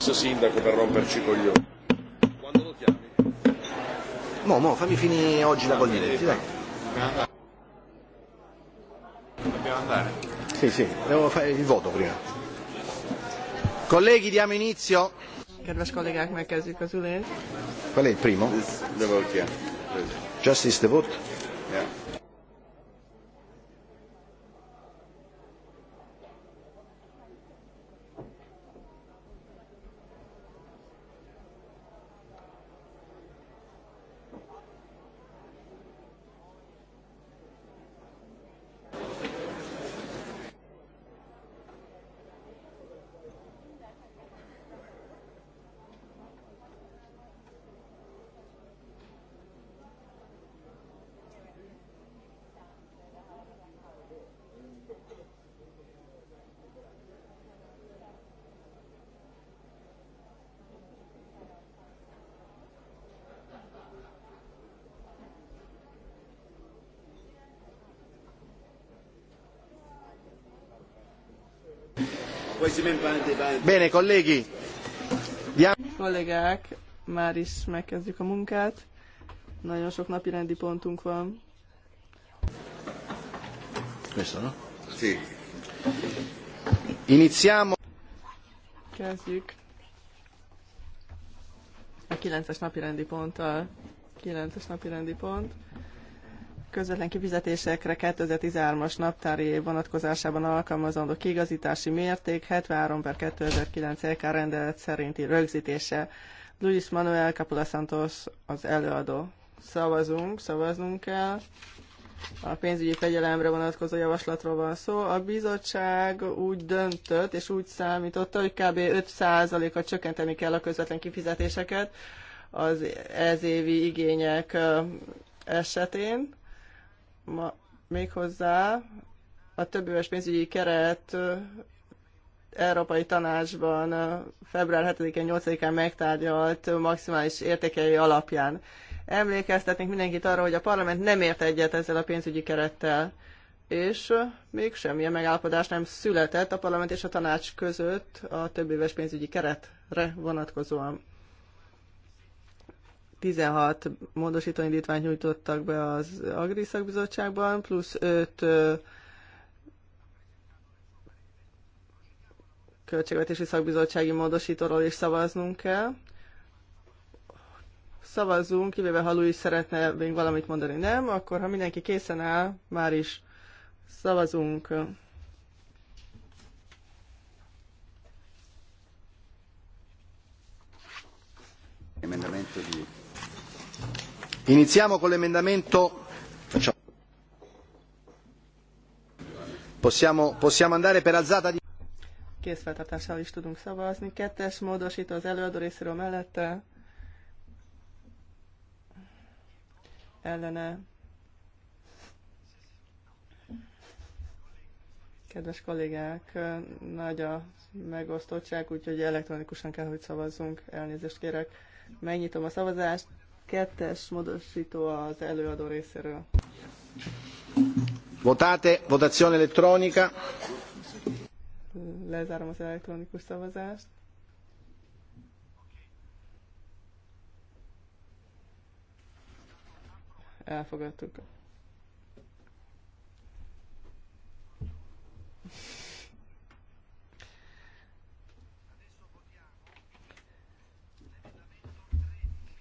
Sindaco per romperci i coglioni. Quando lo chiami? Mo, mo, fammi finire oggi la coglinetti, dai. Dobbiamo andare. Dobbiamo andare. Sì, sì, devo fare il voto prima. Colleghi, diamo inizio. Kedves kollégák, megkezdjük az ülést. Qual è il primo? Just is the vote. Bene, colleghi. Kollégák, már is megkezdjük a munkát. Nagyon sok napi rendi pontunk van. Questo, no? Sì. Kezdjük. A 9-es napi rendi ponttal. 9-es napi rendi pont közvetlen kifizetésekre 2013-as naptári vonatkozásában alkalmazandó kigazítási mérték 73 per 2009 LK rendelet szerinti rögzítése. Luis Manuel Capula Santos az előadó. Szavazunk, szavaznunk kell. A pénzügyi fegyelemre vonatkozó javaslatról van szó. A bizottság úgy döntött és úgy számította, hogy kb. 5%-a csökkenteni kell a közvetlen kifizetéseket az ez évi igények esetén ma, méghozzá a éves pénzügyi keret Európai Tanácsban február 7-én, 8-án megtárgyalt maximális értékei alapján. Emlékeztetnénk mindenkit arra, hogy a parlament nem ért egyet ezzel a pénzügyi kerettel, és még semmilyen megállapodás nem született a parlament és a tanács között a több éves pénzügyi keretre vonatkozóan. 16 módosító indítványt nyújtottak be az Agri Szakbizottságban, plusz 5 költségvetési szakbizottsági módosítóról is szavaznunk kell. Szavazzunk, kivéve ha Louis szeretne még valamit mondani, nem? Akkor, ha mindenki készen áll, már is szavazunk. emendamento di Iniziamo con l'emendamento. Possiamo, possiamo andare per alzata di... Készfeltartással is tudunk szavazni. Kettes módosító az előadó részéről mellette. Ellene. Kedves kollégák, nagy a megosztottság, úgyhogy elektronikusan kell, hogy szavazzunk. Elnézést kérek. Megnyitom a szavazást. Kettes módosító az előadó részéről. Votate, votazione elettronica. Lezárom az elektronikus szavazást. Elfogadtuk.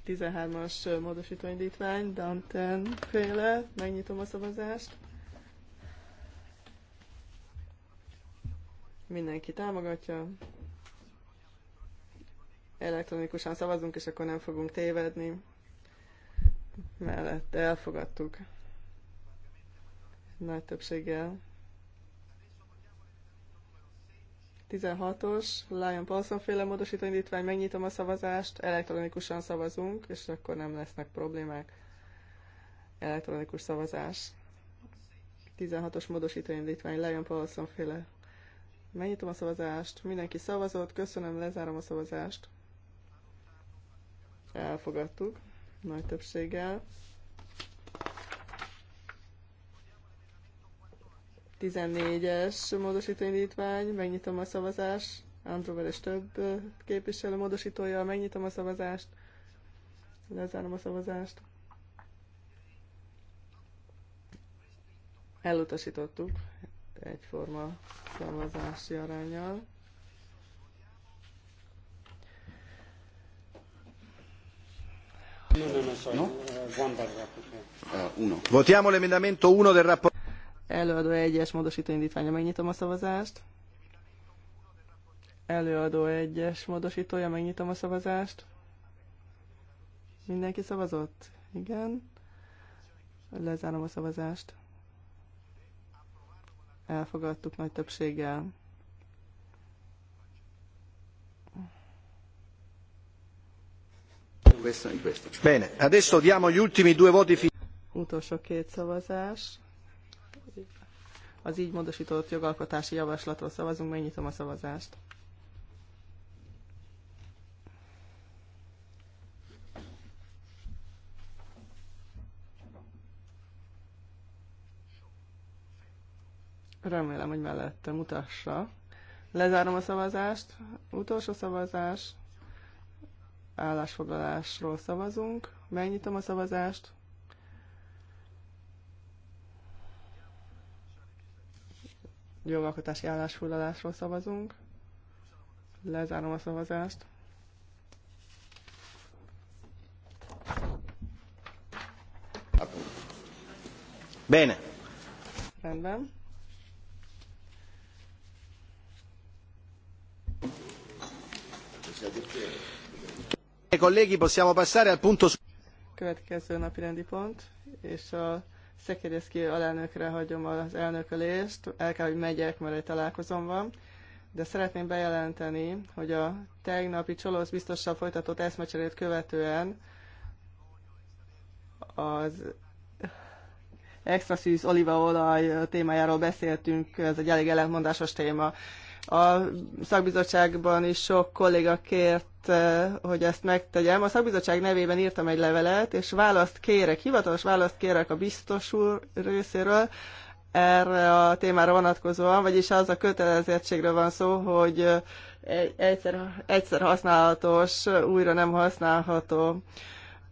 13-as módosítóindítvány, Danten féle, megnyitom a szavazást. Mindenki támogatja. Elektronikusan szavazunk, és akkor nem fogunk tévedni. Mellette elfogadtuk. Nagy többséggel. 16-os, Lion Paulson féle módosító indítvány, megnyitom a szavazást, elektronikusan szavazunk, és akkor nem lesznek problémák. Elektronikus szavazás. 16-os módosító indítvány, Lion Paulson féle. Megnyitom a szavazást, mindenki szavazott, köszönöm, lezárom a szavazást. Elfogadtuk, nagy többséggel. 14-es módosítóindítvány, megnyitom a szavazást. Androver és több képviselő módosítója, megnyitom a szavazást. Lezárom a szavazást. Elutasítottuk egyforma szavazási arányjal. No? Uh, uno. Votiamo l'emendamento 1 del rapporto. Előadó egyes módosító indítványa, megnyitom a szavazást. Előadó egyes módosítója, megnyitom a szavazást. Mindenki szavazott? Igen. Lezárom a szavazást. Elfogadtuk nagy többséggel. Bene, adesso diamo gli ultimi due voti. Utolsó két szavazás. Az így módosított jogalkotási javaslatról szavazunk, megnyitom a szavazást. Remélem, hogy mellette mutassa. Lezárom a szavazást. Utolsó szavazás. Állásfoglalásról szavazunk. Megnyitom a szavazást. jogalkotási állásfoglalásról szavazunk. Lezárom a szavazást. Bene. Rendben. possiamo passare al punto... Következő napi rendi pont, és a Szekérészki alelnökre hagyom az elnökölést, el kell, hogy megyek, mert egy találkozom van, de szeretném bejelenteni, hogy a tegnapi Csolosz biztossal folytatott eszmecserét követően az extra szűz olívaolaj témájáról beszéltünk, ez egy elég ellentmondásos téma. A szakbizottságban is sok kolléga kért, eh, hogy ezt megtegyem. A szakbizottság nevében írtam egy levelet, és választ kérek, hivatalos választ kérek a biztos úr részéről erre a témára vonatkozóan, vagyis az a kötelezettségről van szó, hogy eh, egyszer, egyszer használatos, újra nem használható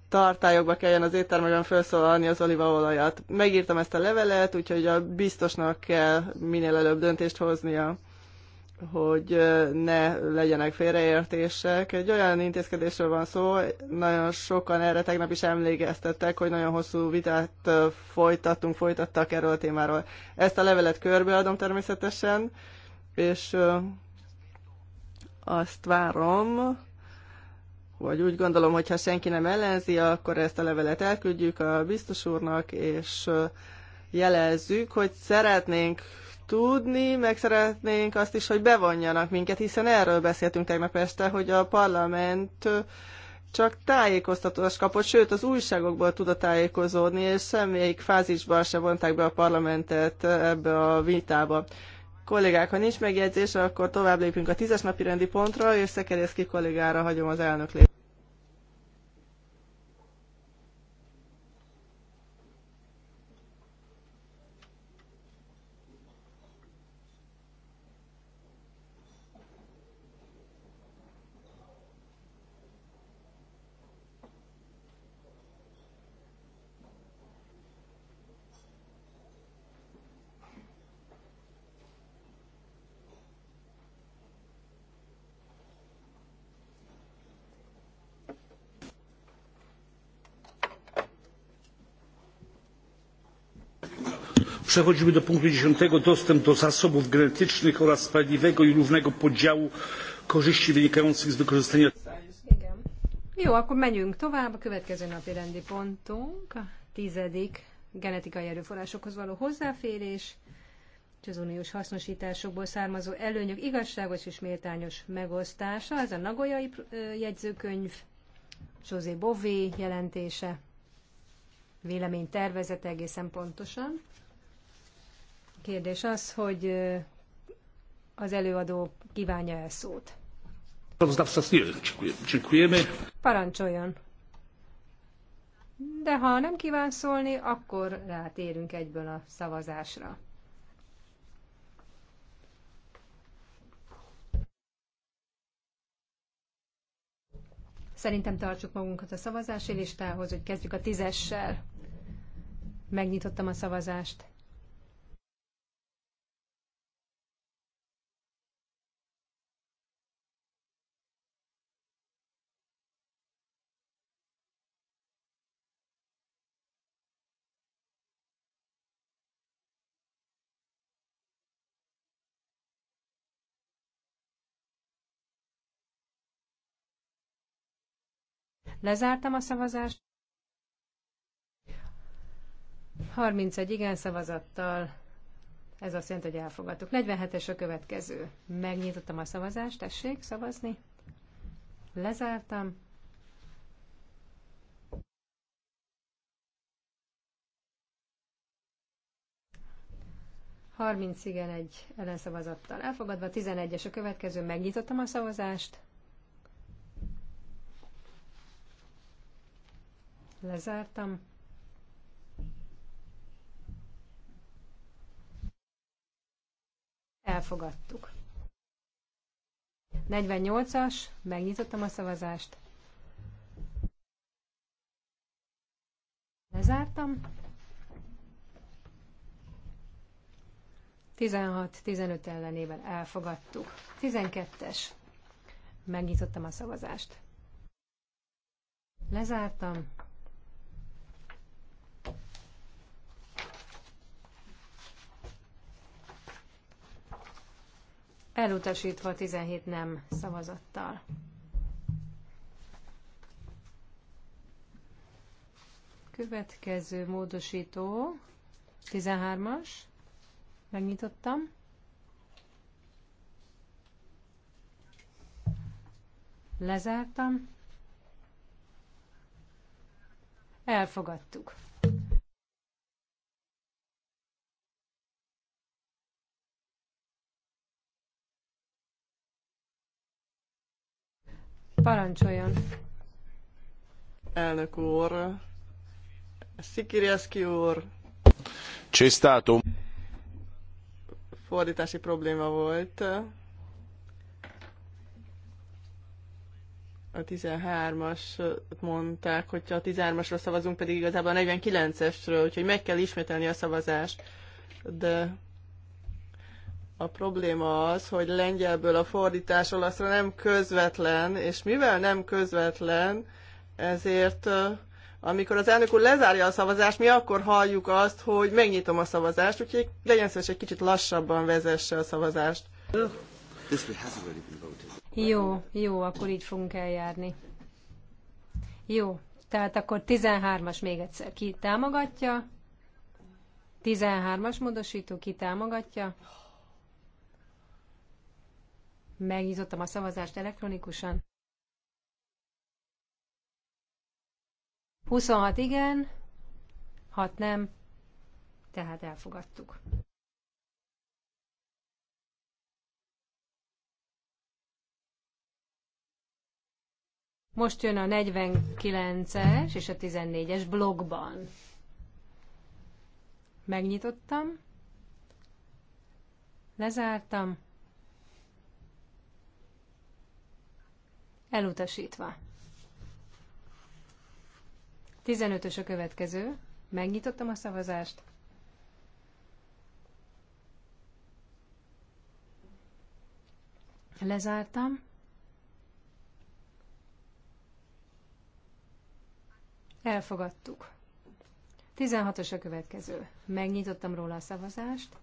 tartályokba kelljen az éttermekben felszólalni az olívaolajat. Megírtam ezt a levelet, úgyhogy a biztosnak kell minél előbb döntést hoznia hogy ne legyenek félreértések. Egy olyan intézkedésről van szó, nagyon sokan erre tegnap is emlékeztettek, hogy nagyon hosszú vitát folytattunk, folytattak erről a témáról. Ezt a levelet körbeadom természetesen, és azt várom, vagy úgy gondolom, hogy ha senki nem ellenzi, akkor ezt a levelet elküldjük a biztos úrnak, és jelezzük, hogy szeretnénk tudni, meg szeretnénk azt is, hogy bevonjanak minket, hiszen erről beszéltünk tegnap este, hogy a parlament csak tájékoztatást kapott, sőt az újságokból tudott tájékozódni, és semmelyik fázisban se vonták be a parlamentet ebbe a vitába. Kollégák, ha nincs megjegyzés, akkor tovább lépünk a tízes napi rendi pontra, és Szekerészki kollégára hagyom az elnök lépést. Przechodzimy do punktu dziesięć Dostęp do zasobów genetycznych oraz sprawiedliwego i równego podziału korzyści wynikających z wykorzystania. Jó, akkor menjünk tovább. A következő napi rendi pontunk, a tizedik genetikai erőforrásokhoz való hozzáférés és az uniós hasznosításokból származó előnyök igazságos és méltányos megosztása. Ez a Nagoyai jegyzőkönyv, José Bové jelentése, vélemény tervezete egészen pontosan kérdés az, hogy az előadó kívánja el szót. Parancsoljon. De ha nem kíván szólni, akkor rátérünk egyből a szavazásra. Szerintem tartsuk magunkat a szavazási listához, hogy kezdjük a tízessel. Megnyitottam a szavazást. Lezártam a szavazást. 31 igen szavazattal, ez azt jelenti, hogy elfogadtuk. 47-es a következő. Megnyitottam a szavazást, tessék szavazni. Lezártam. Harminc igen, egy ellenszavazattal elfogadva. 11-es a következő, megnyitottam a szavazást. Lezártam. Elfogadtuk. 48-as, megnyitottam a szavazást. Lezártam. 16-15 ellenével elfogadtuk. 12-es. Megnyitottam a szavazást. Lezártam. Elutasítva 17 nem szavazattal. Következő módosító, 13-as, megnyitottam. Lezártam. Elfogadtuk. Parancsoljon. Elnök úr, Szikirjeszki úr. Csisztátum. Fordítási probléma volt. a 13-as mondták, hogyha a 13-asról szavazunk, pedig igazából a 49-esről, úgyhogy meg kell ismételni a szavazást. De a probléma az, hogy lengyelből a fordítás olaszra nem közvetlen, és mivel nem közvetlen, ezért amikor az elnök úr lezárja a szavazást, mi akkor halljuk azt, hogy megnyitom a szavazást, úgyhogy legyen szíves egy kicsit lassabban vezesse a szavazást. Jó, jó, akkor így fogunk eljárni. Jó, tehát akkor 13-as még egyszer. Ki támogatja? 13-as módosító, ki támogatja? Megnyitottam a szavazást elektronikusan. 26 igen, 6 nem, tehát elfogadtuk. Most jön a 49-es és a 14-es blogban. Megnyitottam, lezártam, Elutasítva. 15-ös a következő. Megnyitottam a szavazást. Lezártam. Elfogadtuk. 16-os a következő. Megnyitottam róla a szavazást.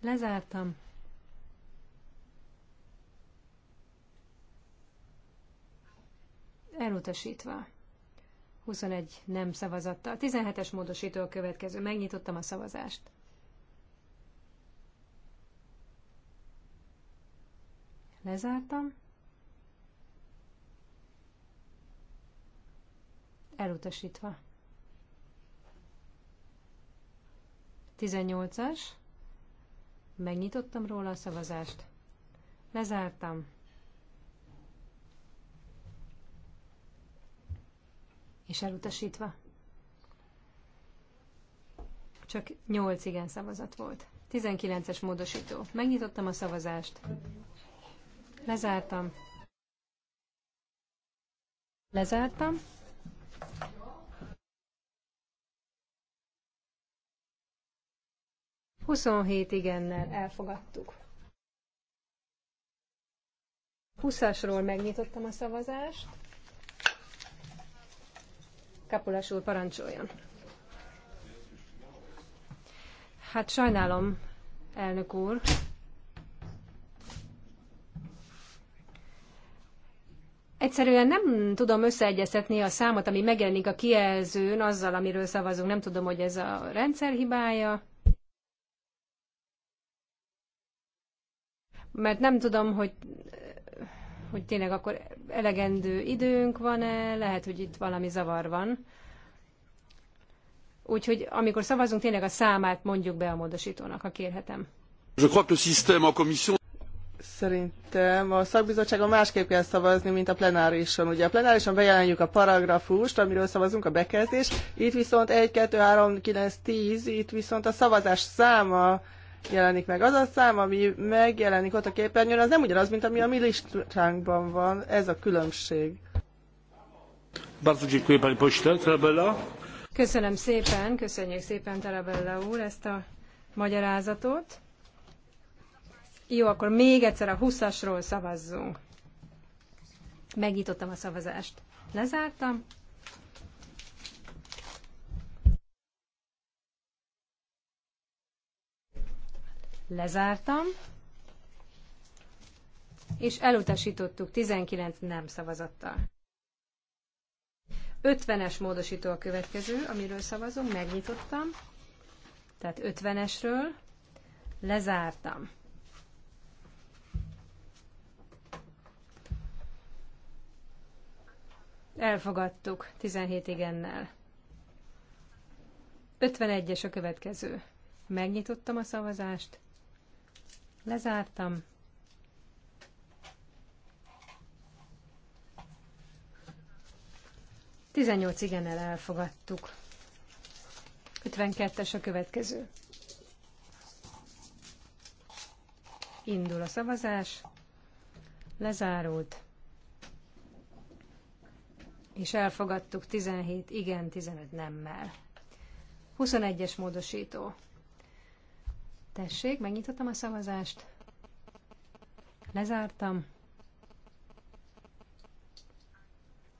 Lezártam. elutasítva. 21 nem szavazattal. 17-es módosító a következő. Megnyitottam a szavazást. Lezártam. Elutasítva. 18-as. Megnyitottam róla a szavazást. Lezártam. és elutasítva. Csak 8 igen szavazat volt. 19-es módosító. Megnyitottam a szavazást. Lezártam. Lezártam. Huszonhét igennel elfogadtuk. 20-asról megnyitottam a szavazást. Kapulás úr, parancsoljon. Hát sajnálom, elnök úr. Egyszerűen nem tudom összeegyeztetni a számot, ami megjelenik a kijelzőn, azzal, amiről szavazunk. Nem tudom, hogy ez a rendszer hibája. Mert nem tudom, hogy hogy tényleg akkor elegendő időnk van-e, lehet, hogy itt valami zavar van. Úgyhogy amikor szavazunk, tényleg a számát mondjuk be a módosítónak, ha kérhetem. Je crois que le système en commission Szerintem a szakbizottságon másképp kell szavazni, mint a plenárison. Ugye a plenárison bejelenjük a paragrafust, amiről szavazunk a bekezdés, itt viszont 1, 2, 3, 9, 10, itt viszont a szavazás száma jelenik meg. Az a szám, ami megjelenik ott a képernyőn, az nem ugyanaz, mint ami a mi listánkban van. Ez a különbség. Köszönöm szépen, köszönjük szépen Tarabella úr ezt a magyarázatot. Jó, akkor még egyszer a 20-asról szavazzunk. Megnyitottam a szavazást. Lezártam. Lezártam. És elutasítottuk 19 nem szavazattal. 50-es módosító a következő, amiről szavazom, megnyitottam. Tehát 50-esről lezártam. Elfogadtuk 17 igennel. 51-es a következő. Megnyitottam a szavazást. Lezártam. Tizennyolc igennel elfogadtuk. 52-es a következő. Indul a szavazás. Lezárult. És elfogadtuk 17 igen, 15 nemmel. 21-es módosító. Tessék, megnyitottam a szavazást. Lezártam.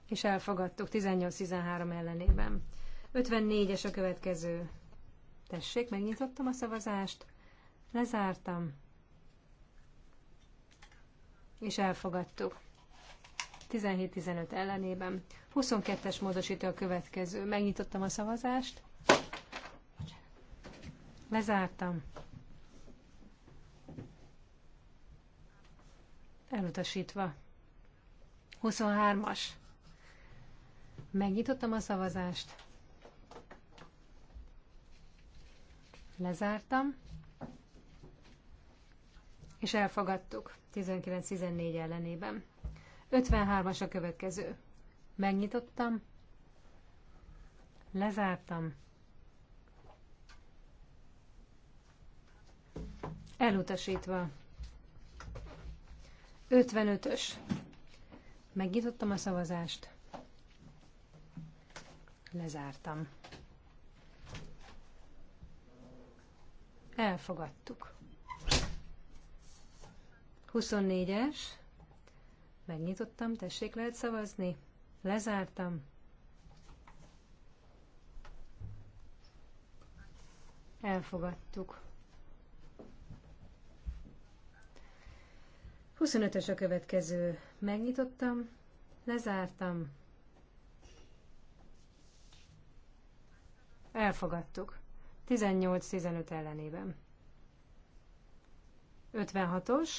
És elfogadtuk 18-13 ellenében. 54-es a következő. Tessék, megnyitottam a szavazást. Lezártam. És elfogadtuk. 17-15 ellenében. 22-es módosító a következő. Megnyitottam a szavazást. Lezártam. Elutasítva. 23-as. Megnyitottam a szavazást. Lezártam. És elfogadtuk 19-14 ellenében. 53-as a következő. Megnyitottam. Lezártam. Elutasítva 55-ös. Megnyitottam a szavazást. Lezártam. Elfogadtuk. 24-es. Megnyitottam, tessék, lehet szavazni. Lezártam. Elfogadtuk. 25-ös a következő. Megnyitottam, lezártam. Elfogadtuk. 18-15 ellenében. 56-os.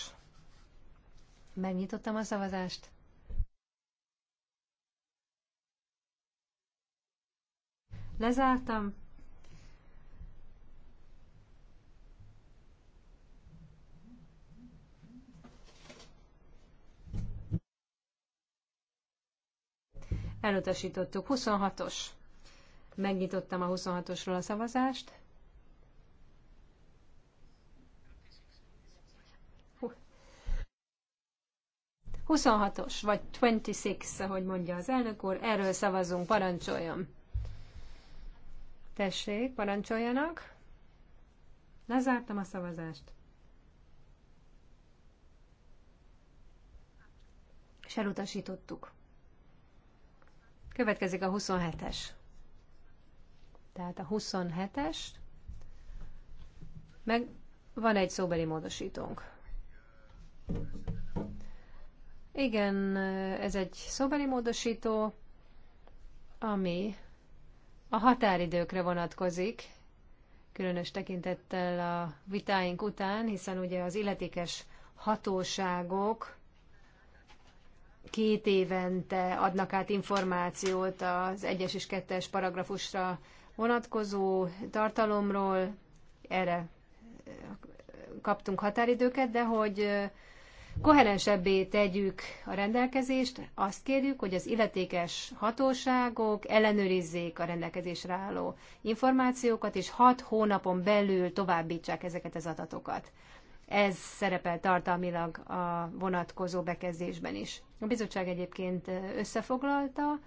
Megnyitottam a szavazást. Lezártam. Elutasítottuk. 26-os. Megnyitottam a 26-osról a szavazást. Hú. 26-os, vagy 26, ahogy mondja az elnök úr, erről szavazunk, parancsoljon. Tessék, parancsoljanak. Lezártam a szavazást. És elutasítottuk. Következik a 27-es. Tehát a 27-es, meg van egy szóbeli módosítónk. Igen, ez egy szóbeli módosító, ami a határidőkre vonatkozik, különös tekintettel a vitáink után, hiszen ugye az illetékes hatóságok két évente adnak át információt az egyes és 2-es paragrafusra vonatkozó tartalomról, erre eh, kaptunk határidőket, de hogy eh, koherensebbé tegyük a rendelkezést, azt kérjük, hogy az illetékes hatóságok ellenőrizzék a rendelkezésre álló információkat, és hat hónapon belül továbbítsák ezeket az adatokat. Ez szerepel tartalmilag a vonatkozó bekezdésben is. A bizottság egyébként összefoglalta,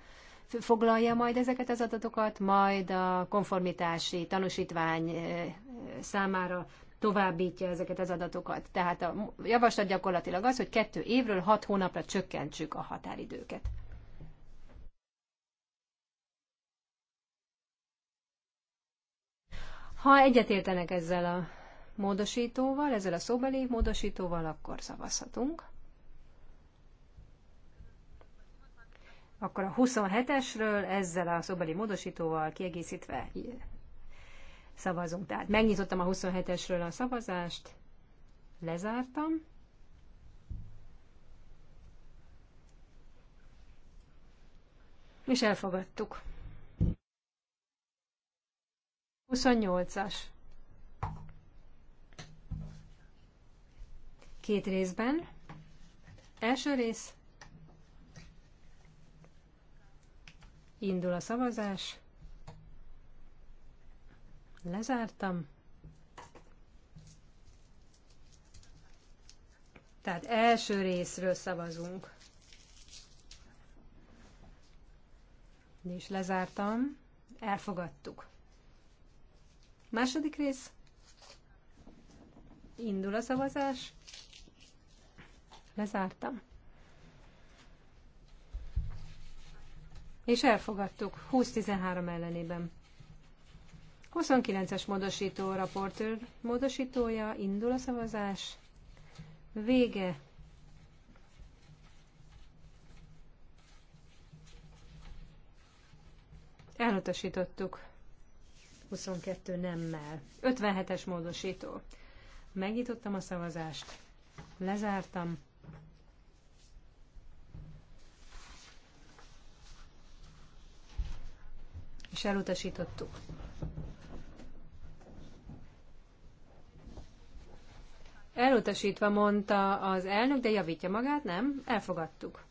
foglalja majd ezeket az adatokat, majd a konformitási tanúsítvány eh, számára továbbítja ezeket az adatokat. Tehát a javaslat gyakorlatilag az, hogy kettő évről hat hónapra csökkentsük a határidőket. Ha egyetértenek ezzel a módosítóval, ezzel a szóbeli módosítóval akkor szavazhatunk. Akkor a 27-esről ezzel a szóbeli módosítóval kiegészítve szavazunk. Tehát megnyitottam a 27-esről a szavazást, lezártam. És elfogadtuk. 28-as. két részben. Első rész. Indul a szavazás. Lezártam. Tehát első részről szavazunk. És lezártam. Elfogadtuk. Második rész. Indul a szavazás. Lezártam. És elfogadtuk 20-13 ellenében. 29-es módosító raportőr módosítója, indul a szavazás, vége. Elutasítottuk 22 nemmel. 57-es módosító. Megnyitottam a szavazást, lezártam. és elutasítottuk. Elutasítva mondta az elnök, de javítja magát, nem? Elfogadtuk.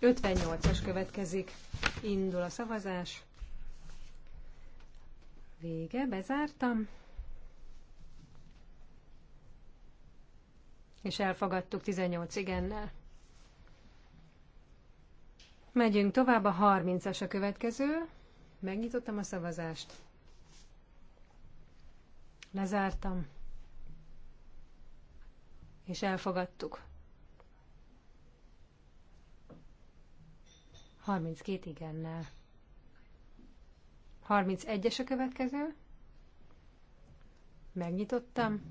58-as következik. Indul a szavazás. Vége, bezártam. És elfogadtuk 18 igennel. Megyünk tovább, a 30-as a következő. Megnyitottam a szavazást. Lezártam. És elfogadtuk. 32 igennel. 31-es a következő. Megnyitottam.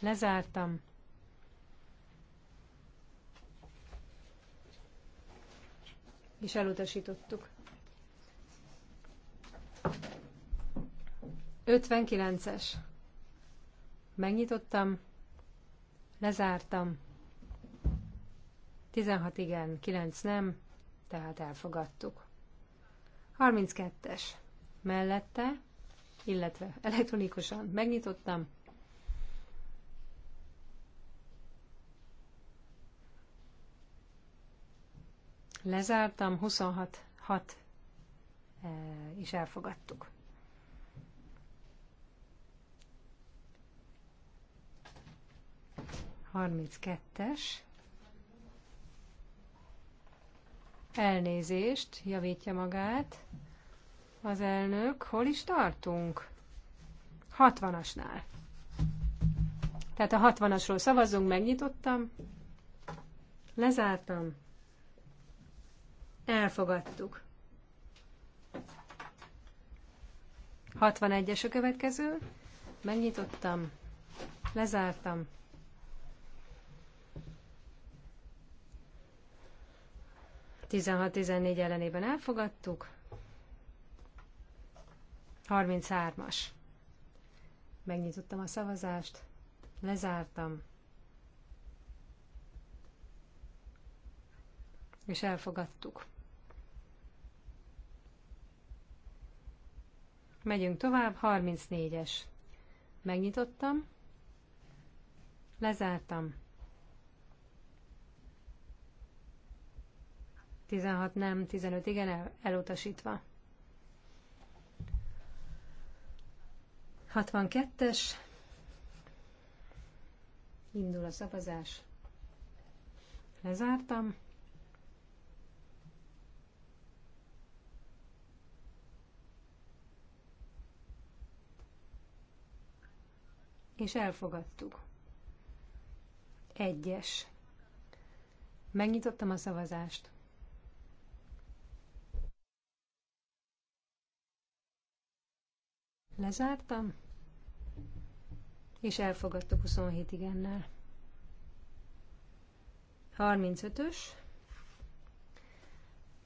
Lezártam. és elutasítottuk. 59-es. Megnyitottam, lezártam. 16 igen, 9 nem, tehát elfogadtuk. 32-es. Mellette, illetve elektronikusan megnyitottam, Lezártam, 26 6 eh, is elfogadtuk. Harminckettes. Elnézést, javítja magát az elnök. Hol is tartunk? 60-asnál. Tehát a 60-asról szavazzunk, megnyitottam, lezártam, Elfogadtuk. 61-es a következő. Megnyitottam. Lezártam. Tizenhat, tizennégy ellenében elfogadtuk. 33-as. Megnyitottam a szavazást. Lezártam. És elfogadtuk. Megyünk tovább, 34-es. Megnyitottam, lezártam. 16 nem, 15 igen, el, elutasítva. 62-es. Indul a szavazás. Lezártam. és elfogadtuk. Egyes. Megnyitottam a szavazást. Lezártam, és elfogadtuk 27 igennel. 35-ös.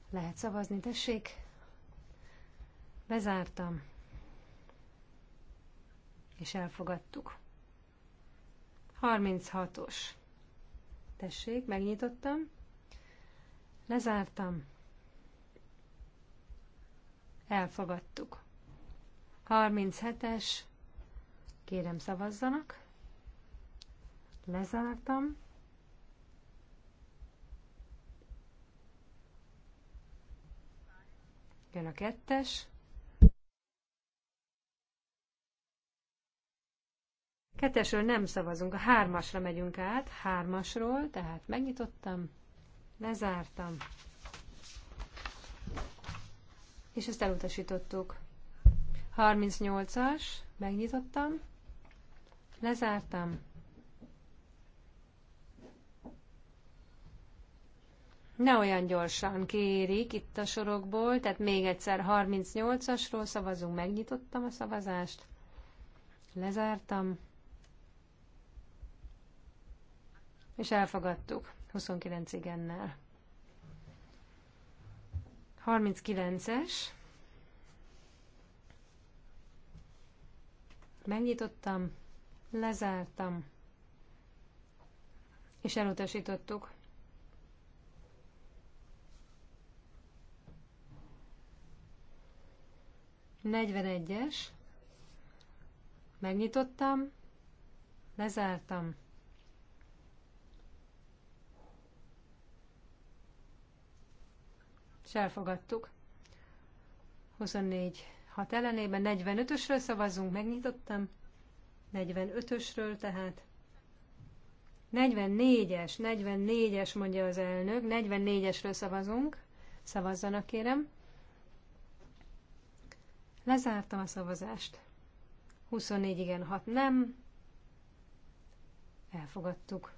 Lehet szavazni, tessék. Bezártam, és elfogadtuk. 36-os. Tessék, megnyitottam. Lezártam. Elfogadtuk. 37-es. Kérem szavazzanak. Lezártam. Jön a kettes. Hetesről nem szavazunk, a hármasra megyünk át, hármasról, tehát megnyitottam, lezártam, és ezt elutasítottuk. 38-as, megnyitottam, lezártam, Ne olyan gyorsan kérik itt a sorokból, tehát még egyszer 38-asról szavazunk, megnyitottam a szavazást, lezártam, és elfogadtuk 29 igennel. 39-es. Megnyitottam, lezártam, és elutasítottuk. Negyvenegyes. Megnyitottam, lezártam, és elfogadtuk. 24 hat ellenében 45-ösről szavazunk, megnyitottam. 45-ösről tehát. 44-es, 44-es mondja az elnök, 44-esről szavazunk. Szavazzanak kérem. Lezártam a szavazást. 24 igen, 6 nem. Elfogadtuk.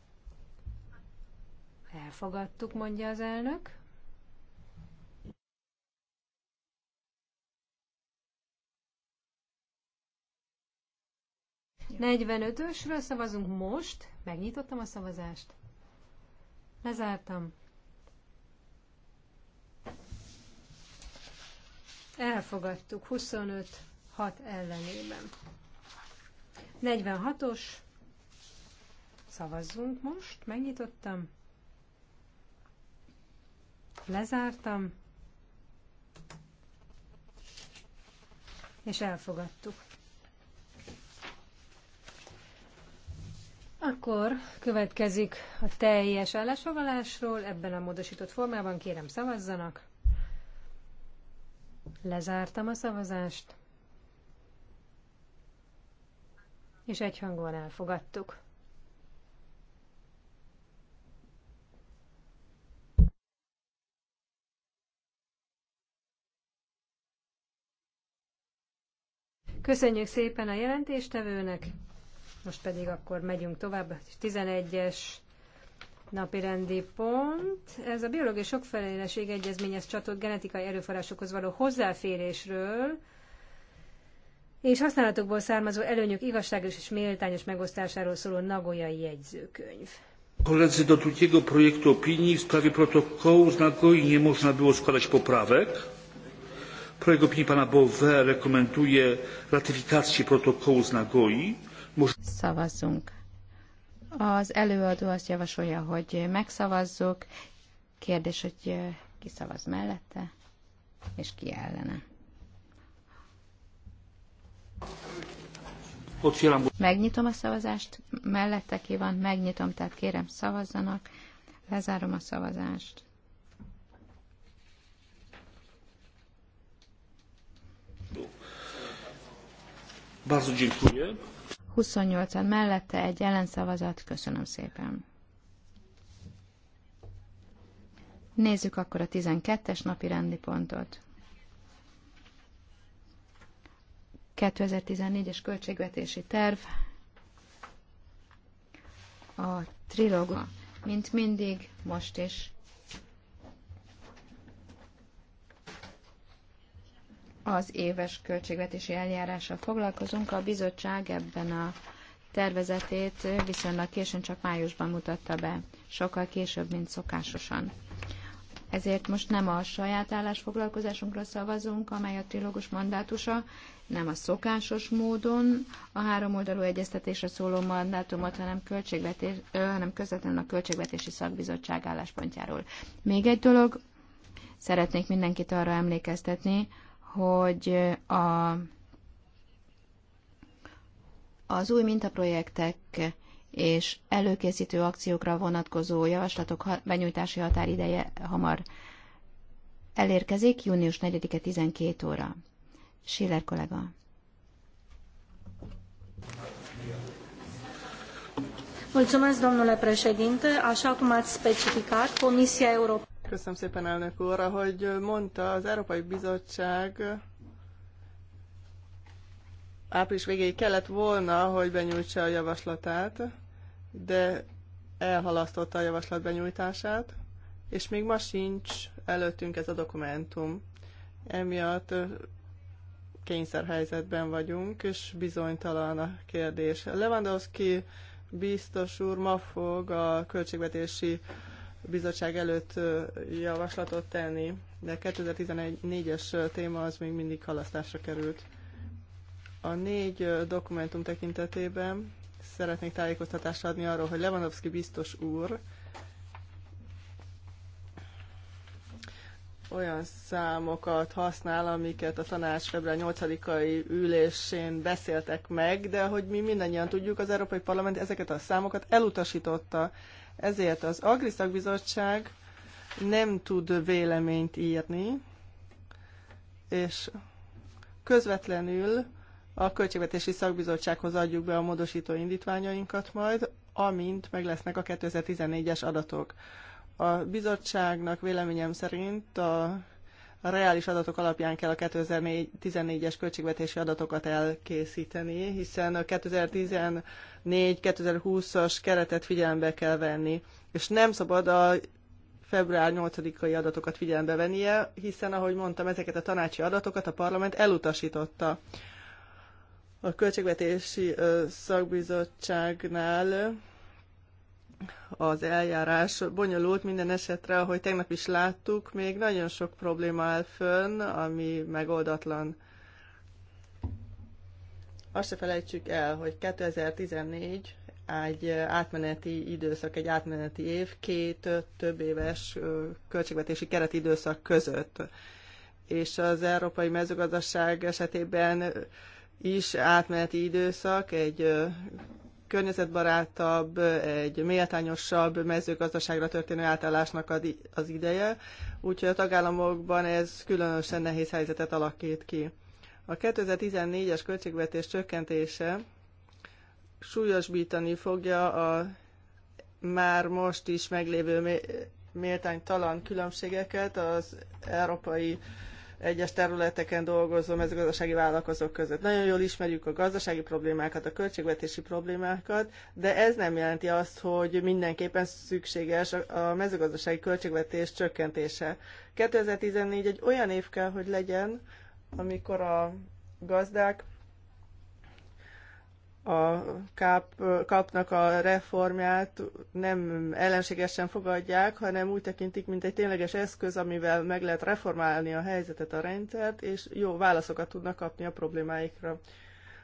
Elfogadtuk, mondja az elnök. 45-ösről szavazunk most. Megnyitottam a szavazást. Lezártam. Elfogadtuk 25-6 ellenében. 46-os. Szavazzunk most. Megnyitottam. Lezártam. És elfogadtuk. Akkor következik a teljes állásfoglalásról, ebben a módosított formában kérem szavazzanak. Lezártam a szavazást, és egyhangon elfogadtuk. Köszönjük szépen a jelentéstevőnek! Most pedig akkor megyünk tovább. 11-es napirendi pont. Ez a biológiai sokféleség egyezményhez csatott genetikai erőforrásokhoz való hozzáférésről és használatokból származó előnyök igazságos és méltányos megosztásáról szóló Nagoyai jegyzőkönyv. Koledzy, do drugiego projektu opinii w sprawie protokołu z Nagoi nie można było składać poprawek. Projekt opinii pana Bowe rekomenduje ratyfikację protokołu z Nagoi most... Szavazzunk. Az előadó azt javasolja, hogy megszavazzuk. Kérdés, hogy ki szavaz mellette, és ki ellene. Megnyitom a szavazást, mellette ki van, megnyitom, tehát kérem szavazzanak, lezárom a szavazást. Bardzo dziękuję. 28-an mellette egy ellenszavazat. Köszönöm szépen. Nézzük akkor a 12-es napi rendi pontot. 2014-es költségvetési terv a triloga. mint mindig, most is az éves költségvetési eljárással foglalkozunk. A bizottság ebben a tervezetét viszonylag későn csak májusban mutatta be, sokkal később, mint szokásosan. Ezért most nem a saját állásfoglalkozásunkra szavazunk, amely a trilógus mandátusa, nem a szokásos módon a három oldalú egyeztetésre szóló mandátumot, hanem, költségvetés, hanem közvetlenül a Költségvetési Szakbizottság álláspontjáról. Még egy dolog, szeretnék mindenkit arra emlékeztetni, hogy a, az új mintaprojektek és előkészítő akciókra vonatkozó javaslatok benyújtási határideje hamar elérkezik, június 4-e 12 óra. Schiller kollega. Mulțumesc, domnule președinte. Așa cum ați specificat, Comisia Europeană Köszönöm szépen, elnök úr. Ahogy mondta, az Európai Bizottság április végéig kellett volna, hogy benyújtsa a javaslatát, de elhalasztotta a javaslat benyújtását, és még ma sincs előttünk ez a dokumentum. Emiatt kényszerhelyzetben vagyunk, és bizonytalan a kérdés. Lewandowski biztos úr ma fog a költségvetési bizottság előtt javaslatot tenni, de 2014-es téma az még mindig halasztásra került. A négy dokumentum tekintetében szeretnék tájékoztatást adni arról, hogy Lewandowski biztos úr olyan számokat használ, amiket a tanács február 8-ai ülésén beszéltek meg, de hogy mi mindannyian tudjuk, az Európai Parlament ezeket a számokat elutasította. Ezért az Agriszakbizottság nem tud véleményt írni, és közvetlenül a Költségvetési Szakbizottsághoz adjuk be a módosító indítványainkat majd, amint meg lesznek a 2014-es adatok. A bizottságnak véleményem szerint a a reális adatok alapján kell a 2014-es költségvetési adatokat elkészíteni, hiszen a 2014-2020-as keretet figyelembe kell venni, és nem szabad a február 8-ai adatokat figyelembe vennie, hiszen, ahogy mondtam, ezeket a tanácsi adatokat a parlament elutasította. A költségvetési szakbizottságnál az eljárás bonyolult minden esetre, ahogy tegnap is láttuk, még nagyon sok probléma áll fönn, ami megoldatlan. Azt se felejtsük el, hogy 2014 egy átmeneti időszak, egy átmeneti év, két több éves költségvetési keretidőszak között. És az európai mezőgazdaság esetében is átmeneti időszak, egy környezetbarátabb, egy méltányosabb mezőgazdaságra történő átállásnak az ideje, úgyhogy a tagállamokban ez különösen nehéz helyzetet alakít ki. A 2014-es költségvetés csökkentése súlyosbítani fogja a már most is meglévő méltánytalan különbségeket az európai egyes területeken dolgozó mezőgazdasági vállalkozók között. Nagyon jól ismerjük a gazdasági problémákat, a költségvetési problémákat, de ez nem jelenti azt, hogy mindenképpen szükséges a mezőgazdasági költségvetés csökkentése. 2014 egy olyan év kell, hogy legyen, amikor a gazdák a káp, kapnak a reformját nem ellenségesen fogadják, hanem úgy tekintik, mint egy tényleges eszköz, amivel meg lehet reformálni a helyzetet, a rendszert, és jó válaszokat tudnak kapni a problémáikra.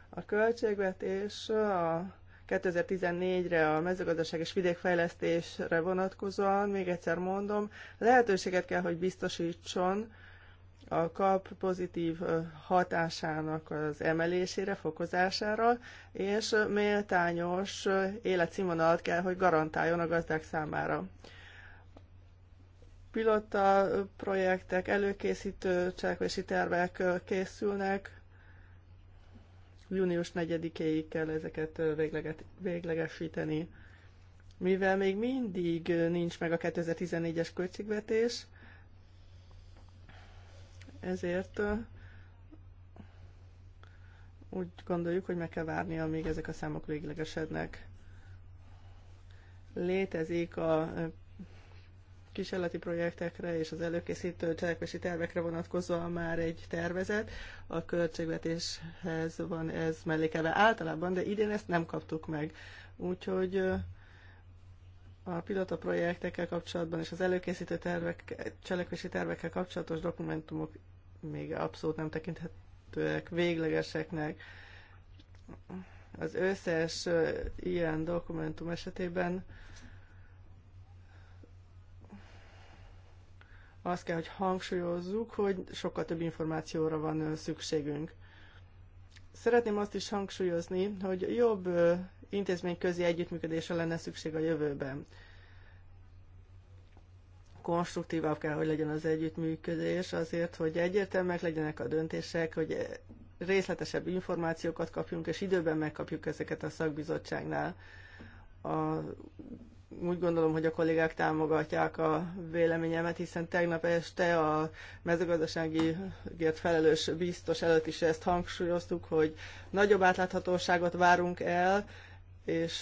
A költségvetés a 2014-re a mezőgazdaság és vidékfejlesztésre vonatkozóan, még egyszer mondom, lehetőséget kell, hogy biztosítson a kap pozitív hatásának az emelésére, fokozására, és méltányos életszínvonalat kell, hogy garantáljon a gazdák számára. Pilota projektek, előkészítő cselekvési tervek készülnek, június 4-éig kell ezeket végleget, véglegesíteni. Mivel még mindig nincs meg a 2014-es költségvetés, ezért úgy gondoljuk, hogy meg kell várni, amíg ezek a számok véglegesednek. Létezik a kísérleti projektekre és az előkészítő cselekvési tervekre vonatkozóan már egy tervezet. A költségvetéshez van ez mellékelve általában, de idén ezt nem kaptuk meg. Úgyhogy a pilota projektekkel kapcsolatban és az előkészítő tervek, cselekvési tervekkel kapcsolatos dokumentumok még abszolút nem tekinthetőek véglegeseknek. Az összes ilyen dokumentum esetében azt kell, hogy hangsúlyozzuk, hogy sokkal több információra van szükségünk. Szeretném azt is hangsúlyozni, hogy jobb intézményközi együttműködésre lenne szükség a jövőben konstruktívabb kell, hogy legyen az együttműködés azért, hogy egyértelműek legyenek a döntések, hogy részletesebb információkat kapjunk, és időben megkapjuk ezeket a szakbizottságnál. A, úgy gondolom, hogy a kollégák támogatják a véleményemet, hiszen tegnap este a mezőgazdasági gért felelős biztos előtt is ezt hangsúlyoztuk, hogy nagyobb átláthatóságot várunk el, és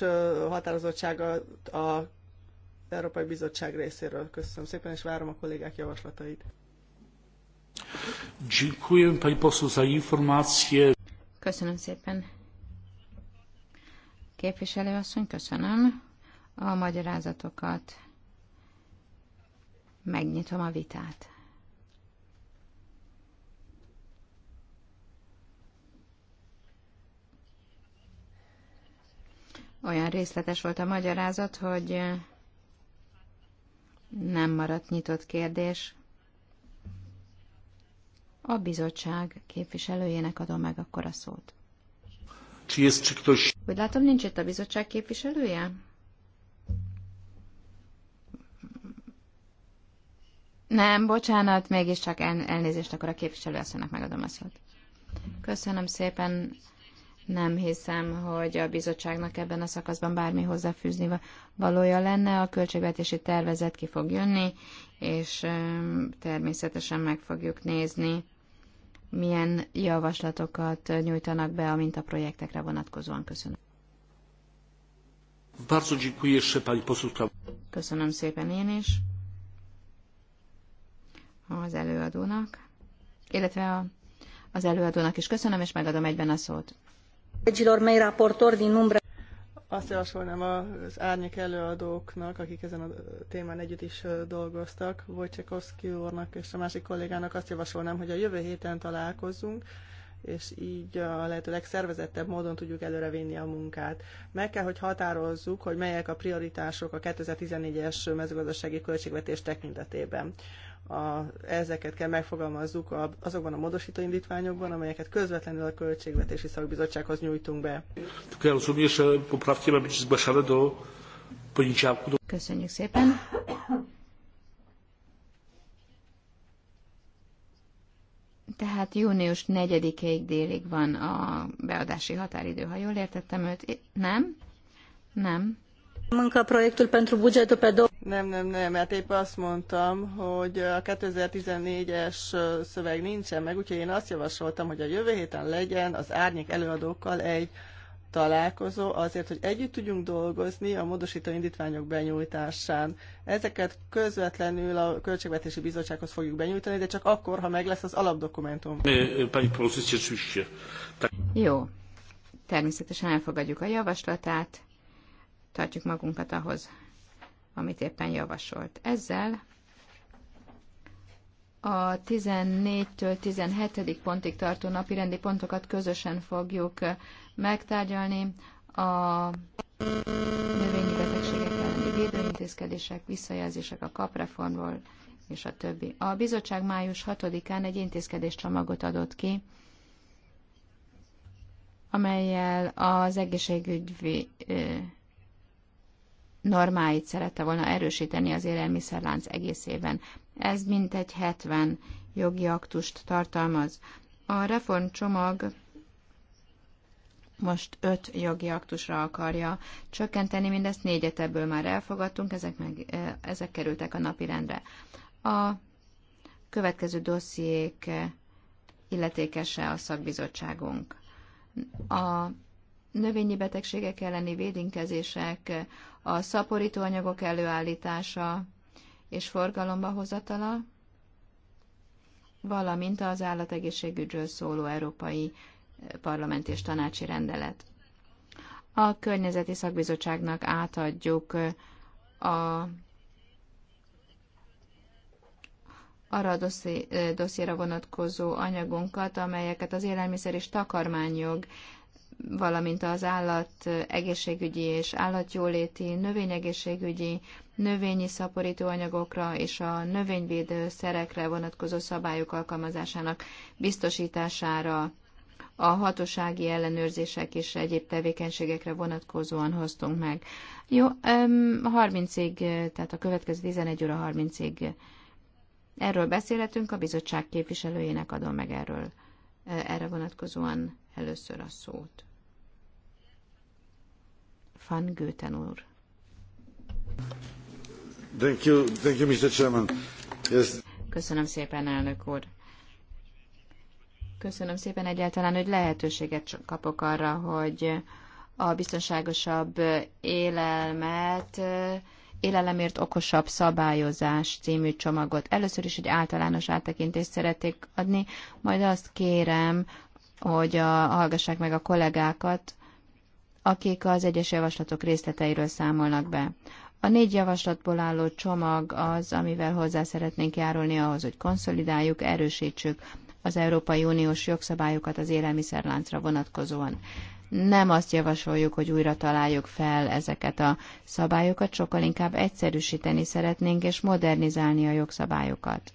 határozottságot a Európai Bizottság részéről. Köszönöm szépen, és várom a kollégák javaslatait. Köszönöm szépen. Képviselőasszony, köszönöm a magyarázatokat. Megnyitom a vitát. Olyan részletes volt a magyarázat, hogy nem maradt nyitott kérdés. A bizottság képviselőjének adom meg akkor a szót. Hogy Úgy látom, nincs itt a bizottság képviselője? Nem, bocsánat, mégiscsak elnézést, akkor a képviselő asszonynak megadom a szót. Köszönöm szépen, nem hiszem, hogy a bizottságnak ebben a szakaszban bármi hozzáfűzni valója lenne. A költségvetési tervezet ki fog jönni, és természetesen meg fogjuk nézni, milyen javaslatokat nyújtanak be a mintaprojektekre vonatkozóan. Köszönöm. Bardzo dziękuję jeszcze pani Köszönöm szépen én is az előadónak, illetve a, az előadónak is köszönöm, és megadom egyben a szót. Azt javasolnám az árnyék előadóknak, akik ezen a témán együtt is dolgoztak, Wojciechowski úrnak és a másik kollégának azt javasolnám, hogy a jövő héten találkozzunk, és így a lehető legszervezettebb módon tudjuk előrevinni a munkát. Meg kell, hogy határozzuk, hogy melyek a prioritások a 2014-es mezőgazdasági költségvetés tekintetében a, ezeket kell megfogalmazzuk a, azokban a módosító indítványokban, amelyeket közvetlenül a Költségvetési Szakbizottsághoz nyújtunk be. Köszönjük szépen! Tehát június 4-ig délig van a beadási határidő, ha jól értettem őt. Nem? Nem. Munka projektul pentru bugetul pe Nem, nem, nem, hát épp azt mondtam, hogy a 2014-es szöveg nincsen meg, úgyhogy én azt javasoltam, hogy a jövő héten legyen az árnyék előadókkal egy találkozó azért, hogy együtt tudjunk dolgozni a módosító indítványok benyújtásán. Ezeket közvetlenül a Költségvetési Bizottsághoz fogjuk benyújtani, de csak akkor, ha meg lesz az alapdokumentum. Eh, Jó, természetesen elfogadjuk a javaslatát tartjuk magunkat ahhoz, amit éppen javasolt. Ezzel a 14-től 17. pontig tartó napirendi pontokat közösen fogjuk megtárgyalni. A növényi betegségek elleni védőintézkedések, visszajelzések a kapreformról és a többi. A bizottság május 6-án egy intézkedéscsomagot adott ki, amelyel az egészségügyi normáit szerette volna erősíteni az élelmiszerlánc egészében. Ez mintegy 70 jogi aktust tartalmaz. A reformcsomag most öt jogi aktusra akarja csökkenteni, mindezt négyet ebből már elfogadtunk, ezek, meg, e, ezek kerültek a rendre. A következő dossziék e, illetékese a szakbizottságunk. A növényi betegségek elleni védinkezések, a szaporítóanyagok előállítása és forgalomba hozatala, valamint az állategészségügyről szóló Európai Parlament és Tanácsi Rendelet. A Környezeti Szakbizottságnak átadjuk a arra a dossziéra vonatkozó anyagunkat, amelyeket az élelmiszer és takarmányjog valamint az állat egészségügyi és állatjóléti, növényegészségügyi, növényi szaporítóanyagokra és a növényvédő szerekre vonatkozó szabályok alkalmazásának biztosítására a hatósági ellenőrzések és egyéb tevékenységekre vonatkozóan hoztunk meg. Jó, 30-ig, tehát a következő 11 óra 30-ig erről beszélhetünk, a bizottság képviselőjének adom meg erről erre vonatkozóan először a szót van Göten úr. Thank you, thank you, Mr. Chairman. Yes. Köszönöm szépen, elnök úr. Köszönöm szépen egyáltalán, hogy lehetőséget kapok arra, hogy a biztonságosabb élelmet, élelemért okosabb szabályozás című csomagot. Először is egy általános áttekintést szeretnék adni, majd azt kérem, hogy a, hallgassák meg a kollégákat, akik az egyes javaslatok részleteiről számolnak be. A négy javaslatból álló csomag az, amivel hozzá szeretnénk járulni ahhoz, hogy konszolidáljuk, erősítsük az Európai Uniós jogszabályokat az élelmiszerláncra vonatkozóan. Nem azt javasoljuk, hogy újra találjuk fel ezeket a szabályokat, sokkal inkább egyszerűsíteni szeretnénk és modernizálni a jogszabályokat.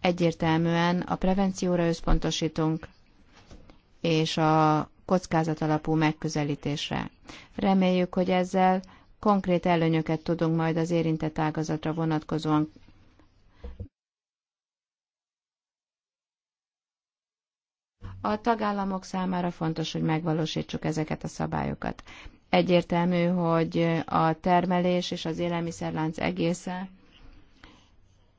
Egyértelműen a prevencióra összpontosítunk, és a kockázatalapú megközelítésre. Reméljük, hogy ezzel konkrét előnyöket tudunk majd az érintett ágazatra vonatkozóan A tagállamok számára fontos, hogy megvalósítsuk ezeket a szabályokat. Egyértelmű, hogy a termelés és az élelmiszerlánc egésze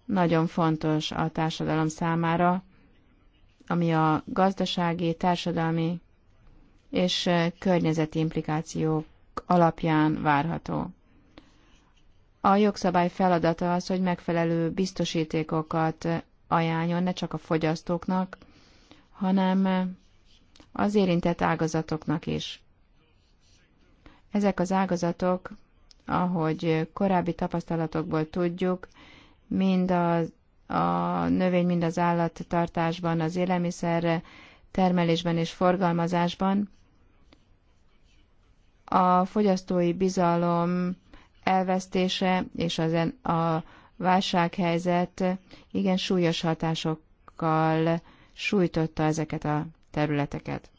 nagyon fontos a társadalom számára, ami a gazdasági, társadalmi és környezeti implikációk alapján várható. A jogszabály feladata az, hogy megfelelő biztosítékokat ajánljon ne csak a fogyasztóknak, hanem az érintett ágazatoknak is. Ezek az ágazatok, ahogy korábbi tapasztalatokból tudjuk, mind a, a növény, mind az állattartásban, az élelmiszer termelésben és forgalmazásban a fogyasztói bizalom elvesztése és az en a válsághelyzet igen súlyos hatásokkal sújtotta ezeket a területeket.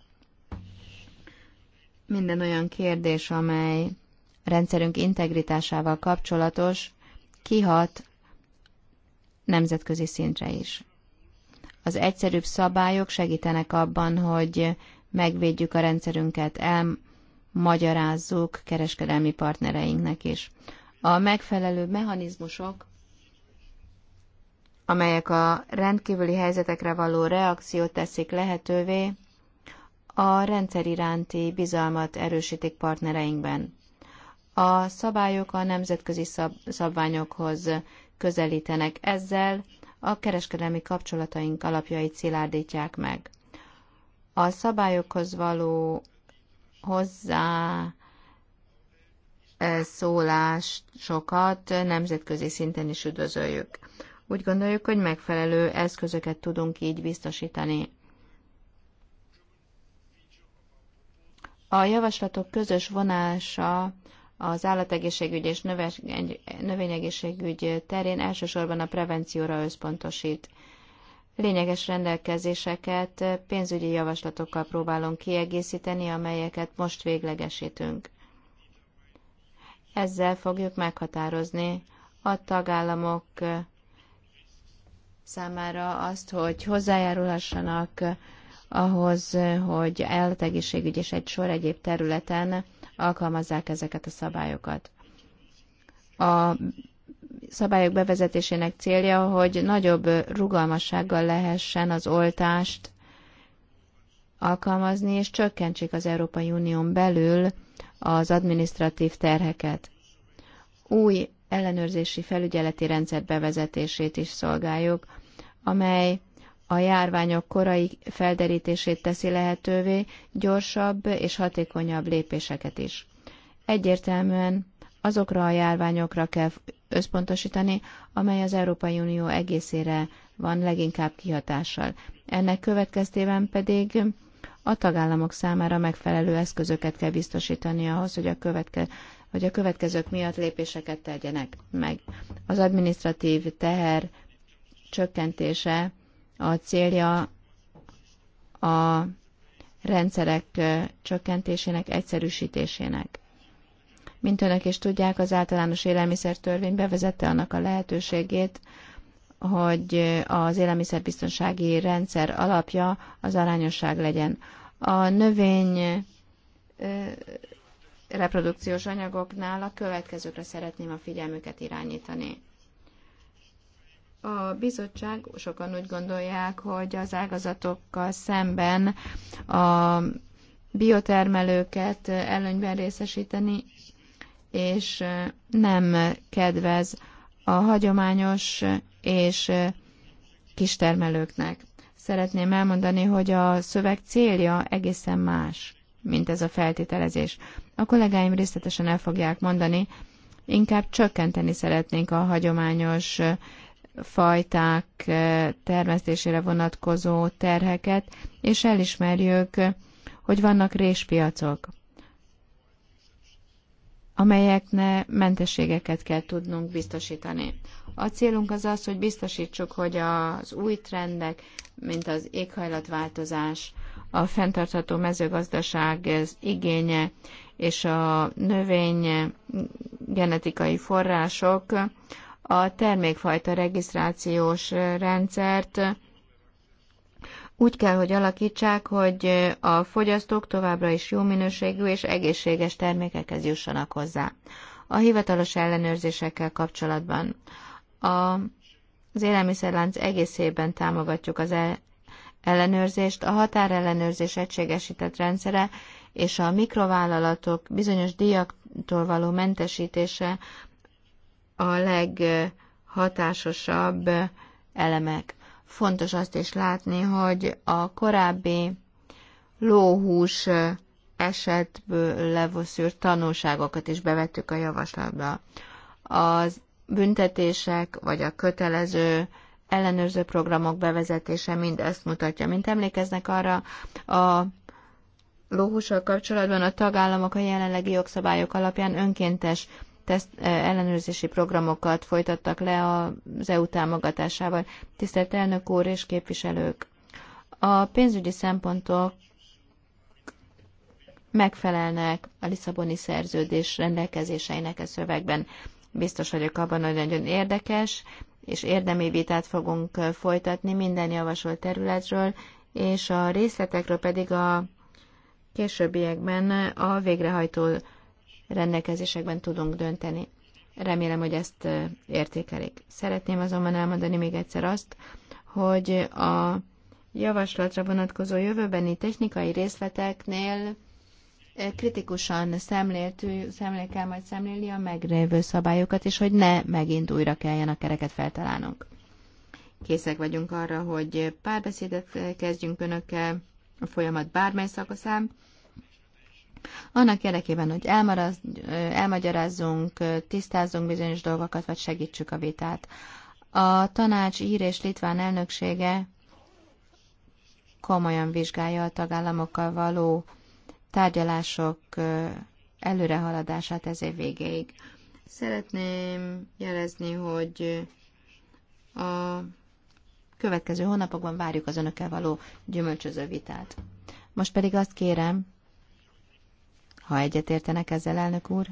Minden olyan kérdés, amely rendszerünk integritásával kapcsolatos, kihat nemzetközi szintre is. Az egyszerűbb szabályok segítenek abban, hogy megvédjük a rendszerünket, el, magyarázzuk kereskedelmi partnereinknek is. A megfelelő mechanizmusok, amelyek a rendkívüli helyzetekre való reakciót teszik lehetővé, a rendszer iránti bizalmat erősítik partnereinkben. A szabályok a nemzetközi szab- szabványokhoz közelítenek, ezzel a kereskedelmi kapcsolataink alapjait szilárdítják meg. A szabályokhoz való hozzá e, szólásokat nemzetközi szinten is üdvözöljük. Úgy gondoljuk, hogy megfelelő eszközöket tudunk így biztosítani. A javaslatok közös vonása az állategészségügy és növényegészségügy terén elsősorban a prevencióra összpontosít lényeges rendelkezéseket pénzügyi javaslatokkal próbálunk kiegészíteni, amelyeket most véglegesítünk. Ezzel fogjuk meghatározni a tagállamok számára azt, hogy hozzájárulhassanak ahhoz, hogy eltegészségügy és egy sor egyéb területen alkalmazzák ezeket a szabályokat. A szabályok bevezetésének célja, hogy nagyobb rugalmassággal lehessen az oltást alkalmazni, és csökkentsék az Európai Unión belül az administratív terheket. Új ellenőrzési felügyeleti rendszer bevezetését is szolgáljuk, amely a járványok korai felderítését teszi lehetővé, gyorsabb és hatékonyabb lépéseket is. Egyértelműen azokra a járványokra kell összpontosítani, amely az Európai Unió egészére van leginkább kihatással. Ennek következtében pedig a tagállamok számára megfelelő eszközöket kell biztosítani ahhoz, hogy a, követke, hogy a következők miatt lépéseket tegyenek meg. Az administratív teher csökkentése a célja a rendszerek csökkentésének, egyszerűsítésének. Mint önök is tudják, az általános élelmiszertörvény bevezette annak a lehetőségét, hogy az élelmiszerbiztonsági rendszer alapja az arányosság legyen. A növény reprodukciós anyagoknál a következőkre szeretném a figyelmüket irányítani. A bizottság, sokan úgy gondolják, hogy az ágazatokkal szemben a biotermelőket előnyben részesíteni és nem kedvez a hagyományos és kistermelőknek. Szeretném elmondani, hogy a szöveg célja egészen más, mint ez a feltételezés. A kollégáim részletesen el fogják mondani, inkább csökkenteni szeretnénk a hagyományos fajták termesztésére vonatkozó terheket, és elismerjük, hogy vannak réspiacok amelyeknek mentességeket kell tudnunk biztosítani. A célunk az az, hogy biztosítsuk, hogy az új trendek, mint az éghajlatváltozás, a fenntartható mezőgazdaság igénye és a növény genetikai források a termékfajta regisztrációs rendszert úgy kell, hogy alakítsák, hogy a fogyasztók továbbra is jó minőségű és egészséges termékekhez jussanak hozzá. A hivatalos ellenőrzésekkel kapcsolatban a, az élelmiszerlánc egészében támogatjuk az el, ellenőrzést, a határellenőrzés egységesített rendszere és a mikrovállalatok bizonyos díjaktól való mentesítése a leghatásosabb elemek. Fontos azt is látni, hogy a korábbi lóhús esetből levoszűrt tanulságokat is bevettük a javaslatba. Az büntetések vagy a kötelező ellenőrző programok bevezetése mind ezt mutatja. Mint emlékeznek arra, a lóhussal kapcsolatban a tagállamok a jelenlegi jogszabályok alapján önkéntes teszt, eh, ellenőrzési programokat folytattak le az EU támogatásával. Tisztelt elnök úr és képviselők! A pénzügyi szempontok megfelelnek a Lisszaboni szerződés rendelkezéseinek a szövegben. Biztos vagyok abban, hogy nagyon érdekes, és érdemi vitát fogunk eh, folytatni minden javasolt területről, és a részletekről pedig a későbbiekben a végrehajtó rendelkezésekben tudunk dönteni. Remélem, hogy ezt értékelik. Szeretném azonban elmondani még egyszer azt, hogy a javaslatra vonatkozó jövőbeni technikai részleteknél kritikusan szemléltő, szemlél kell majd szemlélni a megrévő szabályokat, és hogy ne megint újra kelljen a kereket feltalálnunk. Készek vagyunk arra, hogy párbeszédet kezdjünk önökkel a folyamat bármely szakaszán, annak érdekében, hogy elmaraz, elmagyarázzunk, tisztázzunk bizonyos dolgokat, vagy segítsük a vitát. A tanács ír és litván elnöksége komolyan vizsgálja a tagállamokkal való tárgyalások előrehaladását ez év végéig. Szeretném jelezni, hogy a következő hónapokban várjuk az önökkel való gyümölcsöző vitát. Most pedig azt kérem, ha egyetértenek ezzel, elnök úr,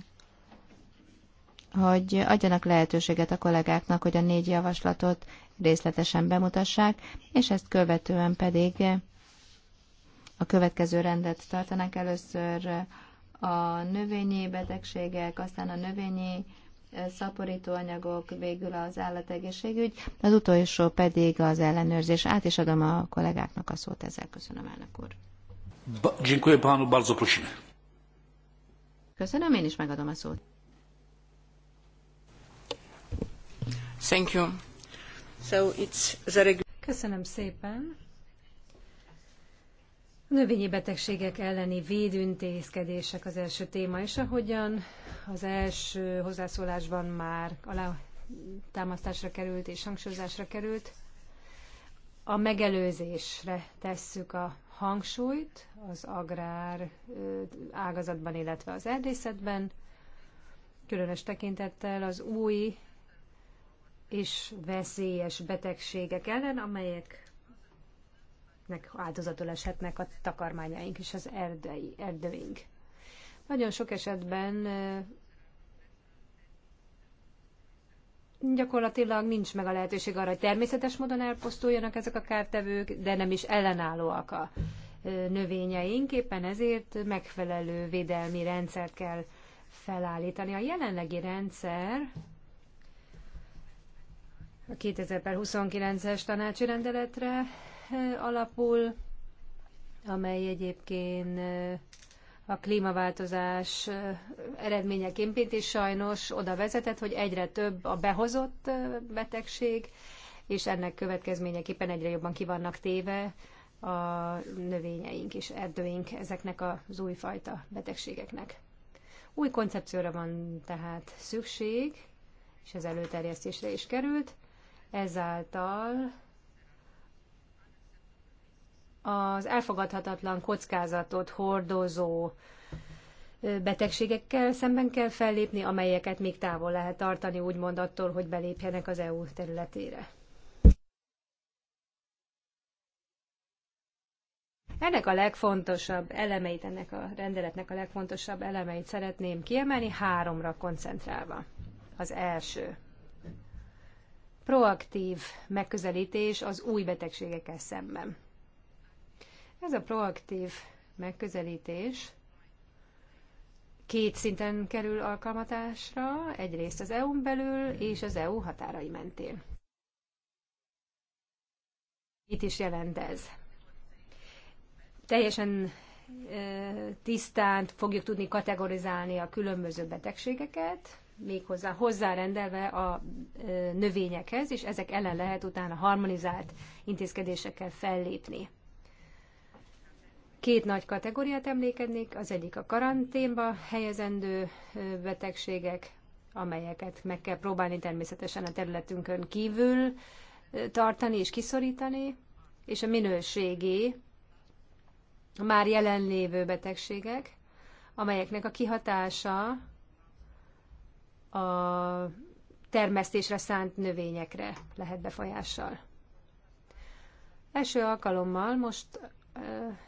hogy adjanak lehetőséget a kollégáknak, hogy a négy javaslatot részletesen bemutassák, és ezt követően pedig a következő rendet tartanak először a növényi betegségek, aztán a növényi eh, szaporítóanyagok, végül az állategészségügy, az utolsó pedig az ellenőrzés. Át is adom a kollégáknak a szót ezzel. Köszönöm, elnök úr. Dziękuję panu, bardzo prosimy. Köszönöm, én is megadom a szót. Thank you. So it's the... Köszönöm szépen. A növényi betegségek elleni védüntézkedések az első téma, és ahogyan az első hozzászólásban már alá támasztásra került és hangsúlyozásra került, a megelőzésre tesszük a hangsúlyt az agrár ágazatban, illetve az erdészetben, különös tekintettel az új és veszélyes betegségek ellen, amelyeknek áldozatul eshetnek a takarmányaink és az erdei, erdőink. Nagyon sok esetben gyakorlatilag nincs meg a lehetőség arra, hogy természetes módon elpusztuljanak ezek a kártevők, de nem is ellenállóak a növényeink, éppen ezért megfelelő védelmi rendszer kell felállítani. A jelenlegi rendszer a 2029-es tanácsi rendeletre alapul, amely egyébként a klímaváltozás eredményeként is sajnos oda vezetett, hogy egyre több a behozott betegség, és ennek következményeképpen egyre jobban kivannak téve a növényeink és erdőink ezeknek az újfajta betegségeknek. Új koncepcióra van tehát szükség, és ez előterjesztésre is került. Ezáltal az elfogadhatatlan kockázatot hordozó betegségekkel szemben kell fellépni, amelyeket még távol lehet tartani, úgymond attól, hogy belépjenek az EU területére. Ennek a legfontosabb elemeit, ennek a rendeletnek a legfontosabb elemeit szeretném kiemelni háromra koncentrálva. Az első. Proaktív megközelítés az új betegségekkel szemben. Ez a proaktív megközelítés két szinten kerül alkalmatásra, egyrészt az EU-n belül és az EU határai mentén. Itt is jelent ez? Teljesen tisztán fogjuk tudni kategorizálni a különböző betegségeket, méghozzá hozzárendelve a növényekhez, és ezek ellen lehet utána harmonizált intézkedésekkel fellépni. Két nagy kategóriát emlékednék, az egyik a karanténba helyezendő betegségek, amelyeket meg kell próbálni természetesen a területünkön kívül tartani és kiszorítani, és a minőségi, már jelenlévő betegségek, amelyeknek a kihatása a termesztésre szánt növényekre lehet befolyással. Első alkalommal most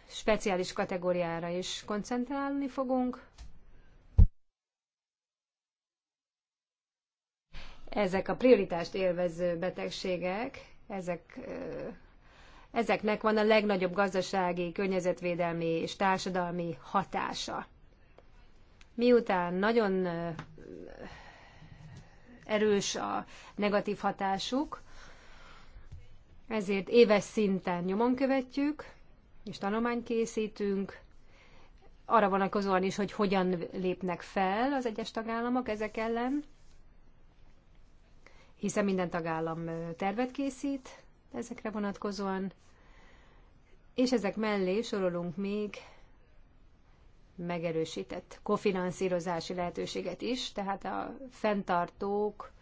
speciális kategóriára is koncentrálni fogunk. Ezek a prioritást élvező betegségek, ezek, ezeknek van a legnagyobb gazdasági, környezetvédelmi és társadalmi hatása. Miután nagyon erős a negatív hatásuk, ezért éves szinten nyomon követjük, és tanulmányt készítünk, arra vonatkozóan is, hogy hogyan lépnek fel az egyes tagállamok ezek ellen, hiszen minden tagállam tervet készít ezekre vonatkozóan, és ezek mellé sorolunk még megerősített kofinanszírozási lehetőséget is, tehát a fenntartók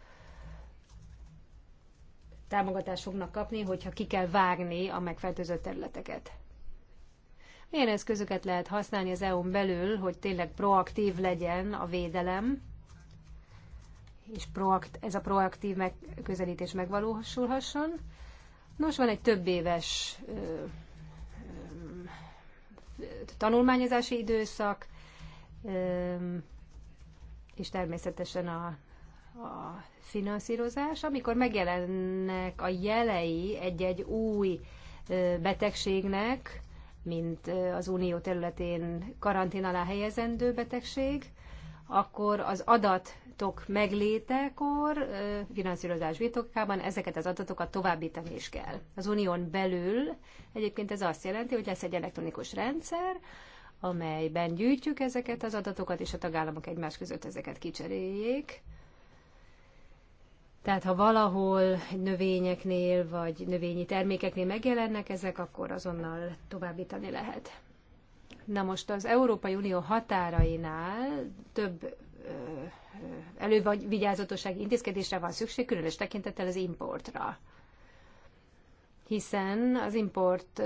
támogatást fognak kapni, hogyha ki kell vágni a megfertőzött területeket milyen eszközöket lehet használni az EU-n belül, hogy tényleg proaktív legyen a védelem, és proakt, ez a proaktív megközelítés megvalósulhasson. Nos, van egy több éves ö, ö, tanulmányozási időszak, ö, és természetesen a, a finanszírozás, amikor megjelennek a jelei egy-egy új betegségnek, mint az unió területén karantén alá helyezendő betegség, akkor az adatok meglétekor finanszírozás vitokában ezeket az adatokat továbbítani is kell. Az unión belül egyébként ez azt jelenti, hogy lesz egy elektronikus rendszer, amelyben gyűjtjük ezeket az adatokat, és a tagállamok egymás között ezeket kicseréljék tehát ha valahol növényeknél vagy növényi termékeknél megjelennek ezek, akkor azonnal továbbítani lehet. Na most az Európai Unió határainál több elővigyázatossági intézkedésre van szükség, különös tekintettel az importra. Hiszen az import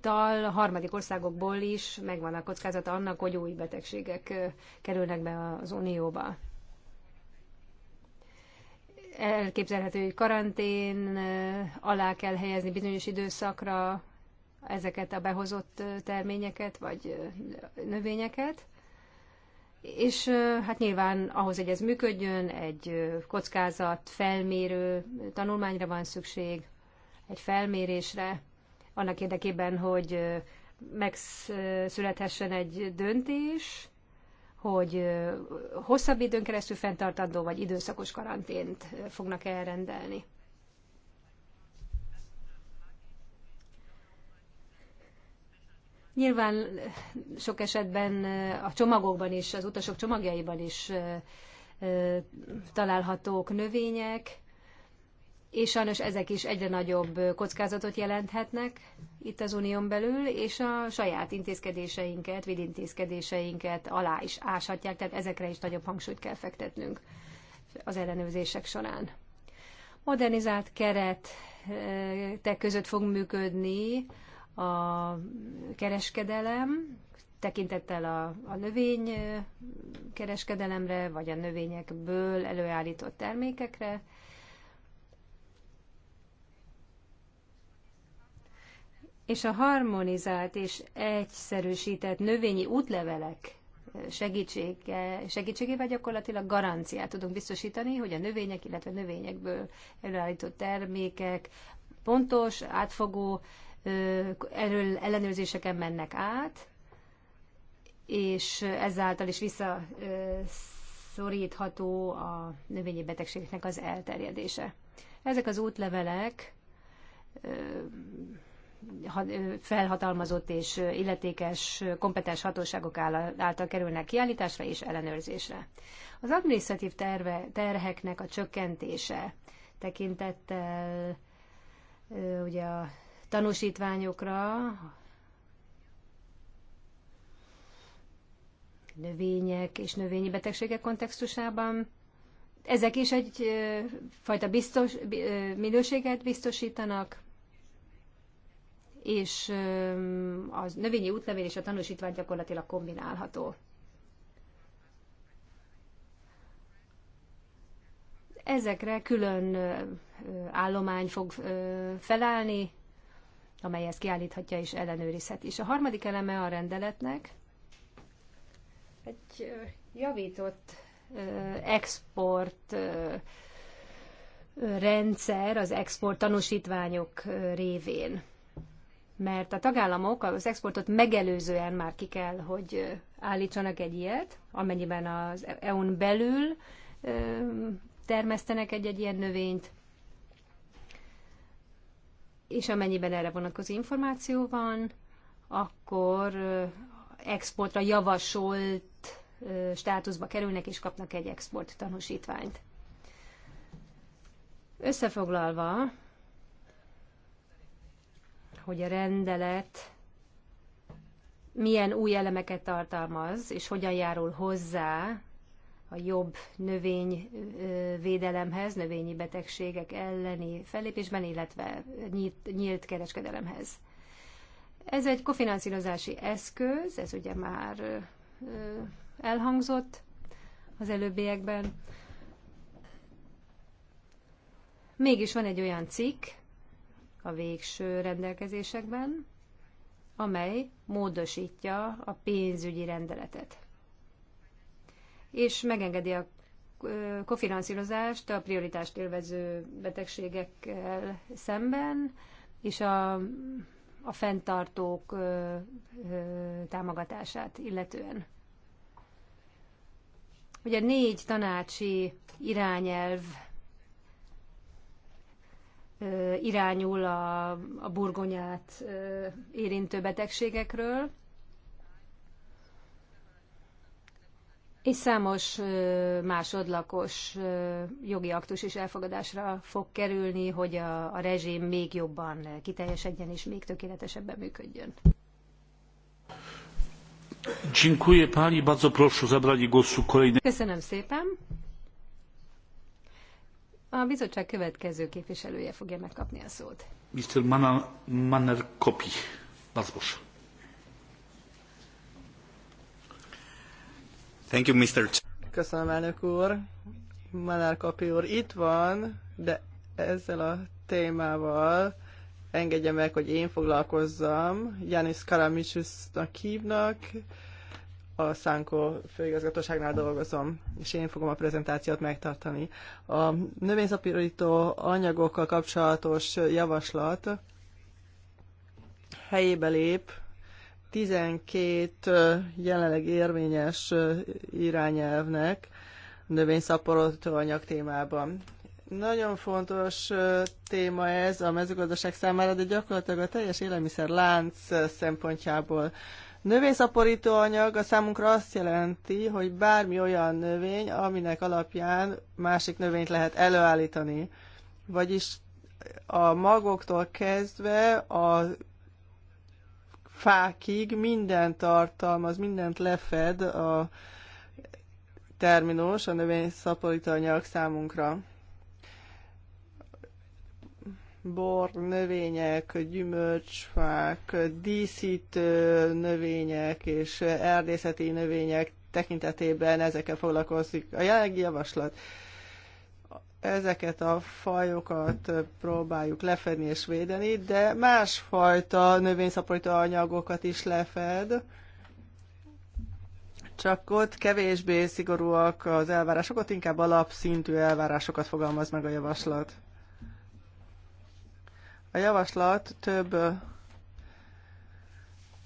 tal harmadik országokból is megvan a kockázata annak, hogy új betegségek kerülnek be az Unióba elképzelhető, hogy karantén alá kell helyezni bizonyos időszakra ezeket a behozott terményeket vagy növényeket. És hát nyilván ahhoz, hogy ez működjön, egy kockázat, felmérő tanulmányra van szükség, egy felmérésre, annak érdekében, hogy megszülethessen egy döntés, hogy hosszabb időn keresztül fenntartandó vagy időszakos karantént fognak elrendelni. Nyilván sok esetben a csomagokban is, az utasok csomagjaiban is találhatók növények, és sajnos ezek is egyre nagyobb kockázatot jelenthetnek itt az unión belül, és a saját intézkedéseinket, vidintézkedéseinket alá is áshatják, tehát ezekre is nagyobb hangsúlyt kell fektetnünk az ellenőrzések során. Modernizált keret te között fog működni a kereskedelem, tekintettel a, a növény kereskedelemre, vagy a növényekből előállított termékekre, és a harmonizált és egyszerűsített növényi útlevelek segítsége, segítségével gyakorlatilag garanciát tudunk biztosítani, hogy a növények, illetve növényekből előállított termékek pontos, átfogó erről ellenőrzéseken mennek át, és ezáltal is visszaszorítható a növényi betegségeknek az elterjedése. Ezek az útlevelek felhatalmazott és illetékes kompetens hatóságok által kerülnek kiállításra és ellenőrzésre. Az adminisztratív terve, terheknek a csökkentése tekintettel ugye a tanúsítványokra, növények és növényi betegségek kontextusában. Ezek is egyfajta biztos, minőséget biztosítanak, és a növényi útlevél és a tanúsítvány gyakorlatilag kombinálható. Ezekre külön állomány fog felállni, amely ezt kiállíthatja és ellenőrizheti. És a harmadik eleme a rendeletnek egy javított export rendszer az export tanúsítványok révén mert a tagállamok az exportot megelőzően már ki kell, hogy állítsanak egy ilyet, amennyiben az EU-n belül termesztenek egy-egy ilyen növényt, és amennyiben erre vonatkozó információ van, akkor exportra javasolt státuszba kerülnek és kapnak egy export tanúsítványt. Összefoglalva, hogy a rendelet milyen új elemeket tartalmaz, és hogyan járul hozzá a jobb növényvédelemhez, növényi betegségek elleni fellépésben, illetve nyílt, nyílt kereskedelemhez. Ez egy kofinanszírozási eszköz, ez ugye már elhangzott az előbbiekben. Mégis van egy olyan cikk, a végső rendelkezésekben, amely módosítja a pénzügyi rendeletet. És megengedi a kofinanszírozást a prioritást élvező betegségekkel szemben, és a, a fenntartók ö, ö, támogatását illetően. Ugye négy tanácsi irányelv irányul a, a burgonyát érintő betegségekről, és számos másodlakos jogi aktus is elfogadásra fog kerülni, hogy a, a rezsim még jobban kiteljesedjen és még tökéletesebben működjön. Dziękuję pani, bardzo proszę o głosu Köszönöm szépen. A bizottság következő képviselője fogja megkapni a szót. Mr. Manner, Kopi. Lazbos. Thank you, Mr. Köszönöm, elnök úr. Manner Kopi úr itt van, de ezzel a témával engedje meg, hogy én foglalkozzam. Janis Karamisusnak hívnak, a Szánkó főigazgatóságnál dolgozom, és én fogom a prezentációt megtartani. A növényzapirító anyagokkal kapcsolatos javaslat helyébe lép 12 jelenleg érvényes irányelvnek növényszaporító anyag témában. Nagyon fontos téma ez a mezőgazdaság számára, de gyakorlatilag a teljes élelmiszer lánc szempontjából Növényszaporító anyag a számunkra azt jelenti, hogy bármi olyan növény, aminek alapján másik növényt lehet előállítani. Vagyis a magoktól kezdve a fákig minden tartalmaz, mindent lefed a terminus, a növényszaporító anyag számunkra bor, növények, gyümölcsfák, díszítő növények és erdészeti növények tekintetében ezekkel foglalkozik a jelenlegi javaslat. Ezeket a fajokat próbáljuk lefedni és védeni, de másfajta növényszaporító anyagokat is lefed, csak ott kevésbé szigorúak az elvárások, ott inkább alapszintű elvárásokat fogalmaz meg a javaslat. A javaslat több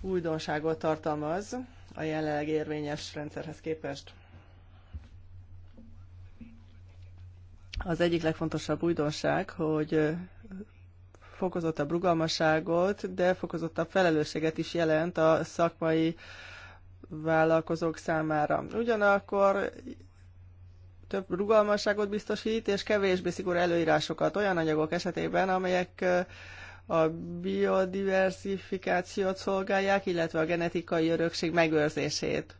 újdonságot tartalmaz a jelenleg érvényes rendszerhez képest. Az egyik legfontosabb újdonság, hogy fokozottabb rugalmasságot, de fokozottabb felelősséget is jelent a szakmai vállalkozók számára. Ugyanakkor több rugalmasságot biztosít, és kevésbé szigorú előírásokat olyan anyagok esetében, amelyek a biodiversifikációt szolgálják, illetve a genetikai örökség megőrzését.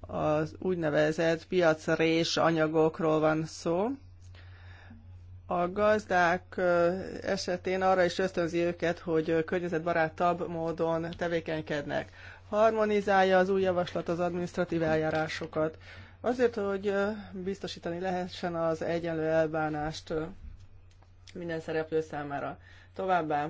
Az úgynevezett piacrés anyagokról van szó. A gazdák esetén arra is ösztönzi őket, hogy környezetbarátabb módon tevékenykednek harmonizálja az új javaslat az administratív eljárásokat. Azért, hogy biztosítani lehessen az egyenlő elbánást minden szereplő számára. Továbbá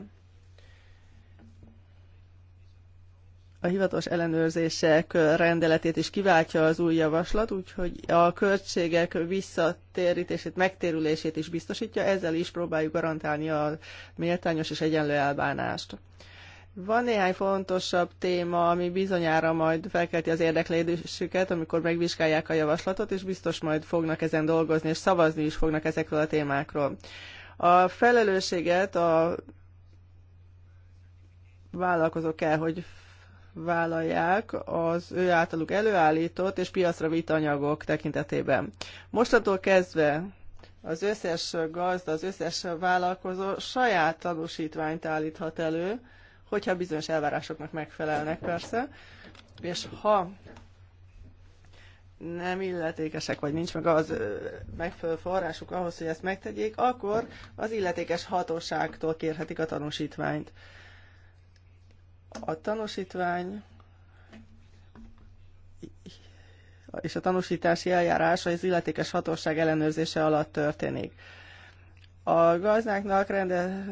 a hivatos ellenőrzések rendeletét is kiváltja az új javaslat, úgyhogy a költségek visszatérítését, megtérülését is biztosítja, ezzel is próbáljuk garantálni a méltányos és egyenlő elbánást. Van néhány fontosabb téma, ami bizonyára majd felkelti az érdeklődésüket, amikor megvizsgálják a javaslatot, és biztos majd fognak ezen dolgozni, és szavazni is fognak ezekről a témákról. A felelősséget a vállalkozók kell, hogy vállalják az ő általuk előállított és piacra vitt anyagok tekintetében. Mostantól kezdve az összes gazda, az összes vállalkozó saját tanúsítványt állíthat elő, hogyha bizonyos elvárásoknak megfelelnek persze, és ha nem illetékesek, vagy nincs meg az megfelelő forrásuk ahhoz, hogy ezt megtegyék, akkor az illetékes hatóságtól kérhetik a tanúsítványt. A tanúsítvány és a tanúsítási eljárás az illetékes hatóság ellenőrzése alatt történik. A gazdáknak rendel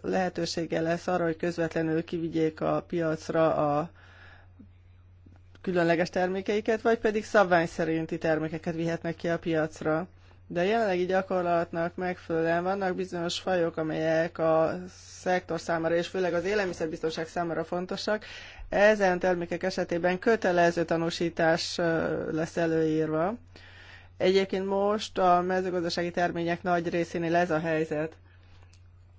lehetősége lesz arra, hogy közvetlenül kivigyék a piacra a különleges termékeiket, vagy pedig szabvány szerinti termékeket vihetnek ki a piacra. De a jelenlegi gyakorlatnak megfelelően vannak bizonyos fajok, amelyek a szektor számára, és főleg az élelmiszerbiztonság számára fontosak. Ezen termékek esetében kötelező tanúsítás lesz előírva Egyébként most a mezőgazdasági termények nagy részénél ez a helyzet.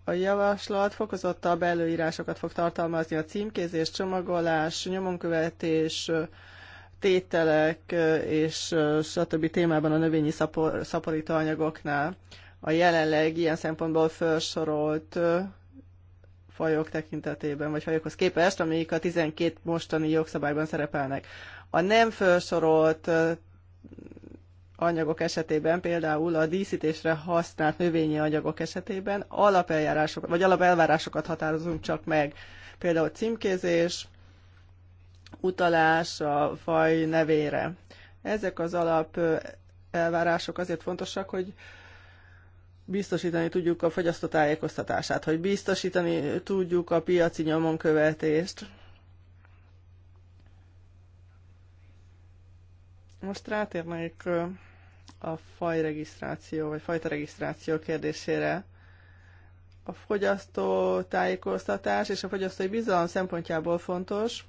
A javaslat fokozottabb előírásokat fog tartalmazni a címkézés, csomagolás, nyomonkövetés, tételek és stb. témában a növényi szapor, szaporítóanyagoknál. A jelenleg ilyen szempontból felsorolt fajok tekintetében, vagy fajokhoz képest, amik a 12 mostani jogszabályban szerepelnek. A nem felsorolt anyagok esetében, például a díszítésre használt növényi anyagok esetében alapeljárások vagy alapelvárásokat határozunk csak meg. Például címkézés, utalás a faj nevére. Ezek az alap elvárások azért fontosak, hogy biztosítani tudjuk a fogyasztó tájékoztatását, hogy biztosítani tudjuk a piaci nyomon követést. Most rátérnék a fajregisztráció vagy fajta regisztráció kérdésére. A fogyasztó tájékoztatás és a fogyasztói bizalom szempontjából fontos,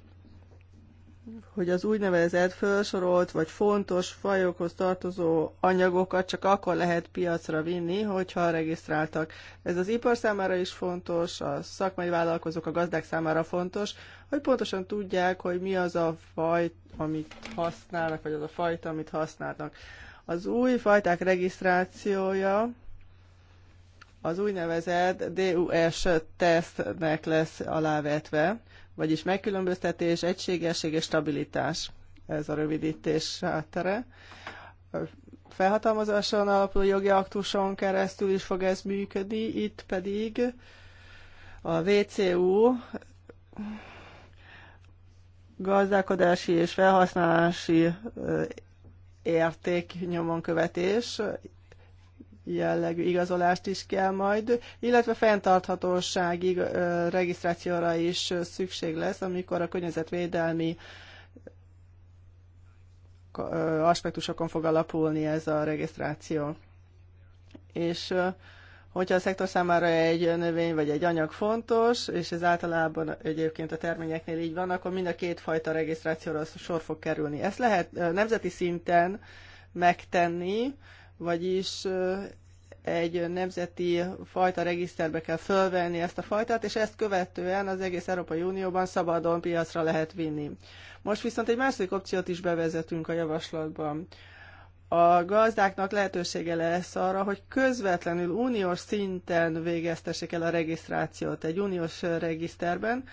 hogy az úgynevezett felsorolt vagy fontos fajokhoz tartozó anyagokat csak akkor lehet piacra vinni, hogyha regisztráltak. Ez az ipar számára is fontos, a szakmai vállalkozók, a gazdák számára fontos, hogy pontosan tudják, hogy mi az a faj, amit használnak, vagy az a fajta, amit használnak. Az új fajták regisztrációja az úgynevezett DUS tesztnek lesz alávetve, vagyis megkülönböztetés, egységesség és stabilitás. Ez a rövidítés háttere. Felhatalmazáson alapuló jogi aktuson keresztül is fog ez működni, itt pedig a VCU gazdálkodási és felhasználási érték nyomon követés jellegű igazolást is kell majd, illetve fenntarthatósági regisztrációra is szükség lesz, amikor a környezetvédelmi aspektusokon fog alapulni ez a regisztráció. És Hogyha a szektor számára egy növény vagy egy anyag fontos, és ez általában egyébként a terményeknél így van, akkor mind a két fajta regisztrációra sor fog kerülni. Ezt lehet nemzeti szinten megtenni, vagyis egy nemzeti fajta regiszterbe kell fölvenni ezt a fajtát, és ezt követően az egész Európai Unióban szabadon piacra lehet vinni. Most viszont egy másik opciót is bevezetünk a javaslatban a gazdáknak lehetősége lesz arra, hogy közvetlenül uniós szinten végeztessék el a regisztrációt egy uniós regiszterben,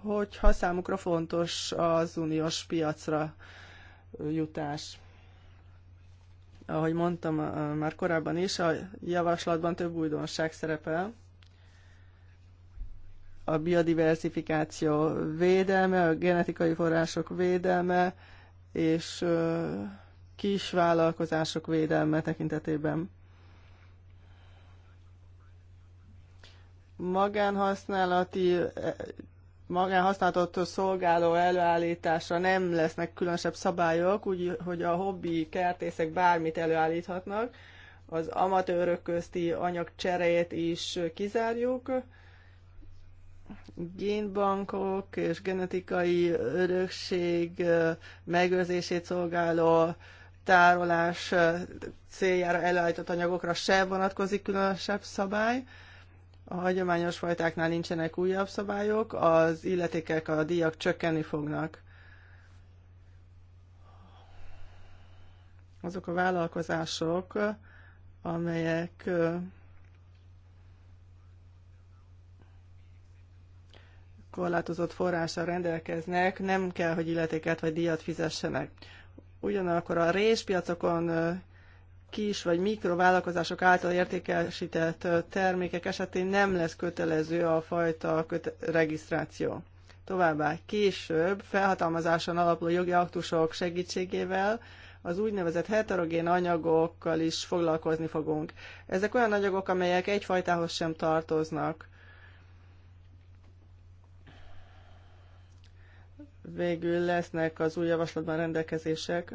hogyha számukra fontos az uniós piacra jutás. Ahogy mondtam már korábban is, a javaslatban több újdonság szerepel. A biodiversifikáció védelme, a genetikai források védelme, és kis vállalkozások védelme tekintetében. Magánhasználati e, magánhasználatot szolgáló előállításra nem lesznek különösebb szabályok, úgy, hogy a hobbi kertészek bármit előállíthatnak. Az amatőrök közti anyagcserét is kizárjuk. Génbankok és genetikai örökség e, megőrzését szolgáló tárolás céljára előállított anyagokra se vonatkozik különösebb szabály. A hagyományos fajtáknál nincsenek újabb szabályok, az illetékek, a díjak csökkenni fognak. Azok a vállalkozások, amelyek korlátozott forrással rendelkeznek, nem kell, hogy illetéket vagy díjat fizessenek. Ugyanakkor a részpiacokon kis vagy mikrovállalkozások által értékesített termékek esetén nem lesz kötelező a fajta köte- regisztráció. Továbbá később felhatalmazáson alapuló jogi aktusok segítségével az úgynevezett heterogén anyagokkal is foglalkozni fogunk. Ezek olyan anyagok, amelyek egyfajtához sem tartoznak. végül lesznek az új javaslatban rendelkezések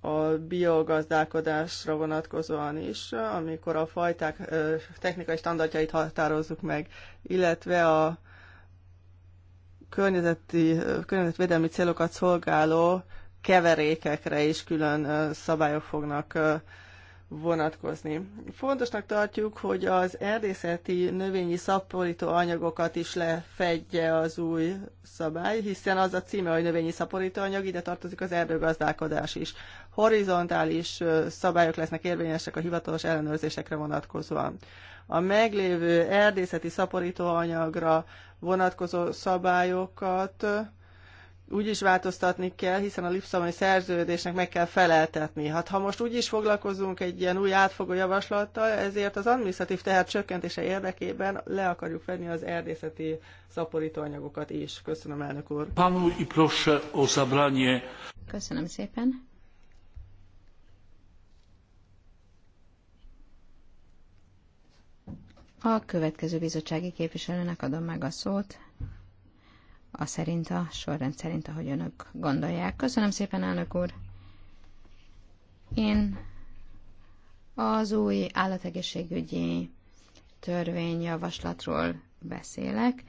a biogazdálkodásra vonatkozóan is, amikor a fajták technikai standardjait határozzuk meg, illetve a környezeti, környezetvédelmi célokat szolgáló keverékekre is külön szabályok fognak vonatkozni. Fontosnak tartjuk, hogy az erdészeti növényi szaporító anyagokat is lefedje az új szabály, hiszen az a címe, hogy növényi szaporító anyag, ide tartozik az erdőgazdálkodás is. Horizontális szabályok lesznek érvényesek a hivatalos ellenőrzésekre vonatkozóan. A meglévő erdészeti szaporító anyagra vonatkozó szabályokat úgy is változtatni kell, hiszen a lipszomai szerződésnek meg kell feleltetni. Hát ha most úgy is foglalkozunk egy ilyen új átfogó javaslattal, ezért az administratív teher csökkentése érdekében le akarjuk venni az erdészeti szaporítóanyagokat is. Köszönöm, elnök úr. Köszönöm szépen. A következő bizottsági képviselőnek adom meg a szót a szerint, a sorrend szerint, ahogy önök gondolják. Köszönöm szépen, elnök úr! Én az új állategészségügyi törvényjavaslatról beszélek,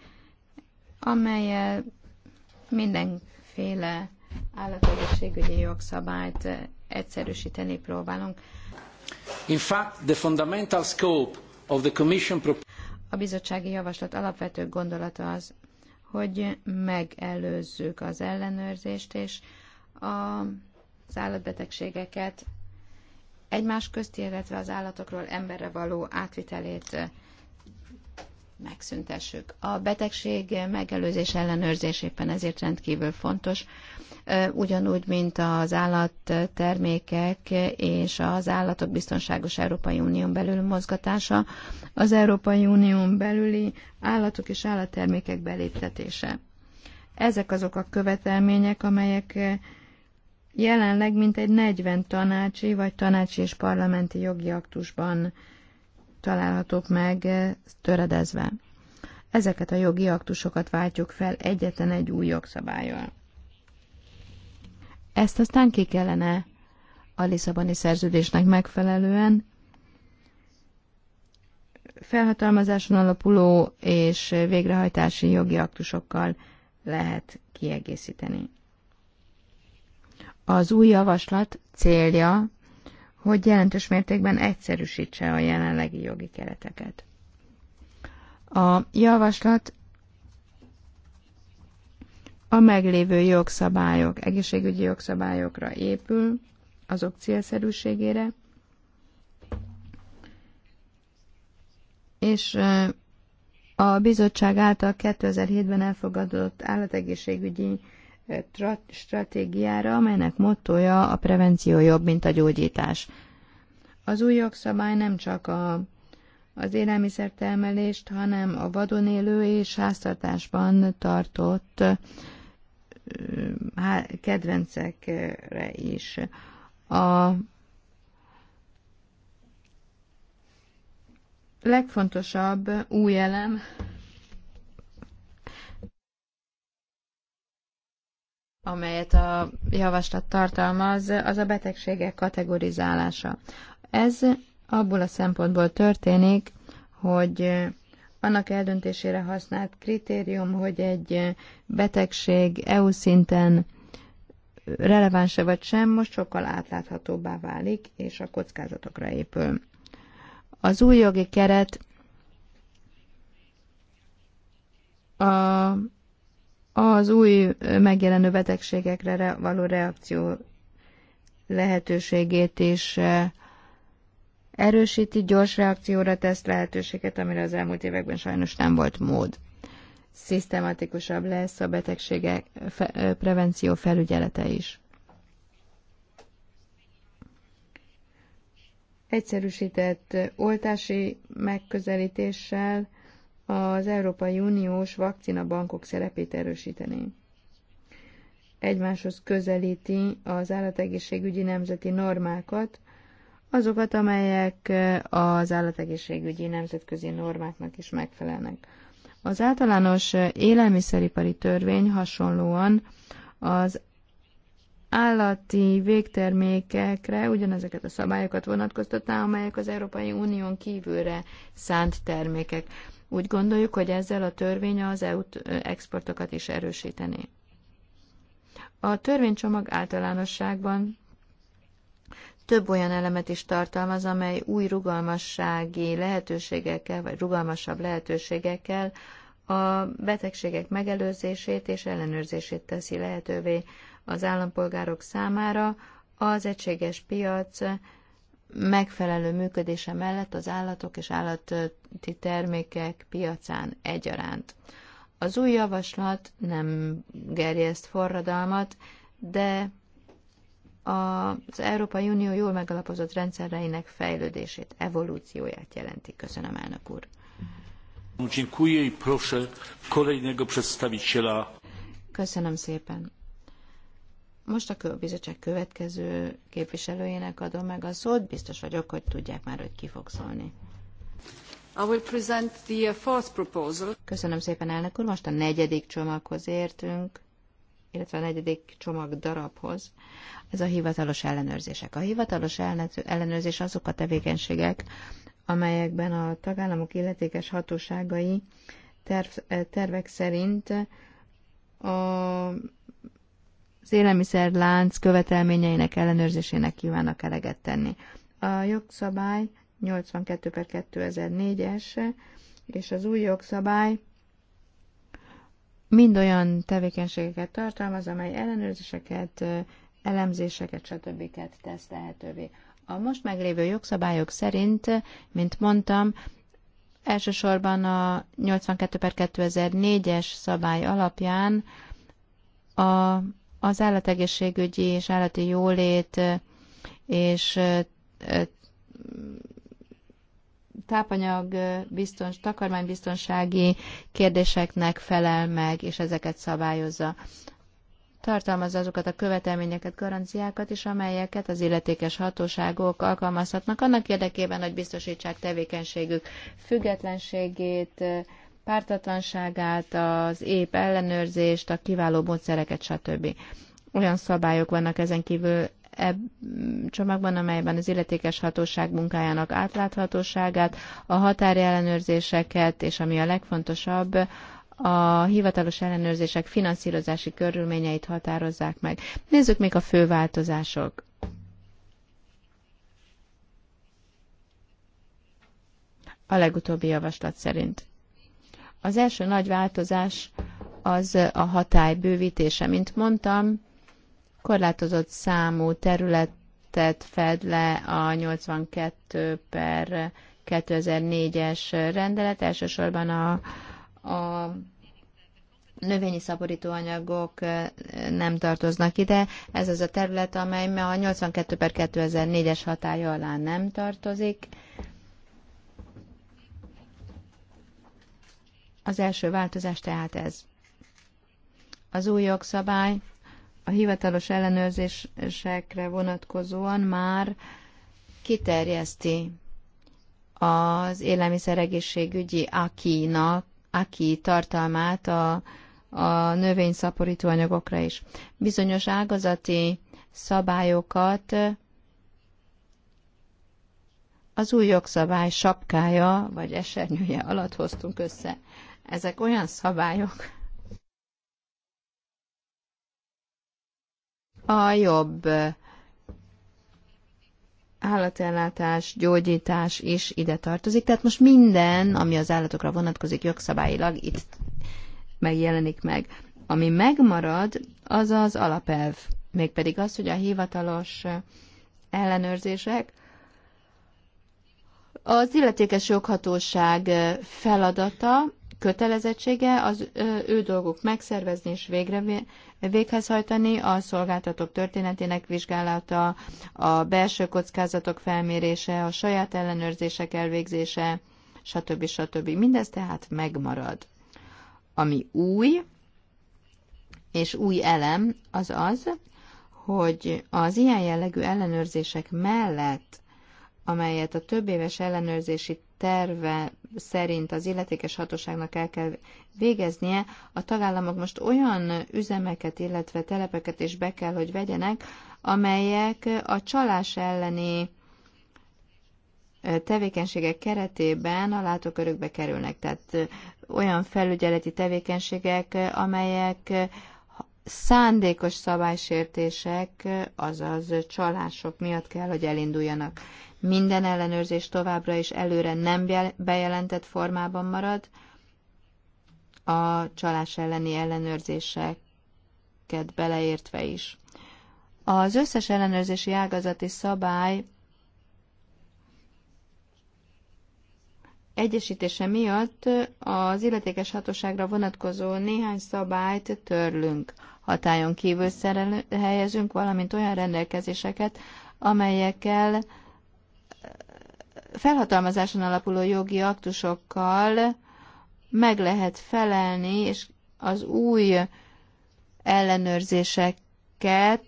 amelyel mindenféle állategészségügyi jogszabályt egyszerűsíteni próbálunk. In fact, the fundamental scope of the commission a bizottsági javaslat alapvető gondolata az, hogy megelőzzük az ellenőrzést és az állatbetegségeket egymás közt, illetve az állatokról emberre való átvitelét megszüntessük. A betegség megelőzés ellenőrzés éppen ezért rendkívül fontos, ugyanúgy, mint az állattermékek és az állatok biztonságos Európai Unión belül mozgatása, az Európai Unión belüli állatok és állattermékek beléptetése. Ezek azok a követelmények, amelyek jelenleg mintegy 40 tanácsi vagy tanácsi és parlamenti jogi aktusban találhatók meg eh, töredezve. Ezeket a jogi aktusokat váltjuk fel egyetlen egy új jogszabályjal. Ezt aztán ki kellene a Lisszaboni szerződésnek megfelelően felhatalmazáson alapuló és végrehajtási jogi aktusokkal lehet kiegészíteni. Az új javaslat célja hogy jelentős mértékben egyszerűsítse a jelenlegi jogi kereteket. A javaslat a meglévő jogszabályok, egészségügyi jogszabályokra épül, azok célszerűségére, és a bizottság által 2007-ben elfogadott állategészségügyi stratégiára, amelynek mottoja a prevenció jobb, mint a gyógyítás. Az új jogszabály nem csak a, az élelmiszertermelést, hanem a vadon élő és háztartásban tartott kedvencekre is. A legfontosabb új elem amelyet a javaslat tartalmaz, az a betegségek kategorizálása. Ez abból a szempontból történik, hogy annak eldöntésére használt kritérium, hogy egy betegség EU szinten e vagy sem, most sokkal átláthatóbbá válik, és a kockázatokra épül. Az új jogi keret a az új megjelenő betegségekre való reakció lehetőségét is eh, erősíti, gyors reakcióra tesz lehetőséget, amire az elmúlt években sajnos nem volt mód. Szisztematikusabb lesz a betegségek eh, prevenció felügyelete is. Egyszerűsített oltási megközelítéssel az Európai Uniós vakcinabankok szerepét erősíteni. Egymáshoz közelíti az állategészségügyi nemzeti normákat, azokat, amelyek az állategészségügyi nemzetközi normáknak is megfelelnek. Az általános élelmiszeripari törvény hasonlóan az állati végtermékekre ugyanezeket a szabályokat vonatkoztatná, amelyek az Európai Unión kívülre szánt termékek. Úgy gondoljuk, hogy ezzel a törvény az EU exportokat is erősítené. A törvénycsomag általánosságban több olyan elemet is tartalmaz, amely új rugalmassági lehetőségekkel, vagy rugalmasabb lehetőségekkel a betegségek megelőzését és ellenőrzését teszi lehetővé az állampolgárok számára az egységes piac megfelelő működése mellett az állatok és állati termékek piacán egyaránt. Az új javaslat nem gerjeszt forradalmat, de az Európai Unió jól megalapozott rendszereinek fejlődését, evolúcióját jelenti. Köszönöm, elnök úr. Köszönöm szépen. Most a bizottság következő képviselőjének adom meg a szót, biztos vagyok, hogy tudják már, hogy ki fog szólni. I will present the uh, fourth proposal. Köszönöm szépen, elnök úr. Most a negyedik csomaghoz értünk, illetve a negyedik csomag darabhoz. Ez a hivatalos ellenőrzések. A hivatalos ellenőrzés azok a tevékenységek, amelyekben a tagállamok illetékes hatóságai terv, eh, tervek szerint a az élelmiszerlánc követelményeinek ellenőrzésének kívánnak eleget tenni. A jogszabály 82 per 2004-es, és az új jogszabály mind olyan tevékenységeket tartalmaz, amely ellenőrzéseket, elemzéseket, stb. tesz lehetővé. A most meglévő jogszabályok szerint, mint mondtam, elsősorban a 82 per 2004-es szabály alapján a az állategészségügyi és állati jólét és tápanyag biztons, takarmánybiztonsági kérdéseknek felel meg, és ezeket szabályozza. Tartalmazza azokat a követelményeket, garanciákat is, amelyeket az illetékes hatóságok alkalmazhatnak annak érdekében, hogy biztosítsák tevékenységük függetlenségét, pártatlanságát, az épp ellenőrzést, a kiváló módszereket, stb. Olyan szabályok vannak ezen kívül ebb csomagban, amelyben az illetékes hatóság munkájának átláthatóságát, a határi ellenőrzéseket és ami a legfontosabb, a hivatalos ellenőrzések finanszírozási körülményeit határozzák meg. Nézzük még a fő változások. A legutóbbi javaslat szerint. Az első nagy változás az a hatály bővítése. Mint mondtam, korlátozott számú területet fed le a 82 per 2004-es rendelet, elsősorban a, a növényi szaporítóanyagok nem tartoznak ide. Ez az a terület, amely a 82 per 2004-es hatája alá nem tartozik, Az első változás tehát ez. Az új jogszabály a hivatalos ellenőrzésekre vonatkozóan már kiterjeszti az élelmiszeregészségügyi akinak, aki tartalmát a, a növényszaporító anyagokra is. Bizonyos ágazati szabályokat az új jogszabály sapkája vagy esernyője alatt hoztunk össze. Ezek olyan szabályok. A jobb állatellátás, gyógyítás is ide tartozik. Tehát most minden, ami az állatokra vonatkozik jogszabályilag, itt megjelenik meg. Ami megmarad, az az alapelv, mégpedig az, hogy a hivatalos ellenőrzések az illetékes joghatóság feladata, kötelezettsége az ő dolguk megszervezni és végre véghez hajtani, a szolgáltatók történetének vizsgálata, a belső kockázatok felmérése, a saját ellenőrzések elvégzése, stb. stb. Mindez tehát megmarad. Ami új, és új elem az az, hogy az ilyen jellegű ellenőrzések mellett, amelyet a több éves ellenőrzési terve szerint az illetékes hatóságnak el kell végeznie, a tagállamok most olyan üzemeket, illetve telepeket is be kell, hogy vegyenek, amelyek a csalás elleni tevékenységek keretében a látókörökbe kerülnek. Tehát olyan felügyeleti tevékenységek, amelyek szándékos szabálysértések, azaz csalások miatt kell, hogy elinduljanak minden ellenőrzés továbbra is előre nem bejelentett formában marad, a csalás elleni ellenőrzéseket beleértve is. Az összes ellenőrzési ágazati szabály egyesítése miatt az illetékes hatóságra vonatkozó néhány szabályt törlünk, hatályon kívül helyezünk, valamint olyan rendelkezéseket, amelyekkel felhatalmazáson alapuló jogi aktusokkal meg lehet felelni, és az új ellenőrzéseket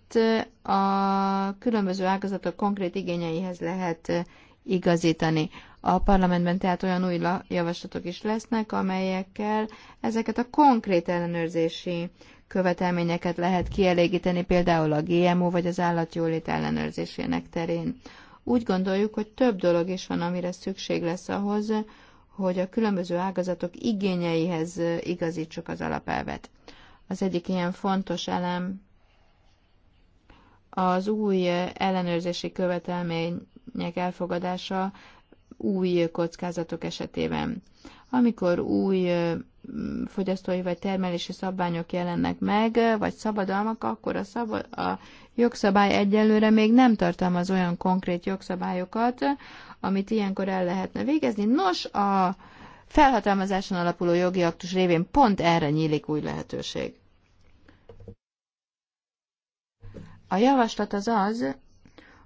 a különböző ágazatok konkrét igényeihez lehet igazítani. A parlamentben tehát olyan új javaslatok is lesznek, amelyekkel ezeket a konkrét ellenőrzési követelményeket lehet kielégíteni, például a GMO vagy az állatjólét ellenőrzésének terén. Úgy gondoljuk, hogy több dolog is van, amire szükség lesz ahhoz, hogy a különböző ágazatok igényeihez igazítsuk az alapelvet. Az egyik ilyen fontos elem az új ellenőrzési követelmények elfogadása új kockázatok esetében. Amikor új fogyasztói vagy termelési szabványok jelennek meg, vagy szabadalmak, akkor a, szab- a jogszabály egyelőre még nem tartalmaz olyan konkrét jogszabályokat, amit ilyenkor el lehetne végezni. Nos, a felhatalmazáson alapuló jogi aktus révén pont erre nyílik új lehetőség. A javaslat az az,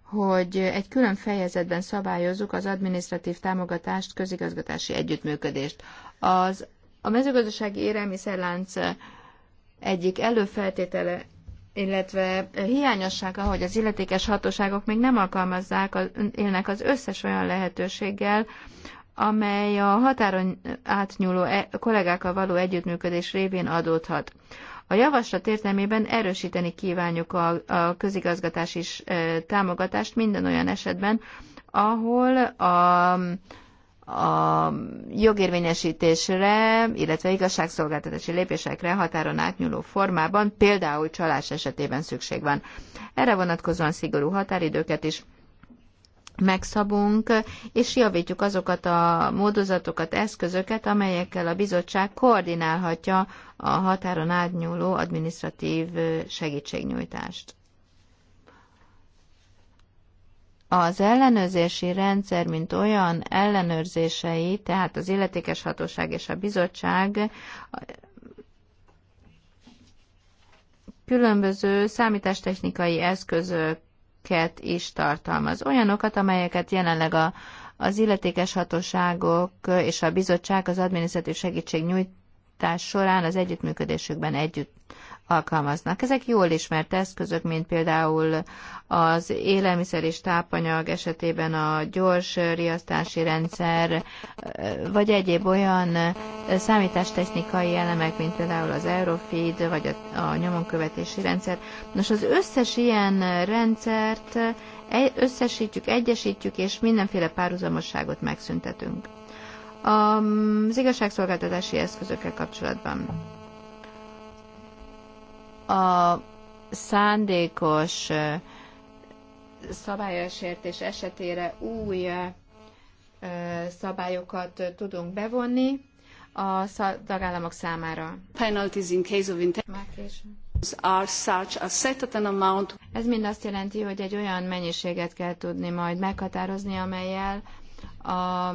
hogy egy külön fejezetben szabályozzuk az adminisztratív támogatást, közigazgatási együttműködést. Az a mezőgazdasági élelmiszerlánc egyik előfeltétele, illetve hiányossága, hogy az illetékes hatóságok még nem alkalmazzák, élnek az összes olyan lehetőséggel, amely a határon átnyúló e- kollégákkal való együttműködés révén adódhat. A javaslat értelmében erősíteni kívánjuk a, a közigazgatási e, támogatást minden olyan esetben, ahol a a jogérvényesítésre, illetve igazságszolgáltatási lépésekre határon átnyúló formában, például csalás esetében szükség van. Erre vonatkozóan szigorú határidőket is megszabunk, és javítjuk azokat a módozatokat, eszközöket, amelyekkel a bizottság koordinálhatja a határon átnyúló adminisztratív segítségnyújtást. az ellenőrzési rendszer, mint olyan ellenőrzései, tehát az illetékes hatóság és a bizottság különböző számítástechnikai eszközöket is tartalmaz. Olyanokat, amelyeket jelenleg a, az illetékes hatóságok és a bizottság az adminisztratív segítség nyújtás során az együttműködésükben együtt alkalmaznak. Ezek jól ismert eszközök, mint például az élelmiszer és tápanyag esetében a gyors riasztási rendszer, vagy egyéb olyan számítástechnikai elemek, mint például az Eurofeed, vagy a, a nyomonkövetési rendszer. Nos, az összes ilyen rendszert e, összesítjük, egyesítjük, és mindenféle párhuzamosságot megszüntetünk. Az igazságszolgáltatási eszközökkel kapcsolatban a szándékos szabályosértés esetére új szabályokat tudunk bevonni a tagállamok számára. Penalties in case of are such a set an amount. Ez mind azt jelenti, hogy egy olyan mennyiséget kell tudni majd meghatározni, amelyel a,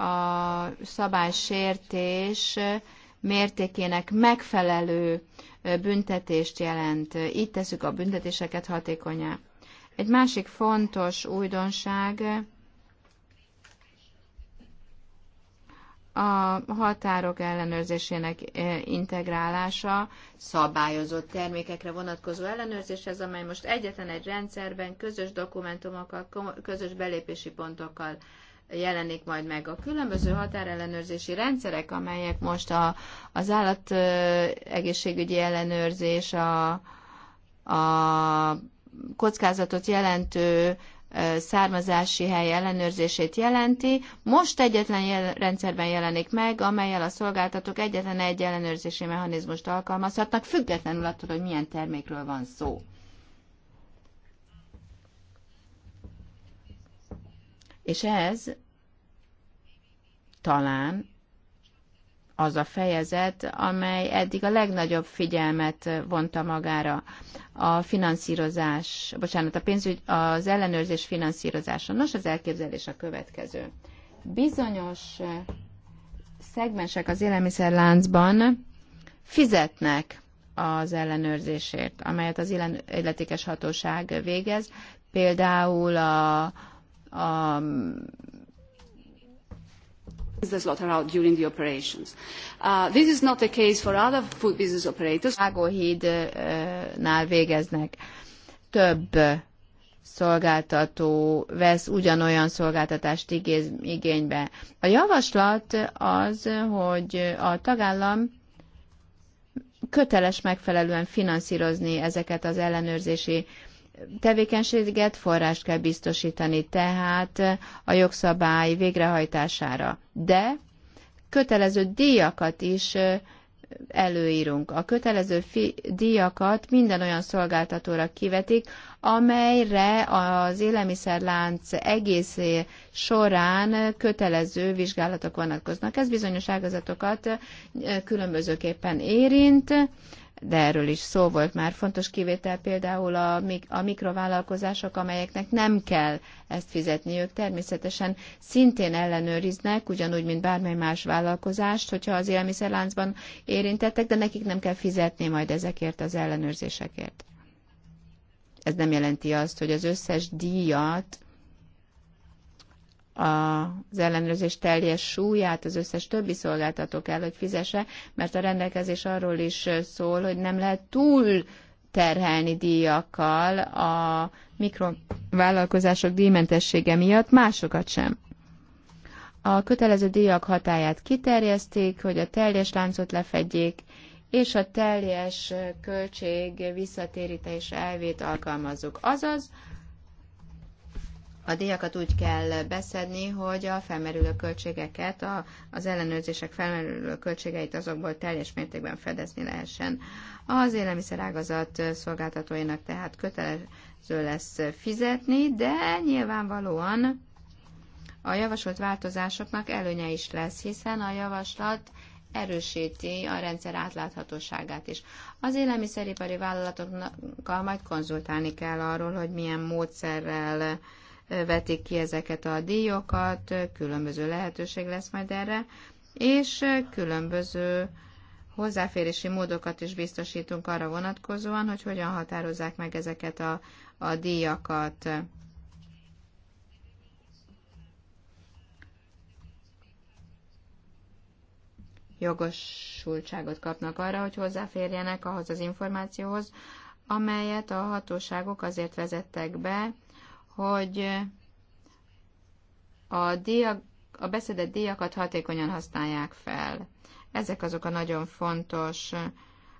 a szabálysértés mértékének megfelelő büntetést jelent. Így teszük a büntetéseket hatékonyá. Egy másik fontos újdonság a határok ellenőrzésének e, integrálása, szabályozott termékekre vonatkozó ellenőrzéshez, amely most egyetlen egy rendszerben közös dokumentumokkal, közös belépési pontokkal jelenik majd meg. A különböző határellenőrzési rendszerek, amelyek most a, az állat egészségügyi ellenőrzés, a, a kockázatot jelentő származási hely ellenőrzését jelenti. Most egyetlen jel- rendszerben jelenik meg, amelyel a szolgáltatók egyetlen egy ellenőrzési mechanizmust alkalmazhatnak, függetlenül attól, hogy milyen termékről van szó. És ez talán az a fejezet, amely eddig a legnagyobb figyelmet vonta magára a finanszírozás, bocsánat, a pénzügy, az ellenőrzés finanszírozása. Nos, az elképzelés a következő. Bizonyos szegmensek az élelmiszerláncban fizetnek az ellenőrzésért, amelyet az illetékes hatóság végez, például a, a the slaughterhouse during the operations. Uh, this is not the case for other food business operators. Vágóhídnál végeznek több uh, szolgáltató vesz ugyanolyan szolgáltatást igénybe. A javaslat az, hogy a tagállam köteles megfelelően finanszírozni ezeket az ellenőrzési tevékenységet, forrást kell biztosítani tehát a jogszabály végrehajtására. De kötelező díjakat is előírunk. A kötelező fi- díjakat minden olyan szolgáltatóra kivetik, amelyre az élelmiszerlánc egész során kötelező vizsgálatok vonatkoznak. Ez bizonyos ágazatokat különbözőképpen érint, de erről is szó volt már. Fontos kivétel például a, a mikrovállalkozások, amelyeknek nem kell ezt fizetni. Ők természetesen szintén ellenőriznek, ugyanúgy, mint bármely más vállalkozást, hogyha az élmiszerláncban érintettek, de nekik nem kell fizetni majd ezekért az ellenőrzésekért. Ez nem jelenti azt, hogy az összes díjat az ellenőrzés teljes súlyát az összes többi szolgáltató kell, hogy fizesse, mert a rendelkezés arról is szól, hogy nem lehet túl terhelni díjakkal a mikrovállalkozások díjmentessége miatt másokat sem. A kötelező díjak hatáját kiterjeszték, hogy a teljes láncot lefedjék, és a teljes költség visszatérítés elvét alkalmazzuk. Azaz, a díjakat úgy kell beszedni, hogy a felmerülő költségeket, a, az ellenőrzések felmerülő költségeit azokból teljes mértékben fedezni lehessen. Az élelmiszerágazat szolgáltatóinak tehát kötelező lesz fizetni, de nyilvánvalóan a javasolt változásoknak előnye is lesz, hiszen a javaslat erősíti a rendszer átláthatóságát is. Az élelmiszeripari vállalatokkal majd konzultálni kell arról, hogy milyen módszerrel vetik ki ezeket a díjokat, különböző lehetőség lesz majd erre, és különböző hozzáférési módokat is biztosítunk arra vonatkozóan, hogy hogyan határozzák meg ezeket a, a díjakat. jogosultságot kapnak arra, hogy hozzáférjenek ahhoz az információhoz, amelyet a hatóságok azért vezettek be, hogy a, díjak, a beszedett díjakat hatékonyan használják fel. Ezek azok a nagyon fontos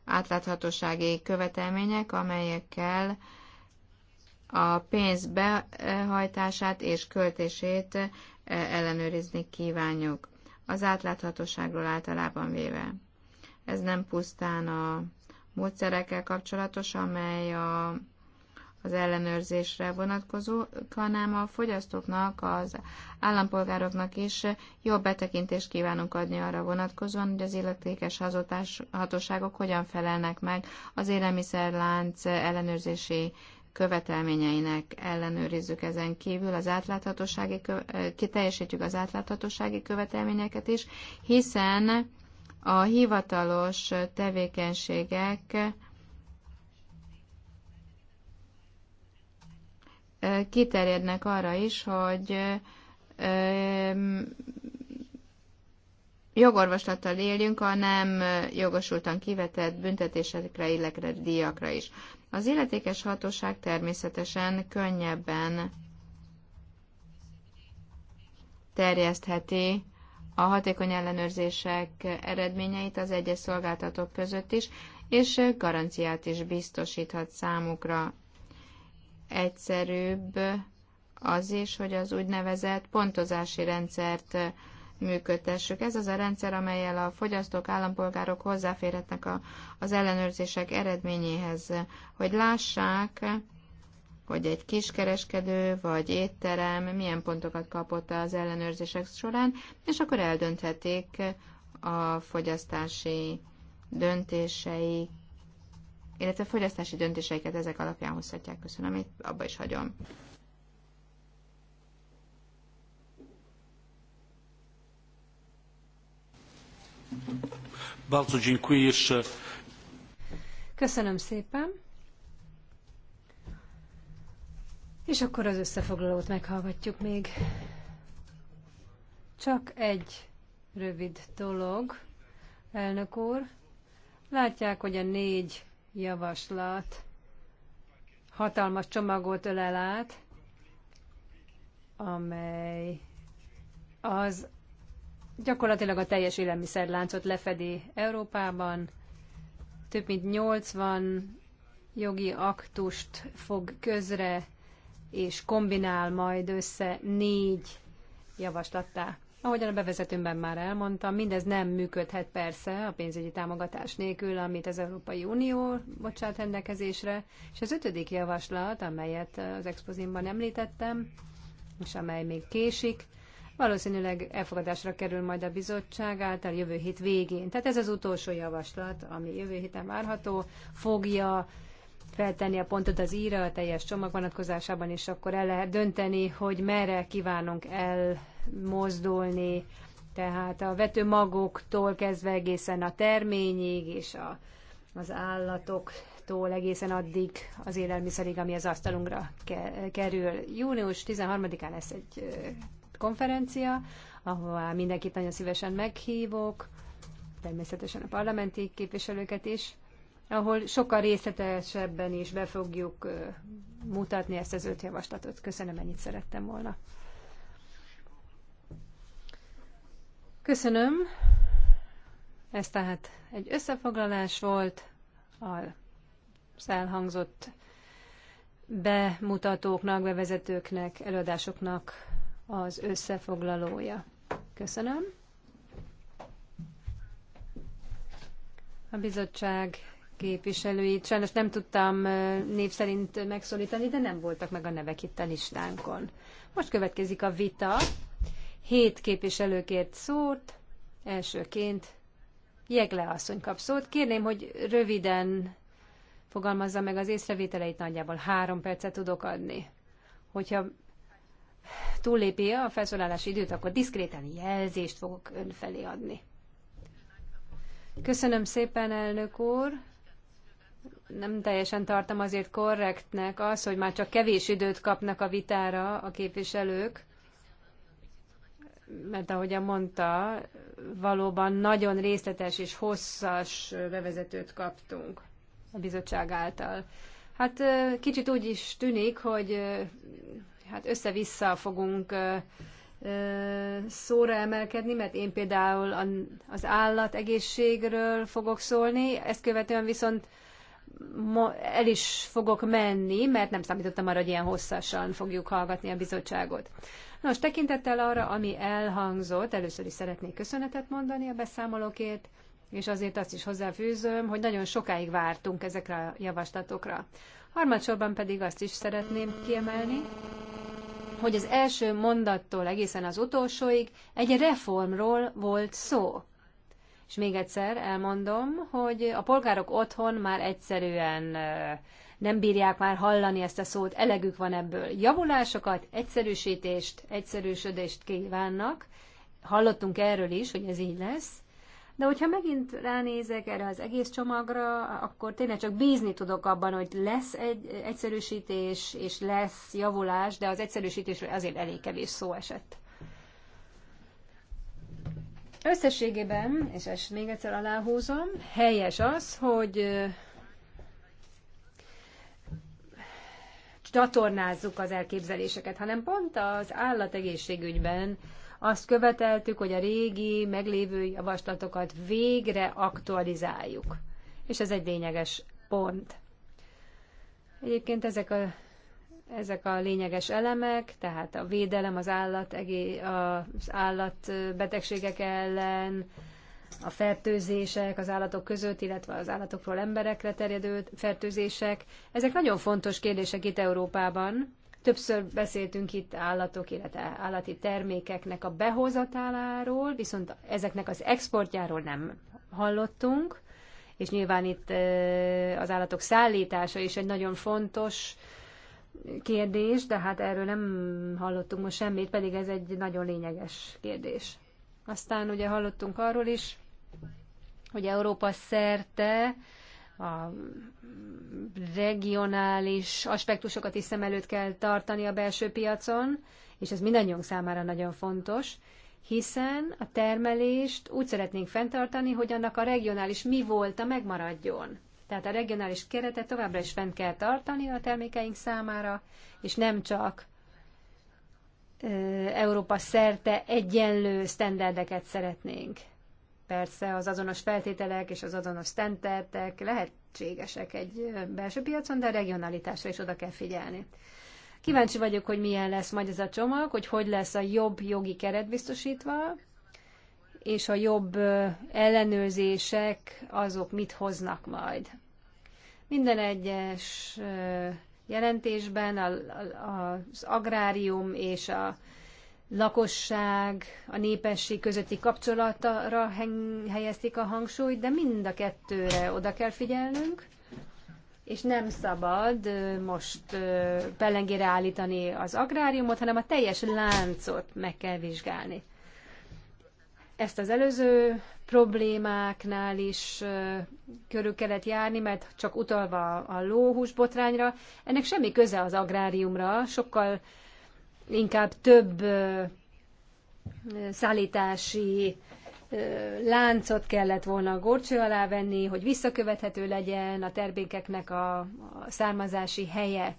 átláthatósági követelmények, amelyekkel a pénz behajtását és költését ellenőrizni kívánjuk. Az átláthatóságról általában véve. Ez nem pusztán a módszerekkel kapcsolatos, amely a az ellenőrzésre vonatkozó, hanem a fogyasztóknak, az állampolgároknak is jobb betekintést kívánunk adni arra vonatkozóan, hogy az illetékes hatóságok hogyan felelnek meg az élelmiszerlánc ellenőrzési követelményeinek ellenőrizzük ezen kívül, az átláthatósági, kiteljesítjük az átláthatósági követelményeket is, hiszen a hivatalos tevékenységek kiterjednek arra is, hogy jogorvoslattal éljünk a nem jogosultan kivetett büntetésekre, illetve díjakra is. Az illetékes hatóság természetesen könnyebben terjesztheti a hatékony ellenőrzések eredményeit az egyes szolgáltatók között is, és garanciát is biztosíthat számukra egyszerűbb az is, hogy az úgynevezett pontozási rendszert működtessük. Ez az a rendszer, amelyel a fogyasztók, állampolgárok hozzáférhetnek a, az ellenőrzések eredményéhez, hogy lássák, hogy egy kiskereskedő vagy étterem milyen pontokat kapott az ellenőrzések során, és akkor eldönthetik a fogyasztási döntéseik illetve fogyasztási döntéseiket ezek alapján hozhatják. Köszönöm, itt abba is hagyom. Köszönöm szépen. És akkor az összefoglalót meghallgatjuk még. Csak egy rövid dolog, elnök úr. Látják, hogy a négy javaslat hatalmas csomagot ölel át, amely az gyakorlatilag a teljes élelmiszerláncot lefedi Európában. Több mint 80 jogi aktust fog közre, és kombinál majd össze négy javaslattá. Ahogyan a bevezetőmben már elmondtam, mindez nem működhet persze a pénzügyi támogatás nélkül, amit az Európai Unió bocsát rendelkezésre, és az ötödik javaslat, amelyet az expozimban említettem, és amely még késik, valószínűleg elfogadásra kerül majd a bizottság által jövő hét végén. Tehát ez az utolsó javaslat, ami jövő héten várható, fogja feltenni a pontot az íra a teljes csomag vonatkozásában, és akkor el lehet dönteni, hogy merre kívánunk el mozdulni, tehát a vetőmagoktól kezdve egészen a terményig, és a, az állatoktól egészen addig az élelmiszerig, ami az asztalunkra ke- kerül. Június 13-án lesz egy konferencia, ahová mindenkit nagyon szívesen meghívok, természetesen a parlamenti képviselőket is, ahol sokkal részletesebben is be fogjuk mutatni ezt az öt javaslatot. Köszönöm, ennyit szerettem volna. Köszönöm. Ez tehát egy összefoglalás volt az elhangzott bemutatóknak, bevezetőknek, előadásoknak az összefoglalója. Köszönöm. A bizottság képviselőit sajnos nem tudtam név szerint megszólítani, de nem voltak meg a nevek itt a listánkon. Most következik a vita. Hét képviselőkért szót, elsőként Jegle asszony kap szót. Kérném, hogy röviden fogalmazza meg az észrevételeit, nagyjából három percet tudok adni. Hogyha túllépi a felszólalási időt, akkor diszkréten jelzést fogok ön felé adni. Köszönöm szépen, elnök úr. Nem teljesen tartom azért korrektnek az, hogy már csak kevés időt kapnak a vitára a képviselők mert ahogy mondta, valóban nagyon részletes és hosszas bevezetőt kaptunk a bizottság által. Hát kicsit úgy is tűnik, hogy hát össze-vissza fogunk szóra emelkedni, mert én például az állat egészségről fogok szólni, ezt követően viszont ma el is fogok menni, mert nem számítottam arra, hogy ilyen hosszasan fogjuk hallgatni a bizottságot. Nos, tekintettel arra, ami elhangzott, először is szeretnék köszönetet mondani a beszámolókért, és azért azt is hozzáfűzöm, hogy nagyon sokáig vártunk ezekre a javaslatokra. Harmadsorban pedig azt is szeretném kiemelni, hogy az első mondattól egészen az utolsóig egy reformról volt szó. És még egyszer elmondom, hogy a polgárok otthon már egyszerűen nem bírják már hallani ezt a szót, elegük van ebből. Javulásokat, egyszerűsítést, egyszerűsödést kívánnak. Hallottunk erről is, hogy ez így lesz. De hogyha megint ránézek erre az egész csomagra, akkor tényleg csak bízni tudok abban, hogy lesz egy egyszerűsítés és lesz javulás, de az egyszerűsítésről azért elég kevés szó esett. Összességében, és ezt még egyszer aláhúzom, helyes az, hogy csatornázzuk az elképzeléseket, hanem pont az állategészségügyben azt követeltük, hogy a régi, meglévő javaslatokat végre aktualizáljuk. És ez egy lényeges pont. Egyébként ezek a ezek a lényeges elemek, tehát a védelem az állat, az állatbetegségek ellen, a fertőzések az állatok között, illetve az állatokról emberekre terjedő fertőzések. Ezek nagyon fontos kérdések itt Európában. Többször beszéltünk itt állatok, illetve állati termékeknek a behozatáláról, viszont ezeknek az exportjáról nem hallottunk, és nyilván itt az állatok szállítása is egy nagyon fontos kérdés, de hát erről nem hallottunk most semmit, pedig ez egy nagyon lényeges kérdés. Aztán ugye hallottunk arról is, hogy Európa szerte a regionális aspektusokat is szem előtt kell tartani a belső piacon, és ez mindannyiunk számára nagyon fontos, hiszen a termelést úgy szeretnénk fenntartani, hogy annak a regionális mi volt a megmaradjon. Tehát a regionális keretet továbbra is fent kell tartani a termékeink számára, és nem csak Európa szerte egyenlő sztenderdeket szeretnénk. Persze az azonos feltételek és az azonos sztenderdek lehetségesek egy belső piacon, de a regionalitásra is oda kell figyelni. Kíváncsi vagyok, hogy milyen lesz majd ez a csomag, hogy hogy lesz a jobb jogi keret biztosítva, és a jobb ellenőrzések azok mit hoznak majd. Minden egyes jelentésben az agrárium és a lakosság, a népesség közötti kapcsolatra helyezték a hangsúlyt, de mind a kettőre oda kell figyelnünk, és nem szabad most pellengére állítani az agráriumot, hanem a teljes láncot meg kell vizsgálni. Ezt az előző problémáknál is körül kellett járni, mert csak utalva a lóhús botrányra, ennek semmi köze az agráriumra, sokkal inkább több szállítási láncot kellett volna a gorcső alá venni, hogy visszakövethető legyen a termékeknek a származási helye.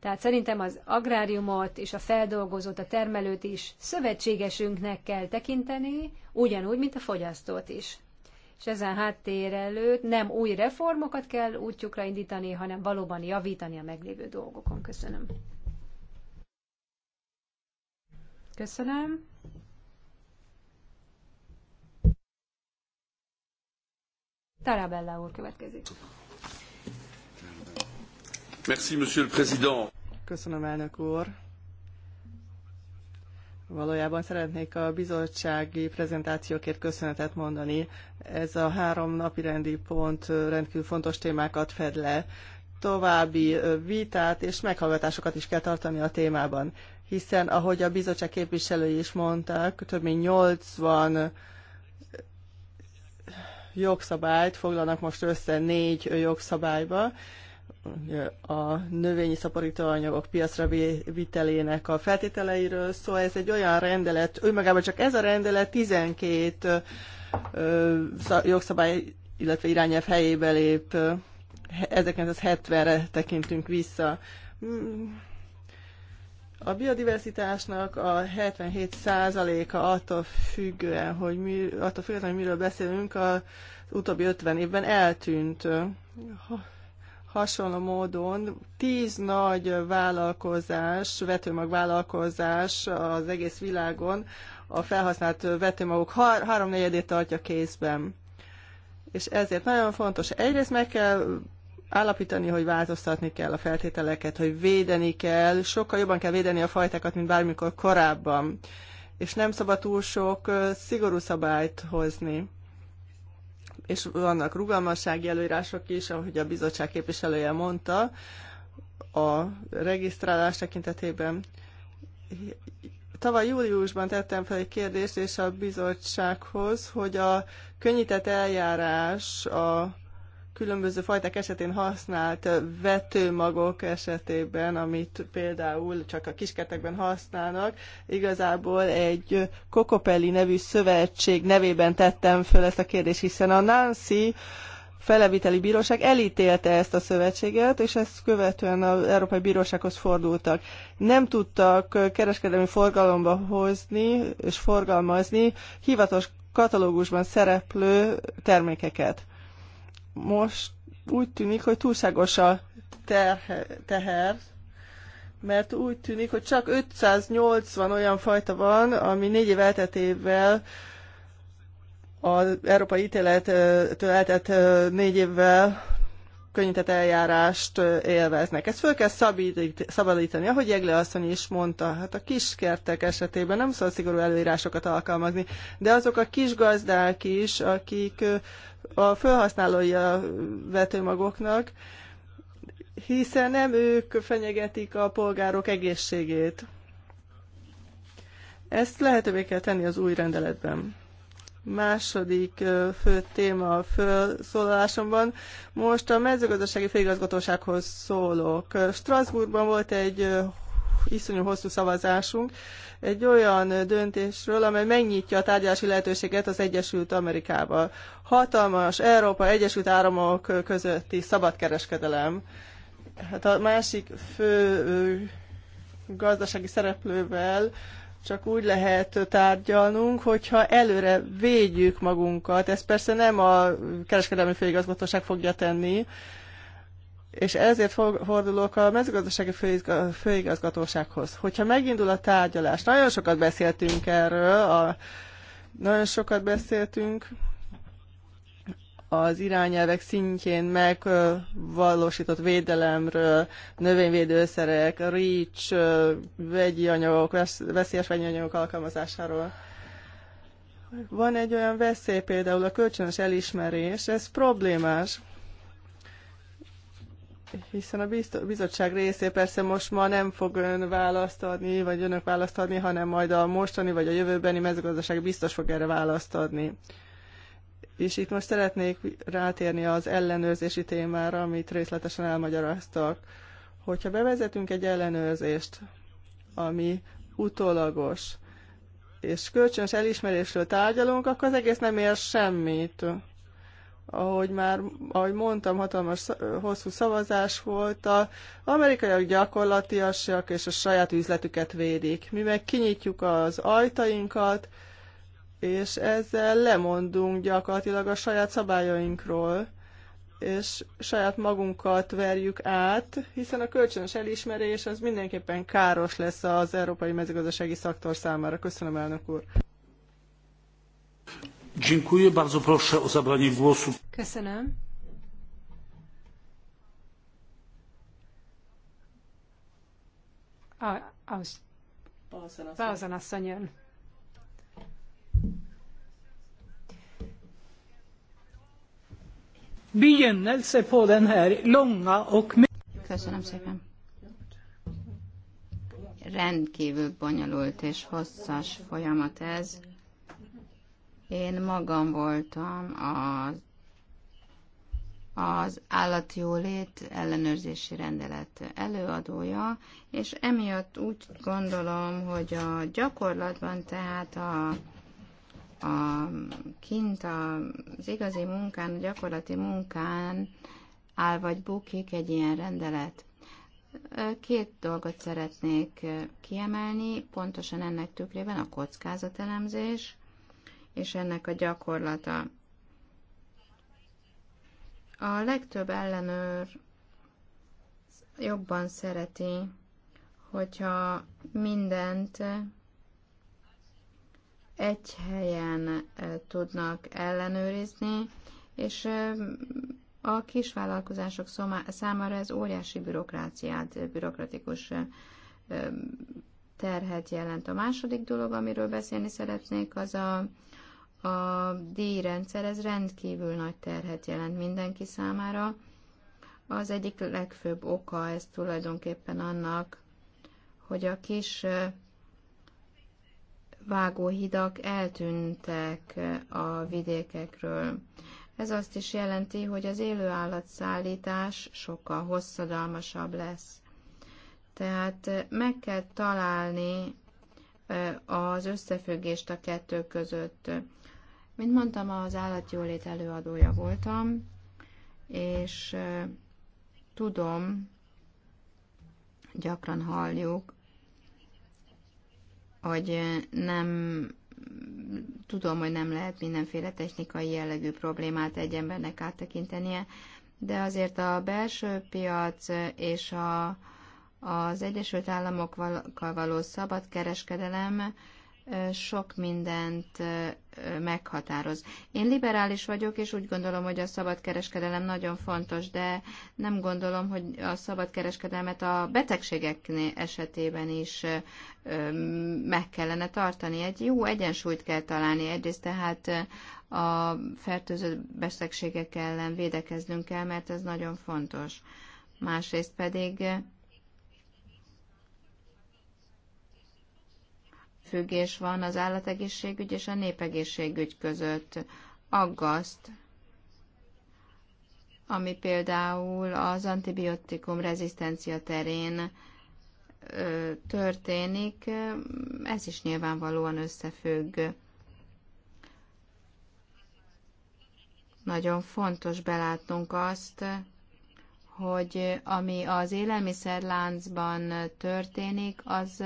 Tehát szerintem az agráriumot és a feldolgozót, a termelőt is szövetségesünknek kell tekinteni, ugyanúgy, mint a fogyasztót is. És ezen háttér előtt nem új reformokat kell útjukra indítani, hanem valóban javítani a meglévő dolgokon. Köszönöm. Köszönöm. Tarabella úr következik. Monsieur le Président. Köszönöm, elnök úr. Valójában szeretnék a bizottsági prezentációkért köszönetet mondani. Ez a három napirendi pont rendkívül fontos témákat fed le. További vitát és meghallgatásokat is kell tartani a témában, hiszen ahogy a bizottság képviselői is mondták, több mint 80 jogszabályt foglalnak most össze négy jogszabályba, a növényi szaporítóanyagok piacra vitelének a feltételeiről szól. Ez egy olyan rendelet, önmagában csak ez a rendelet 12 jogszabály, illetve irányelv helyébe lép, 70 re tekintünk vissza. A biodiversitásnak a 77%-a attól függően, hogy mi, attól függően, hogy miről beszélünk, az utóbbi 50 évben eltűnt hasonló módon tíz nagy vállalkozás, vetőmagvállalkozás az egész világon a felhasznált vetőmagok har- háromnegyedét tartja kézben. És ezért nagyon fontos, egyrészt meg kell állapítani, hogy változtatni kell a feltételeket, hogy védeni kell, sokkal jobban kell védeni a fajtákat, mint bármikor korábban. És nem szabad túl sok szigorú szabályt hozni és vannak rugalmassági előírások is, ahogy a bizottság képviselője mondta, a regisztrálás tekintetében. Tavaly júliusban tettem fel egy kérdést, és a bizottsághoz, hogy a könnyített eljárás a különböző fajták esetén használt vetőmagok esetében, amit például csak a kiskertekben használnak, igazából egy Kokopelli nevű szövetség nevében tettem föl ezt a kérdést, hiszen a Nancy feleviteli bíróság elítélte ezt a szövetséget, és ezt követően az Európai Bírósághoz fordultak. Nem tudtak kereskedelmi forgalomba hozni és forgalmazni hivatos katalógusban szereplő termékeket most úgy tűnik, hogy túlságos a terhe, teher, mert úgy tűnik, hogy csak 580 olyan fajta van, ami négy év elteltével az európai ítélettől eltett négy évvel könnyített eljárást élveznek. Ezt föl kell szabadítani, ahogy Jegle asszony is mondta, hát a kiskertek esetében nem szabad szigorú előírásokat alkalmazni, de azok a kis gazdák is, akik a felhasználói a vetőmagoknak, hiszen nem ők fenyegetik a polgárok egészségét. Ezt lehetővé kell tenni az új rendeletben második fő téma a felszólalásomban. Most a mezőgazdasági főigazgatósághoz szólok. Strasbourgban volt egy iszonyú hosszú szavazásunk egy olyan döntésről, amely megnyitja a tárgyalási lehetőséget az Egyesült Amerikával. Hatalmas Európa Egyesült Államok közötti szabadkereskedelem. Hát a másik fő gazdasági szereplővel csak úgy lehet tárgyalnunk, hogyha előre védjük magunkat. Ez persze nem a kereskedelmi főigazgatóság fogja tenni, és ezért fordulok a mezőgazdasági főigazgatósághoz. Hogyha megindul a tárgyalás, nagyon sokat beszéltünk erről, a, nagyon sokat beszéltünk, az irányelvek szintjén megvalósított védelemről, növényvédőszerek, REACH, vegyi anyagok, veszélyes vegyi anyagok alkalmazásáról. Van egy olyan veszély, például a kölcsönös elismerés, ez problémás, hiszen a bizottság részé persze most ma nem fog ön választ adni, vagy önök választ adni, hanem majd a mostani vagy a jövőbeni mezőgazdaság biztos fog erre választ adni. És itt most szeretnék rátérni az ellenőrzési témára, amit részletesen elmagyaráztak. Hogyha bevezetünk egy ellenőrzést, ami utólagos, és kölcsönös elismerésről tárgyalunk, akkor az egész nem ér semmit. Ahogy már, ahogy mondtam, hatalmas hosszú szavazás volt, a amerikaiak gyakorlatiasak és a saját üzletüket védik. Mi meg kinyitjuk az ajtainkat, és ezzel lemondunk gyakorlatilag a saját szabályainkról, és saját magunkat verjük át, hiszen a kölcsönös elismerés az mindenképpen káros lesz az európai mezőgazdasági szaktor számára. Köszönöm, elnök úr. Dziękuję, bardzo proszę o zabranie głosu. Köszönöm. A, az. Pausen asszony begynnelse på den här långa och... Köszönöm szépen. Rendkívül bonyolult és hosszas folyamat ez. Én magam voltam az, az állatjólét ellenőrzési rendelet előadója, és emiatt úgy gondolom, hogy a gyakorlatban, tehát a a kint az igazi munkán, a gyakorlati munkán áll vagy bukik egy ilyen rendelet. Két dolgot szeretnék kiemelni, pontosan ennek tükrében a kockázatelemzés és ennek a gyakorlata. A legtöbb ellenőr jobban szereti, hogyha mindent egy helyen tudnak ellenőrizni, és a kisvállalkozások számára ez óriási bürokráciát, bürokratikus terhet jelent. A második dolog, amiről beszélni szeretnék, az a, a díjrendszer, ez rendkívül nagy terhet jelent mindenki számára. Az egyik legfőbb oka ez tulajdonképpen annak, hogy a kis vágóhidak eltűntek a vidékekről. Ez azt is jelenti, hogy az élő állatszállítás sokkal hosszadalmasabb lesz. Tehát eh, meg kell találni eh, az összefüggést a kettő között. Mint mondtam, az állatjólét előadója voltam, és eh, tudom, gyakran halljuk, hogy nem tudom, hogy nem lehet mindenféle technikai jellegű problémát egy embernek áttekintenie, de azért a belső piac és a, az Egyesült Államokkal való szabad kereskedelem sok mindent meghatároz. Én liberális vagyok, és úgy gondolom, hogy a szabadkereskedelem nagyon fontos, de nem gondolom, hogy a szabadkereskedelmet a betegségek esetében is meg kellene tartani. Egy jó egyensúlyt kell találni. Egyrészt tehát a fertőzött betegségek ellen védekeznünk kell, mert ez nagyon fontos. Másrészt pedig összefüggés van az állategészségügy és a népegészségügy között. Aggaszt, ami például az antibiotikum rezisztencia terén történik, ez is nyilvánvalóan összefügg. Nagyon fontos belátnunk azt, hogy ami az élelmiszerláncban történik, az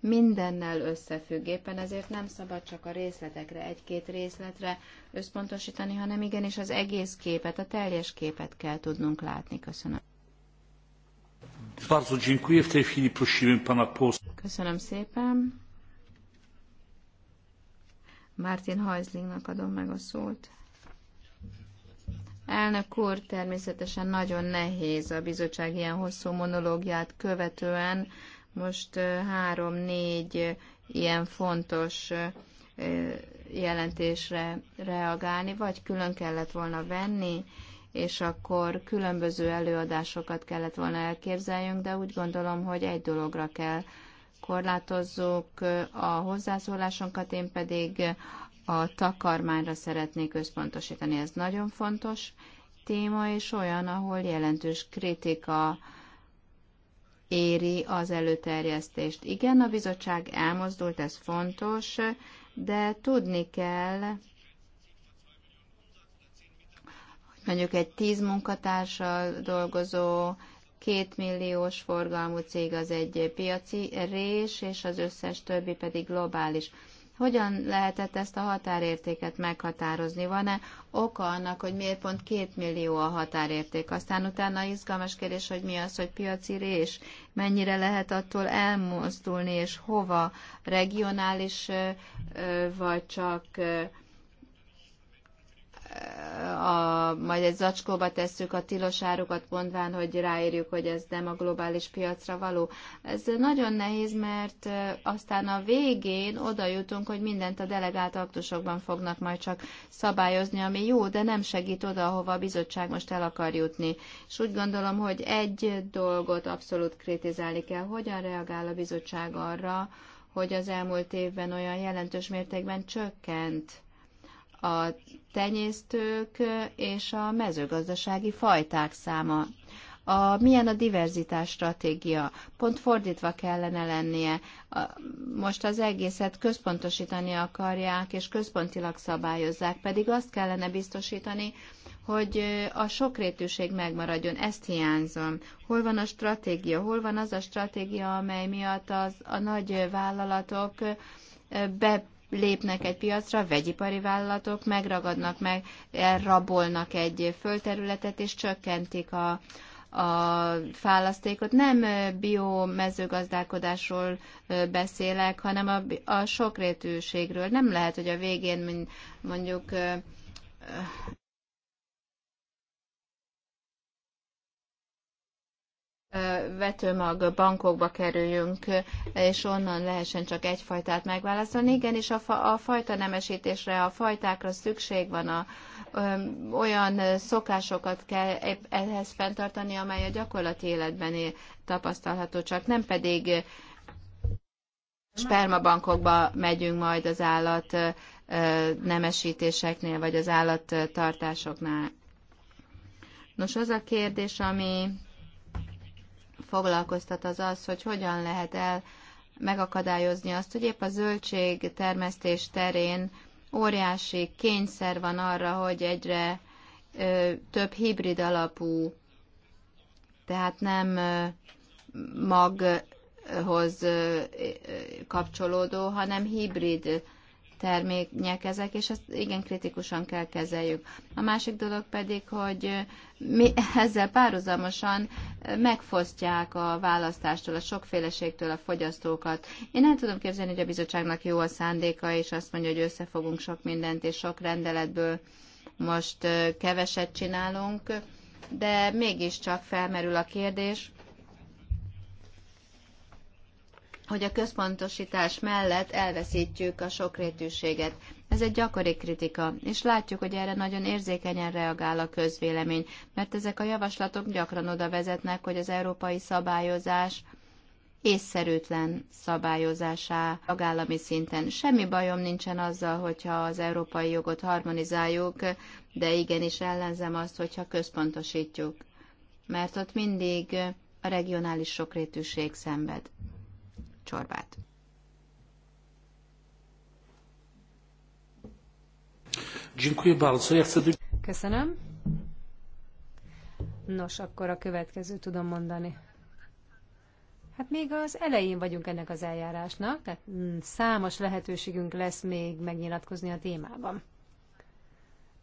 mindennel összefügg. Éppen ezért nem szabad csak a részletekre, egy-két részletre összpontosítani, hanem igenis az egész képet, a teljes képet kell tudnunk látni. Köszönöm. Köszönöm szépen. Martin Hajzlingnak adom meg a szót. Elnök úr, természetesen nagyon nehéz a bizottság ilyen hosszú monológiát követően most három-négy ilyen fontos jelentésre reagálni, vagy külön kellett volna venni, és akkor különböző előadásokat kellett volna elképzeljünk, de úgy gondolom, hogy egy dologra kell korlátozzuk a hozzászólásunkat, én pedig a takarmányra szeretnék összpontosítani. Ez nagyon fontos téma, és olyan, ahol jelentős kritika éri az előterjesztést. Igen, a bizottság elmozdult, ez fontos, de tudni kell, hogy mondjuk egy tíz munkatársal dolgozó, két milliós forgalmú cég az egy piaci rés, és az összes többi pedig globális. Hogyan lehetett ezt a határértéket meghatározni? Van-e oka annak, hogy miért pont két millió a határérték? Aztán utána izgalmas kérdés, hogy mi az, hogy piaci rés? Mennyire lehet attól elmozdulni, és hova? Regionális, vagy csak a, majd egy zacskóba tesszük a tilos árukat, mondván, hogy ráírjuk, hogy ez nem a globális piacra való. Ez nagyon nehéz, mert aztán a végén oda jutunk, hogy mindent a delegált aktusokban fognak majd csak szabályozni, ami jó, de nem segít oda, ahova a bizottság most el akar jutni. És úgy gondolom, hogy egy dolgot abszolút kritizálni kell, hogyan reagál a bizottság arra, hogy az elmúlt évben olyan jelentős mértékben csökkent a tenyésztők és a mezőgazdasági fajták száma. A, milyen a diverzitás stratégia? Pont fordítva kellene lennie. Most az egészet központosítani akarják, és központilag szabályozzák, pedig azt kellene biztosítani, hogy a sokrétűség megmaradjon, ezt hiányzom. Hol van a stratégia, hol van az a stratégia, amely miatt az, a nagy vállalatok be lépnek egy piacra, vegyipari vállalatok megragadnak, meg elrabolnak egy földterületet, és csökkentik a, a fálasztékot. Nem biomezőgazdálkodásról beszélek, hanem a, a sokrétűségről. Nem lehet, hogy a végén mondjuk vetőmag bankokba kerüljünk, és onnan lehessen csak egyfajtát megválaszolni. Igen, és a, fa, a fajta nemesítésre, a fajtákra szükség van, a, ö, olyan szokásokat kell ehhez fenntartani, amely a gyakorlati életben él, tapasztalható, csak nem pedig spermabankokba megyünk majd az állat ö, nemesítéseknél, vagy az állattartásoknál. Nos, az a kérdés, ami foglalkoztat az az, hogy hogyan lehet el megakadályozni azt, hogy épp a zöldség termesztés terén óriási kényszer van arra, hogy egyre ö, több hibrid alapú, tehát nem ö, maghoz kapcsolódó, hanem hibrid termékek ezek, és ezt igen kritikusan kell kezeljük. A másik dolog pedig, hogy mi ezzel párhuzamosan megfosztják a választástól, a sokféleségtől a fogyasztókat. Én nem tudom képzelni, hogy a bizottságnak jó a szándéka, és azt mondja, hogy összefogunk sok mindent, és sok rendeletből most keveset csinálunk, de mégiscsak felmerül a kérdés, hogy a központosítás mellett elveszítjük a sokrétűséget. Ez egy gyakori kritika, és látjuk, hogy erre nagyon érzékenyen reagál a közvélemény, mert ezek a javaslatok gyakran oda vezetnek, hogy az európai szabályozás észszerűtlen szabályozásá tagállami szinten. Semmi bajom nincsen azzal, hogyha az európai jogot harmonizáljuk, de igenis ellenzem azt, hogyha központosítjuk, mert ott mindig a regionális sokrétűség szenved csorbát. Köszönöm. Nos, akkor a következő tudom mondani. Hát még az elején vagyunk ennek az eljárásnak, tehát számos lehetőségünk lesz még megnyilatkozni a témában.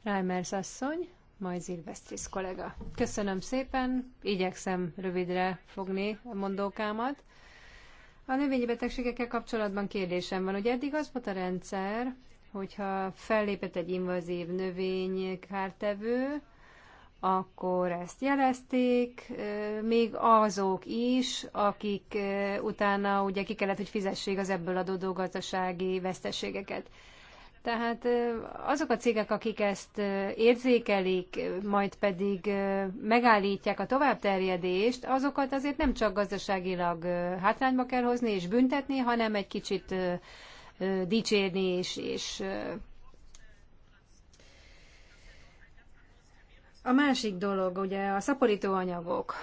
Reimers asszony, majd Zilvestris, kollega. Köszönöm szépen, igyekszem rövidre fogni a mondókámat. A növényi betegségekkel kapcsolatban kérdésem van. Ugye eddig az volt a rendszer, hogyha fellépett egy invazív növény kártevő, akkor ezt jelezték, még azok is, akik utána ugye ki kellett, hogy fizessék az ebből adódó gazdasági veszteségeket. Tehát azok a cégek, akik ezt érzékelik, majd pedig megállítják a továbbterjedést, azokat azért nem csak gazdaságilag hátrányba kell hozni és büntetni, hanem egy kicsit dicsérni és, és a másik dolog, ugye a szaporító anyagok.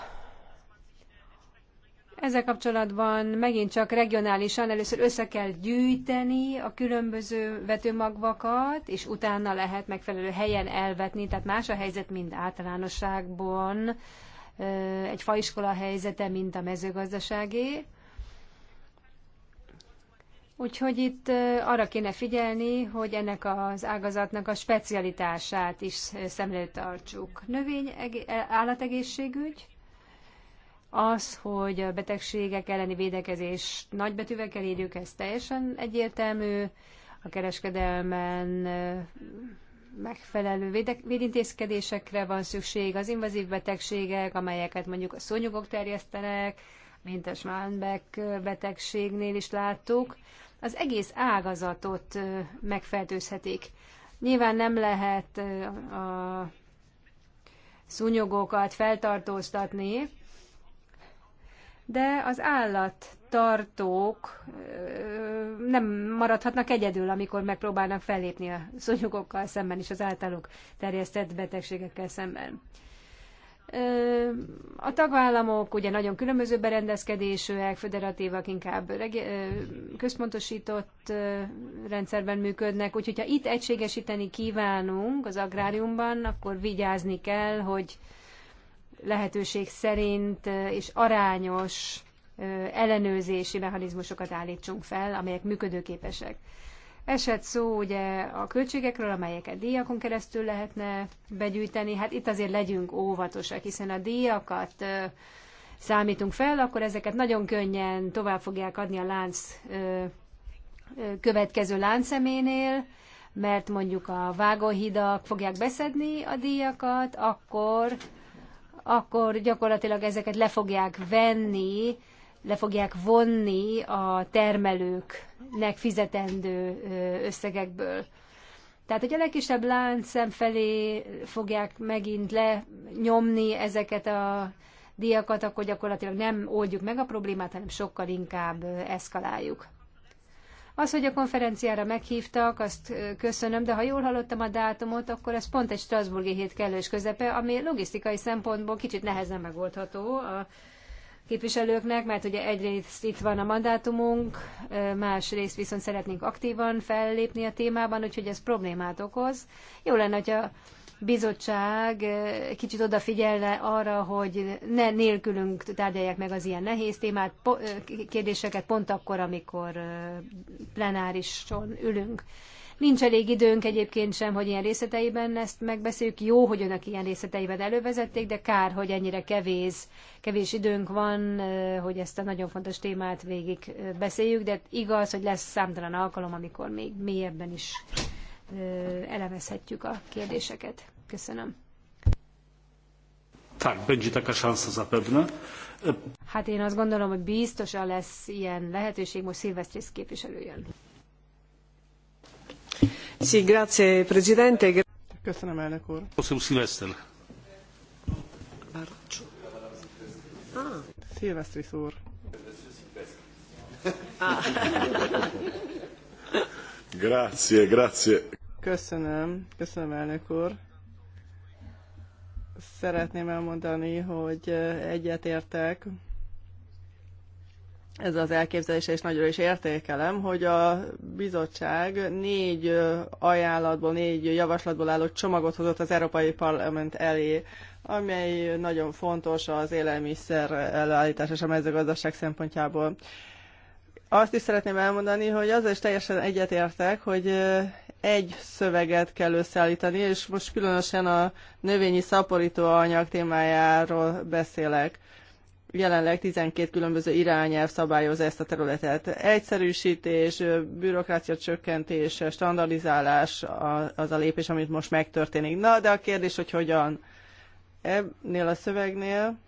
Ezzel kapcsolatban megint csak regionálisan először össze kell gyűjteni a különböző vetőmagvakat, és utána lehet megfelelő helyen elvetni, tehát más a helyzet, mint általánosságban egy faiskola helyzete, mint a mezőgazdaságé. Úgyhogy itt arra kéne figyelni, hogy ennek az ágazatnak a specialitását is tartsuk. Növény, állategészségügy, az, hogy a betegségek elleni védekezés kell írjuk, ez teljesen egyértelmű. A kereskedelmen megfelelő védek, védintézkedésekre van szükség, az invazív betegségek, amelyeket mondjuk a szúnyogok terjesztenek, mint a Schmallenbeck betegségnél is láttuk, az egész ágazatot megfertőzhetik. Nyilván nem lehet a szúnyogokat feltartóztatni, de az állattartók nem maradhatnak egyedül, amikor megpróbálnak fellépni a szúnyogokkal szemben és az általuk terjesztett betegségekkel szemben. A tagállamok ugye nagyon különböző berendezkedésűek, föderatívak inkább központosított rendszerben működnek, úgyhogy ha itt egységesíteni kívánunk az agráriumban, akkor vigyázni kell, hogy lehetőség szerint és arányos ellenőrzési mechanizmusokat állítsunk fel, amelyek működőképesek. Esett szó ugye a költségekről, amelyeket díjakon keresztül lehetne begyűjteni. Hát itt azért legyünk óvatosak, hiszen a díjakat számítunk fel, akkor ezeket nagyon könnyen tovább fogják adni a lánc következő láncszeménél, mert mondjuk a vágóhidak fogják beszedni a díjakat, akkor akkor gyakorlatilag ezeket le fogják venni, le fogják vonni a termelőknek fizetendő összegekből. Tehát, hogy a legkisebb láncszem felé fogják megint lenyomni ezeket a díjakat, akkor gyakorlatilag nem oldjuk meg a problémát, hanem sokkal inkább eszkaláljuk. Az, hogy a konferenciára meghívtak, azt köszönöm, de ha jól hallottam a dátumot, akkor ez pont egy Strasburgi hét kellős közepe, ami logisztikai szempontból kicsit nehezen megoldható a képviselőknek, mert ugye egyrészt itt van a mandátumunk, másrészt viszont szeretnénk aktívan fellépni a témában, úgyhogy ez problémát okoz. Jó lenne, hogyha bizottság eh, kicsit odafigyelne arra, hogy ne nélkülünk tárgyalják meg az ilyen nehéz témát, eh, kérdéseket pont akkor, amikor eh, plenárison ülünk. Nincs elég időnk egyébként sem, hogy ilyen részleteiben ezt megbeszéljük. Jó, hogy önök ilyen részleteiben elővezették, de kár, hogy ennyire kevés, kevés időnk van, hogy ezt a nagyon fontos témát végig beszéljük, de igaz, hogy lesz számtalan alkalom, amikor még mélyebben is elemezhetjük a kérdéseket. Köszönöm. Tak, będzie taka szansa zapewne. Hát én azt gondolom, hogy biztosan lesz ilyen lehetőség, most Szilvesztrész képviselő jön. Sí, grazie, presidente. Köszönöm, elnök úr. Köszönöm, Szilveszter. Ah. Szilvesztris úr. grazie, grazie. Köszönöm, köszönöm, elnök úr szeretném elmondani, hogy egyetértek ez az elképzelés, és nagyon is értékelem, hogy a bizottság négy ajánlatból, négy javaslatból álló csomagot hozott az Európai Parlament elé, amely nagyon fontos az élelmiszer előállítás és a mezőgazdaság szempontjából. Azt is szeretném elmondani, hogy azzal is teljesen egyetértek, hogy egy szöveget kell összeállítani, és most különösen a növényi szaporítóanyag témájáról beszélek. Jelenleg 12 különböző irányelv szabályozza ezt a területet. Egyszerűsítés, bürokrácia csökkentés, standardizálás az a lépés, amit most megtörténik. Na, de a kérdés, hogy hogyan? Ebnél a szövegnél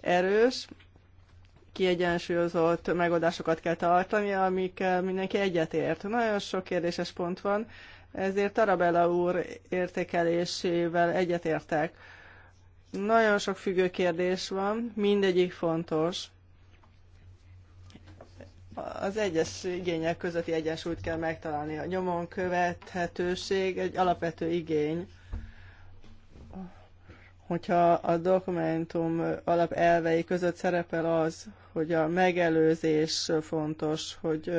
erős, kiegyensúlyozott megoldásokat kell tartani, amikkel mindenki egyetért. Nagyon sok kérdéses pont van, ezért Arabella úr értékelésével egyetértek. Nagyon sok függő kérdés van, mindegyik fontos. Az egyes igények közötti egyensúlyt kell megtalálni. A nyomon követhetőség egy alapvető igény hogyha a dokumentum alapelvei között szerepel az, hogy a megelőzés fontos, hogy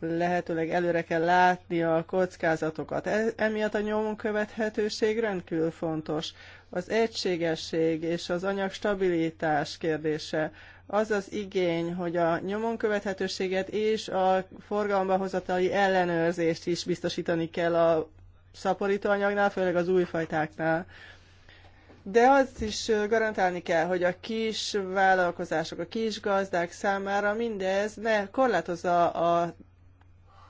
lehetőleg előre kell látni a kockázatokat. E, emiatt a nyomon követhetőség rendkívül fontos. Az egységesség és az anyag stabilitás kérdése, az az igény, hogy a nyomon követhetőséget és a forgalomba hozatali ellenőrzést is biztosítani kell a szaporítóanyagnál, főleg az újfajtáknál. fajtáknál de azt is garantálni kell, hogy a kis vállalkozások, a kis gazdák számára mindez ne korlátozza a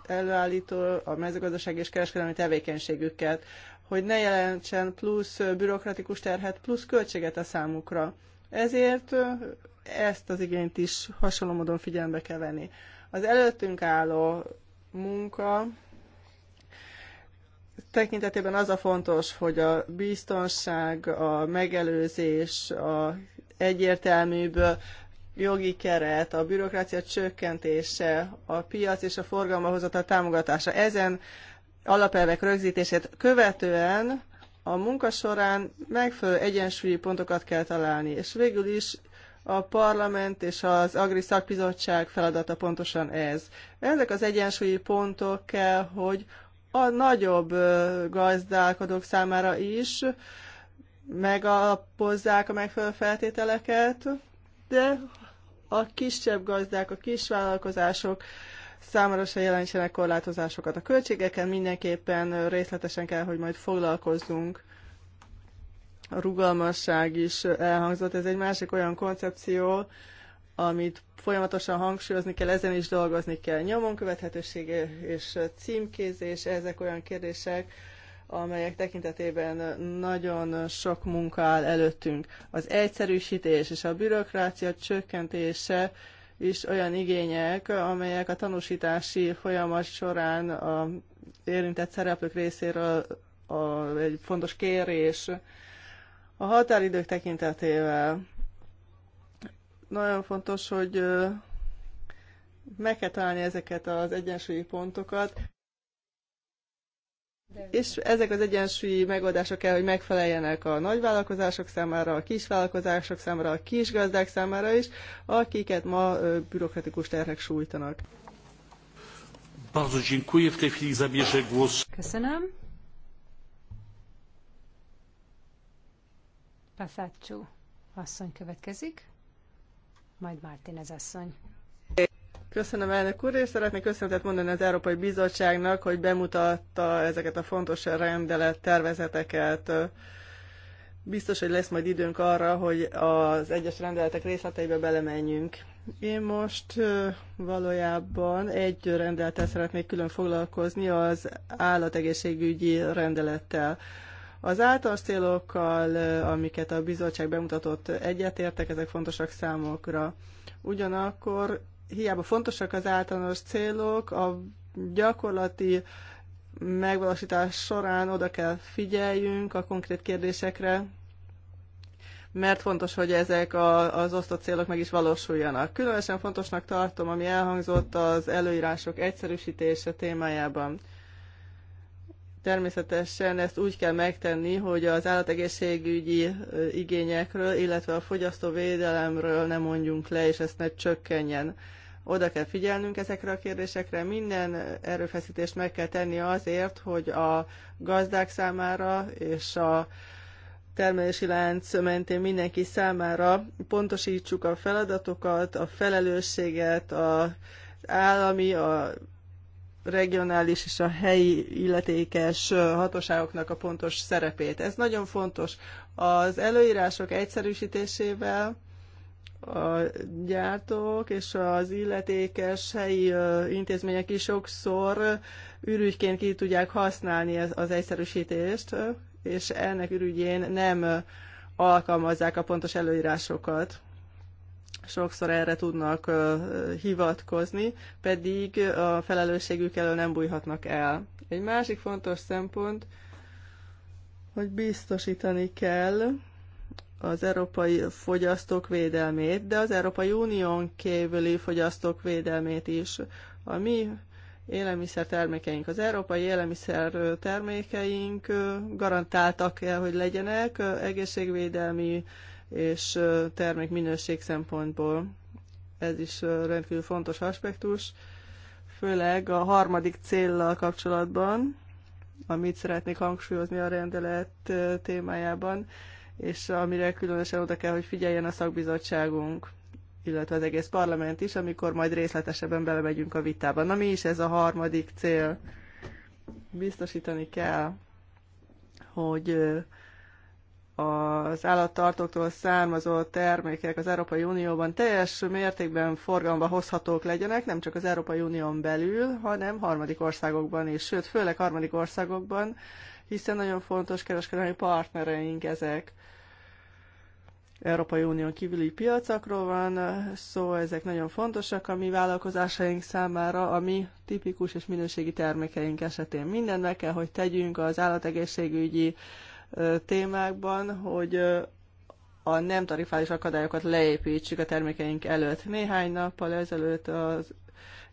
előállító, a mezőgazdaság és kereskedelmi tevékenységüket, hogy ne jelentsen plusz bürokratikus terhet, plusz költséget a számukra. Ezért ezt az igényt is hasonló módon figyelembe kell venni. Az előttünk álló munka tekintetében az a fontos, hogy a biztonság, a megelőzés, a egyértelműbb jogi keret, a bürokrácia csökkentése, a piac és a forgalmahozatal támogatása. Ezen alapelvek rögzítését követően a munka során megfelelő egyensúlyi pontokat kell találni, és végül is a parlament és az Agri Szakbizottság feladata pontosan ez. Ezek az egyensúlyi pontok kell, hogy a nagyobb gazdálkodók számára is megalapozzák a megfelelő feltételeket, de a kisebb gazdák, a kisvállalkozások számára se jelentsenek korlátozásokat. A költségeken mindenképpen részletesen kell, hogy majd foglalkozzunk. A rugalmasság is elhangzott. Ez egy másik olyan koncepció, amit folyamatosan hangsúlyozni kell, ezen is dolgozni kell. Nyomon követhetőség és címkézés, ezek olyan kérdések, amelyek tekintetében nagyon sok munka áll előttünk. Az egyszerűsítés és a bürokrácia csökkentése is olyan igények, amelyek a tanúsítási folyamat során a érintett szereplők részéről a, egy fontos kérés. A határidők tekintetével nagyon fontos, hogy meg kell találni ezeket az egyensúlyi pontokat, és ezek az egyensúlyi megoldások kell, hogy megfeleljenek a nagyvállalkozások számára, a kisvállalkozások számára, a kisgazdák számára is, akiket ma bürokratikus terhek sújtanak. Köszönöm. Paszácsú asszony következik majd Martínez asszony. Köszönöm elnök úr, és szeretnék köszönetet mondani az Európai Bizottságnak, hogy bemutatta ezeket a fontos rendelet tervezeteket. Biztos, hogy lesz majd időnk arra, hogy az egyes rendeletek részleteibe belemenjünk. Én most valójában egy rendelettel szeretnék külön foglalkozni, az állategészségügyi rendelettel. Az általános célokkal, eh, amiket a bizottság bemutatott, egyetértek, ezek fontosak számokra. Ugyanakkor hiába fontosak az általános célok, a gyakorlati megvalósítás során oda kell figyeljünk a konkrét kérdésekre, mert fontos, hogy ezek a, az osztott célok meg is valósuljanak. Különösen fontosnak tartom, ami elhangzott az előírások egyszerűsítése témájában. Természetesen ezt úgy kell megtenni, hogy az állategészségügyi igényekről, illetve a fogyasztóvédelemről nem mondjunk le, és ezt ne csökkenjen. Oda kell figyelnünk ezekre a kérdésekre, minden erőfeszítést meg kell tenni azért, hogy a gazdák számára és a termelési lánc mentén mindenki számára pontosítsuk a feladatokat, a felelősséget, a állami, a regionális és a helyi illetékes hatóságoknak a pontos szerepét. Ez nagyon fontos. Az előírások egyszerűsítésével a gyártók és az illetékes helyi intézmények is sokszor ürügyként ki tudják használni az egyszerűsítést, és ennek ürügyén nem alkalmazzák a pontos előírásokat sokszor erre tudnak hivatkozni, pedig a felelősségük elől nem bújhatnak el. Egy másik fontos szempont, hogy biztosítani kell az európai fogyasztók védelmét, de az Európai Unión kívüli fogyasztók védelmét is. A mi termékeink, az európai termékeink garantáltak kell, hogy legyenek egészségvédelmi és termék minőség szempontból. Ez is rendkívül fontos aspektus, főleg a harmadik céllal kapcsolatban, amit szeretnék hangsúlyozni a rendelet témájában, és amire különösen oda kell, hogy figyeljen a szakbizottságunk, illetve az egész parlament is, amikor majd részletesebben belemegyünk a vitába. Na mi is ez a harmadik cél? Biztosítani kell, hogy az állattartóktól származó termékek az Európai Unióban teljes mértékben forgalomba hozhatók legyenek, nem csak az Európai Unión belül, hanem harmadik országokban is, sőt, főleg harmadik országokban, hiszen nagyon fontos kereskedelmi partnereink ezek. Európai Unión kívüli piacakról van szó, szóval ezek nagyon fontosak a mi vállalkozásaink számára, a mi tipikus és minőségi termékeink esetén. Mindent meg kell, hogy tegyünk az állategészségügyi témákban, hogy a nem tarifális akadályokat leépítsük a termékeink előtt. Néhány nappal ezelőtt az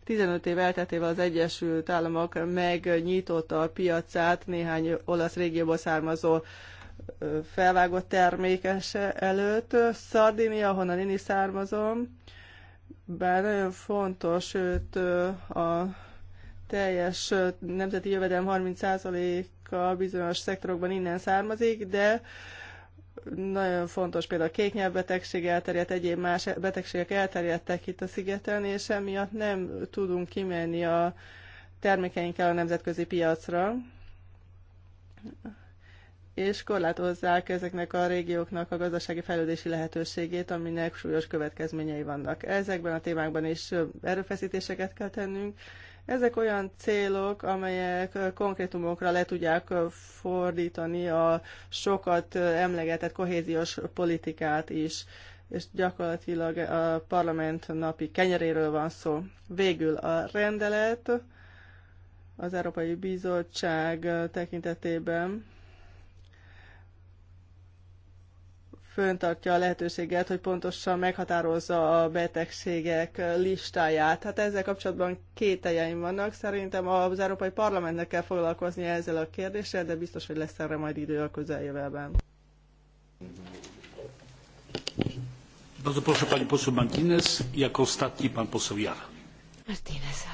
15 év elteltével az Egyesült Államok megnyitotta a piacát néhány olasz régióból származó felvágott termékes előtt. Szardinia, ahonnan én is származom, bár nagyon fontos, sőt a teljes nemzeti jövedelem a bizonyos szektorokban innen származik, de nagyon fontos például a kéknyelvbetegség elterjedt, egyéb más betegségek elterjedtek itt a szigeten, és emiatt nem tudunk kimenni a termékeinkkel a nemzetközi piacra, és korlátozzák ezeknek a régióknak a gazdasági fejlődési lehetőségét, aminek súlyos következményei vannak. Ezekben a témákban is erőfeszítéseket kell tennünk, ezek olyan célok, amelyek konkrétumokra le tudják fordítani a sokat emlegetett kohéziós politikát is, és gyakorlatilag a parlament napi kenyeréről van szó. Végül a rendelet az Európai Bizottság tekintetében föntartja a lehetőséget, hogy pontosan meghatározza a betegségek listáját. Hát ezzel kapcsolatban két eljeim vannak. Szerintem az Európai Parlamentnek kell foglalkozni ezzel a kérdéssel, de biztos, hogy lesz erre majd idő a közeljövőben. Bardzo proszę pani poseł Martinez, jako ostatni pan poseł Jara.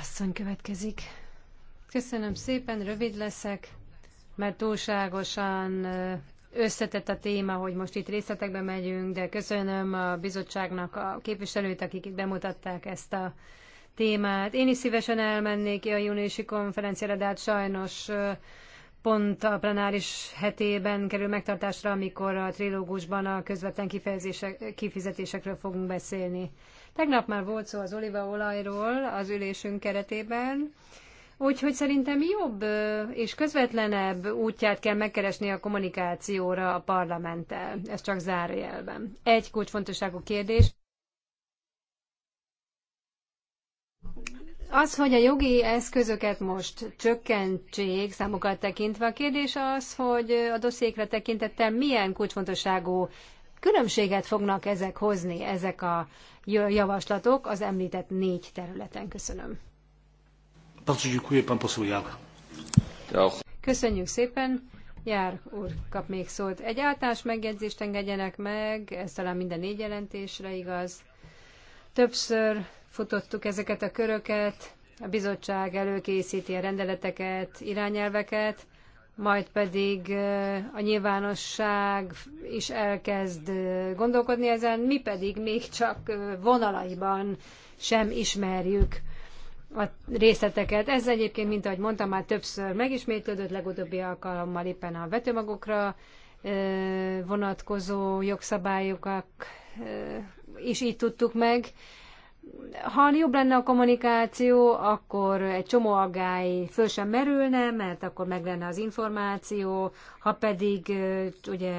asszony következik. Köszönöm szépen, rövid leszek, mert túlságosan összetett a téma, hogy most itt részletekbe megyünk, de köszönöm a bizottságnak a képviselőt, akik itt bemutatták ezt a témát. Én is szívesen elmennék ki a júniusi konferenciára, de hát sajnos pont a plenáris hetében kerül megtartásra, amikor a trilógusban a közvetlen kifizetésekről fogunk beszélni. Tegnap már volt szó az olívaolajról az ülésünk keretében, Úgyhogy szerintem jobb és közvetlenebb útját kell megkeresni a kommunikációra a parlamenttel. Ez csak zárójelben. Egy kulcsfontosságú kérdés. Az, hogy a jogi eszközöket most csökkentség számokat tekintve, a kérdés az, hogy a dosszékre tekintettel milyen kulcsfontosságú különbséget fognak ezek hozni, ezek a javaslatok az említett négy területen. Köszönöm. Köszönjük szépen. Jár úr kap még szót. Egy általános megjegyzést engedjenek meg, ez talán minden négy jelentésre igaz. Többször futottuk ezeket a köröket, a bizottság előkészíti a rendeleteket, irányelveket, majd pedig eh, a nyilvánosság is elkezd eh, gondolkodni ezen, mi pedig még csak eh, vonalaiban sem ismerjük a részleteket. Ez egyébként, mint ahogy mondtam, már többször megismétlődött, legutóbbi alkalommal éppen a vetőmagokra vonatkozó jogszabályokak, és így tudtuk meg. Ha jobb lenne a kommunikáció, akkor egy csomó aggály föl sem merülne, mert akkor meg lenne az információ, ha pedig ugye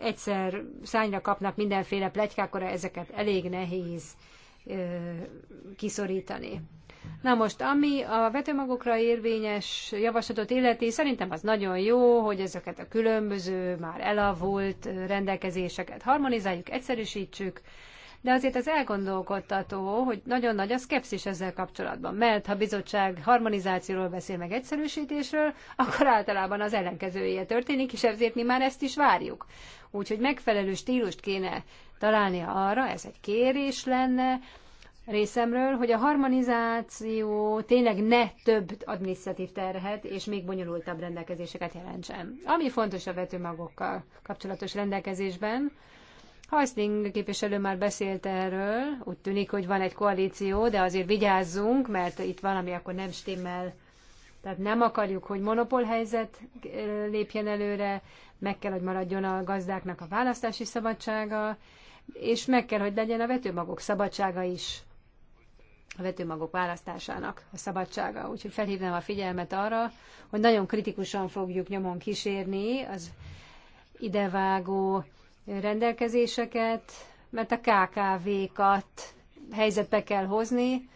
egyszer szányra kapnak mindenféle plegykák, akkor ezeket elég nehéz kiszorítani. Na most, ami a vetőmagokra érvényes javaslatot illeti, szerintem az nagyon jó, hogy ezeket a különböző, már elavult rendelkezéseket harmonizáljuk, egyszerűsítsük, de azért ez elgondolkodtató, hogy nagyon nagy a szkepszis ezzel kapcsolatban, mert ha bizottság harmonizációról beszél meg egyszerűsítésről, akkor általában az ellenkezője történik, és ezért mi már ezt is várjuk. Úgyhogy megfelelő stílust kéne találni arra, ez egy kérés lenne, részemről, hogy a harmonizáció tényleg ne több adminisztratív terhet és még bonyolultabb rendelkezéseket jelentsen. Ami fontos a vetőmagokkal kapcsolatos rendelkezésben, Hajszling képviselő már beszélt erről, úgy tűnik, hogy van egy koalíció, de azért vigyázzunk, mert itt valami akkor nem stimmel. Tehát nem akarjuk, hogy monopolhelyzet lépjen előre, meg kell, hogy maradjon a gazdáknak a választási szabadsága, és meg kell, hogy legyen a vetőmagok szabadsága is a vetőmagok választásának a szabadsága. Úgyhogy felhívnám a figyelmet arra, hogy nagyon kritikusan fogjuk nyomon kísérni az idevágó rendelkezéseket, mert a KKV-kat helyzetbe kell hozni,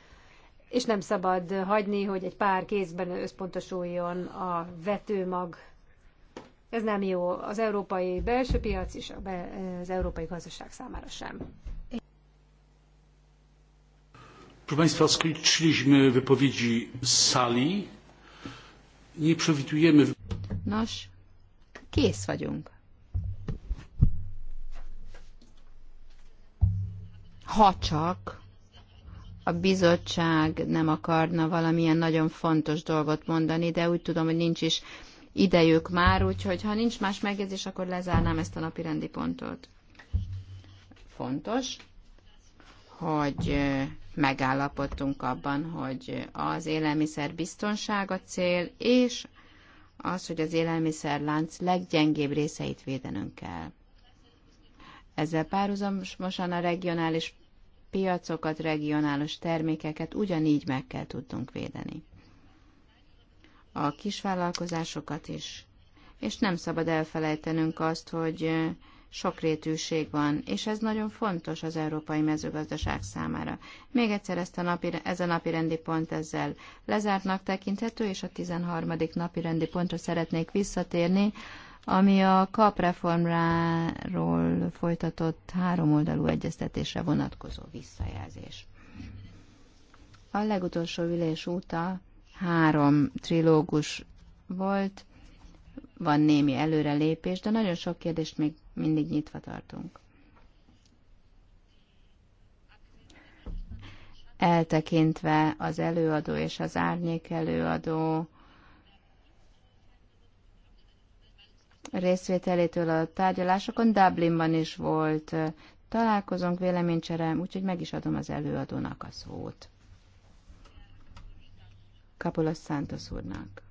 és nem szabad hagyni, hogy egy pár kézben összpontosuljon a vetőmag. Ez nem jó az európai belső piac és az európai gazdaság számára sem. Proszę Państwa, skończyliśmy wypowiedzi z sali. Nie przewidujemy... Nos, kész vagyunk. Ha csak a bizottság nem akarna valamilyen nagyon fontos dolgot mondani, de úgy tudom, hogy nincs is idejük már, úgyhogy ha nincs más megjegyzés, akkor lezárnám ezt a napi rendi pontot. Fontos hogy megállapodtunk abban, hogy az élelmiszer biztonság a cél, és az, hogy az élelmiszerlánc leggyengébb részeit védenünk kell. Ezzel párhuzamosan a regionális piacokat, regionális termékeket ugyanígy meg kell tudnunk védeni. A kisvállalkozásokat is. És nem szabad elfelejtenünk azt, hogy sokrétűség van, és ez nagyon fontos az európai mezőgazdaság számára. Még egyszer ezt a napi, ez a napi rendi pont ezzel lezártnak tekinthető, és a 13. napi rendi pontra szeretnék visszatérni, ami a kapreformráról folytatott háromoldalú egyeztetésre vonatkozó visszajelzés. A legutolsó ülés óta három trilógus volt, van némi előrelépés, de nagyon sok kérdést még mindig nyitva tartunk. Eltekintve az előadó és az árnyék előadó részvételétől a tárgyalásokon Dublinban is volt találkozunk, véleménycserem, úgyhogy meg is adom az előadónak a szót. Kapolos Santos úrnak.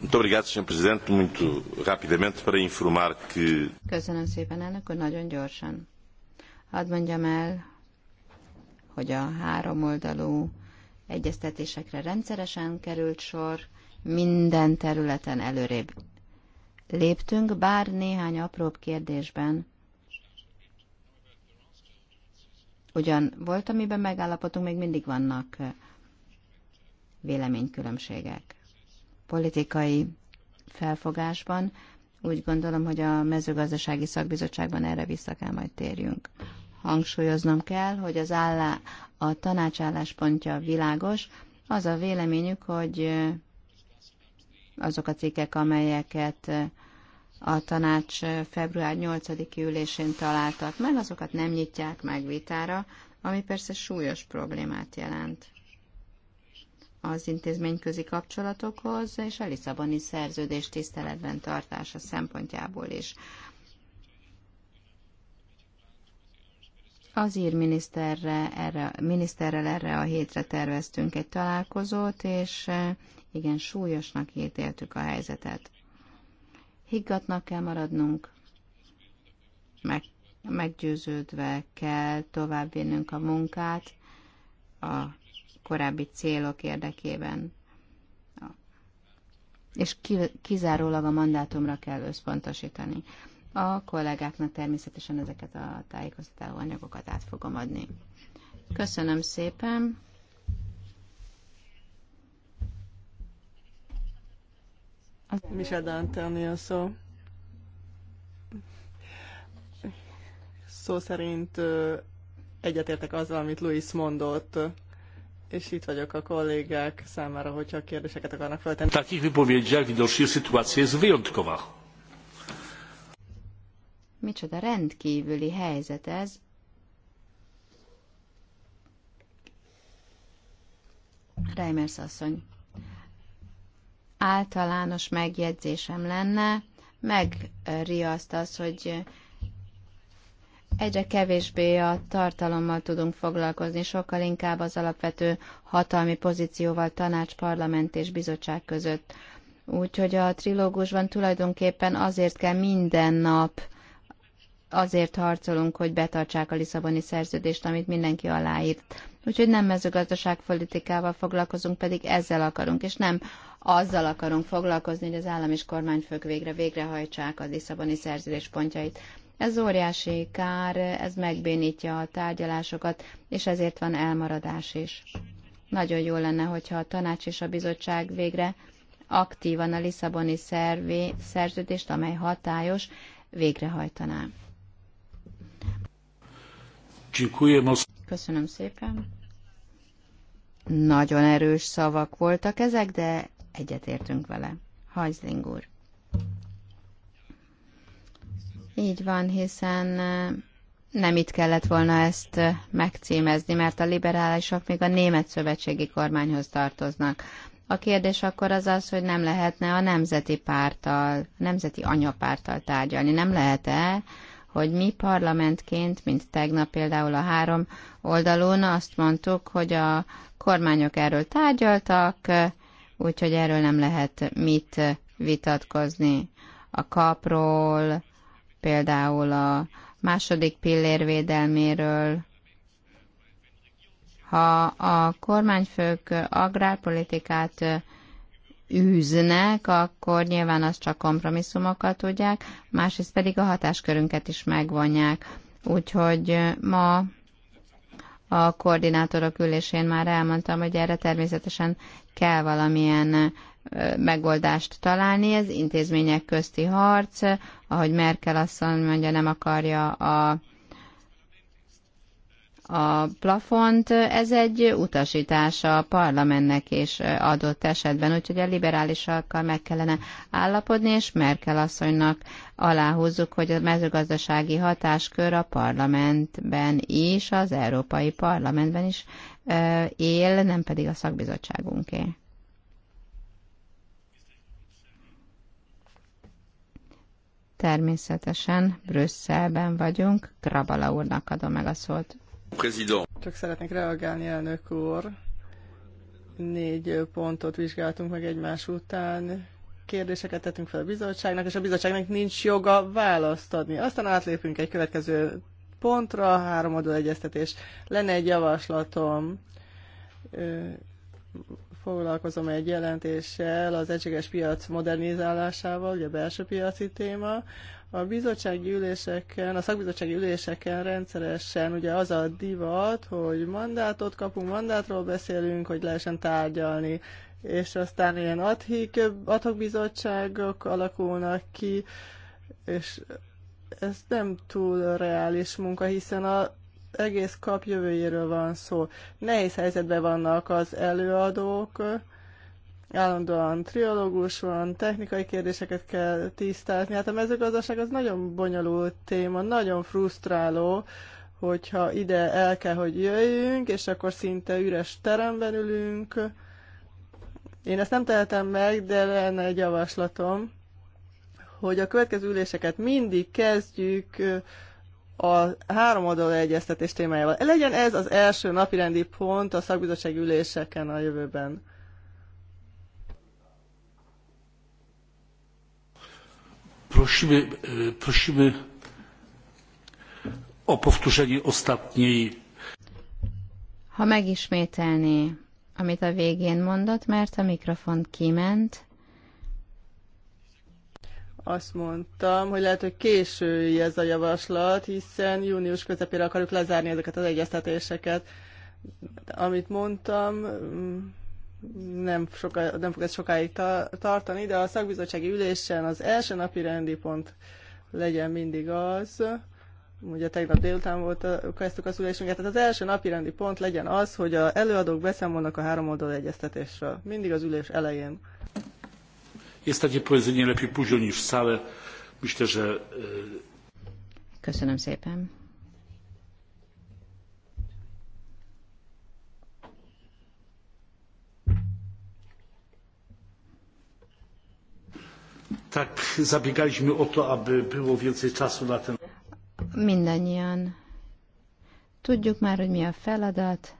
Muito obrigado, Sr. Presidente. Muito rapidamente para informar que... Köszönöm szépen, elnök úr, nagyon gyorsan. Hadd mondjam el, hogy a háromoldalú egyeztetésekre rendszeresen került sor, minden területen előrébb léptünk, bár néhány apróbb kérdésben ugyan volt, amiben megállapodtunk, még mindig vannak véleménykülönbségek. Politikai felfogásban úgy gondolom, hogy a mezőgazdasági szakbizottságban erre vissza kell majd térjünk. Hangsúlyoznom kell, hogy az állá, a tanács álláspontja világos, az a véleményük, hogy azok a cikkek, amelyeket a tanács február 8-i ülésén találtak meg, azokat nem nyitják meg vitára, ami persze súlyos problémát jelent az intézményközi kapcsolatokhoz és a Lisszaboni szerződés tiszteletben tartása szempontjából is. Az ír miniszterre, erre, miniszterrel erre a hétre terveztünk egy találkozót, és e, igen, súlyosnak ítéltük a helyzetet. Higgatnak kell maradnunk, meg, meggyőződve kell továbbvinnünk a munkát, a korábbi célok érdekében. És kizárólag a mandátumra kell összpontosítani. A kollégáknak természetesen ezeket a tájékoztató anyagokat át fogom adni. Köszönöm szépen! Michel a szó. Szó szerint egyetértek azzal, amit Luis mondott és itt vagyok a kollégák számára, hogyha kérdéseket akarnak feltenni. Takich wypowiedziach widocznie sytuacja jest wyjątkowa. Micsoda rendkívüli helyzet ez. Reimers asszony. Általános megjegyzésem lenne, megriaszt az, hogy egyre kevésbé a tartalommal tudunk foglalkozni, sokkal inkább az alapvető hatalmi pozícióval tanács, parlament és bizottság között. Úgyhogy a trilógusban tulajdonképpen azért kell minden nap azért harcolunk, hogy betartsák a Lisszaboni szerződést, amit mindenki aláírt. Úgyhogy nem mezőgazdaságpolitikával foglalkozunk, pedig ezzel akarunk, és nem azzal akarunk foglalkozni, hogy az állam és kormányfők végre végrehajtsák a Lisszaboni szerződés pontjait. Ez óriási kár, ez megbénítja a tárgyalásokat, és ezért van elmaradás is. Nagyon jó lenne, hogyha a tanács és a bizottság végre aktívan a Lisszaboni szervé, szerződést, amely hatályos, végrehajtaná. Köszönöm szépen. Nagyon erős szavak voltak ezek, de egyetértünk vele. Hajzling úr. Így van, hiszen nem itt kellett volna ezt megcímezni, mert a liberálisok még a német szövetségi kormányhoz tartoznak. A kérdés akkor az az, hogy nem lehetne a nemzeti pártal, a nemzeti anyapártal tárgyalni. Nem lehet-e, hogy mi parlamentként, mint tegnap például a három oldalon azt mondtuk, hogy a kormányok erről tárgyaltak, úgyhogy erről nem lehet mit vitatkozni. A kapról, például a második pillér védelméről, ha a kormányfők agrárpolitikát űznek, akkor nyilván az csak kompromisszumokat tudják, másrészt pedig a hatáskörünket is megvonják. Úgyhogy ma a koordinátorok ülésén már elmondtam, hogy erre természetesen kell valamilyen megoldást találni. Ez intézmények közti harc, ahogy Merkel asszony mondja, nem akarja a a plafont, ez egy utasítás a parlamentnek is adott esetben, úgyhogy a liberálisakkal meg kellene állapodni, és Merkel asszonynak aláhúzzuk, hogy a mezőgazdasági hatáskör a parlamentben is, az Európai Parlamentben is él, nem pedig a szakbizottságunké. Természetesen Brüsszelben vagyunk. Grabala úrnak adom meg a szót. President. Csak szeretnék reagálni, elnök úr. Négy pontot vizsgáltunk meg egymás után. Kérdéseket tettünk fel a bizottságnak, és a bizottságnak nincs joga választ adni. Aztán átlépünk egy következő pontra, három oldal egyeztetés. Lenne egy javaslatom foglalkozom egy jelentéssel az egységes piac modernizálásával, ugye belső piaci téma. A bizottsági üléseken, a szakbizottsági üléseken rendszeresen ugye az a divat, hogy mandátot kapunk, mandátról beszélünk, hogy lehessen tárgyalni, és aztán ilyen adhik, adhok bizottságok alakulnak ki, és ez nem túl reális munka, hiszen a egész kap jövőjéről van szó. Nehéz helyzetben vannak az előadók, állandóan triológus van, technikai kérdéseket kell tisztázni. Hát a mezőgazdaság az nagyon bonyolult téma, nagyon frusztráló, hogyha ide el kell, hogy jöjjünk, és akkor szinte üres teremben ülünk. Én ezt nem tehetem meg, de lenne egy javaslatom, hogy a következő üléseket mindig kezdjük a három oldalú egyeztetés témájával. Legyen ez az első napirendi pont a szakbizottság üléseken a jövőben. Prosimy, e, prosimy o powtórzenie ostatniej. Ha megismételné, amit a végén mondott, mert a mikrofon kiment, azt mondtam, hogy lehet, hogy késői ez a javaslat, hiszen június közepére akarjuk lezárni ezeket az egyeztetéseket. Amit mondtam, nem, soka, nem fog ez sokáig ta- tartani, de a szakbizottsági ülésen az első napi rendi pont legyen mindig az, ugye tegnap délután volt, kezdtük az ülésünket, tehát az első napi rendi pont legyen az, hogy a előadók beszámolnak a három oldal egyeztetésről, mindig az ülés elején. Jest takie powiedzenie lepiej późno niż wcale. Myślę, że... E, Köszönöm szépen. Tak, zabiegaliśmy o to, aby było więcej czasu na ten... Mindannyian tudjuk már, hogy mi a feladat,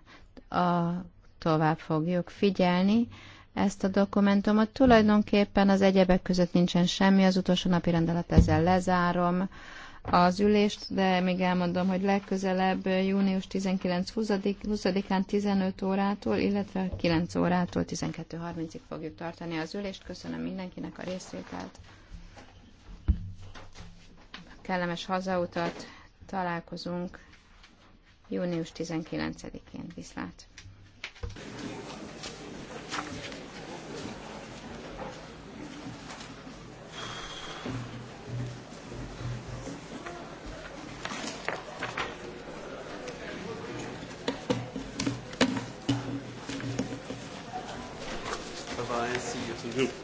a, tovább fogjuk figyelni ezt a dokumentumot. Tulajdonképpen az egyebek között nincsen semmi, az utolsó napi rendelet ezzel lezárom az ülést, de még elmondom, hogy legközelebb június 19-20-án 15 órától, illetve 9 órától 12.30-ig fogjuk tartani az ülést. Köszönöm mindenkinek a részvételt. Kellemes hazautat, találkozunk június 19-én. Viszlát! to do.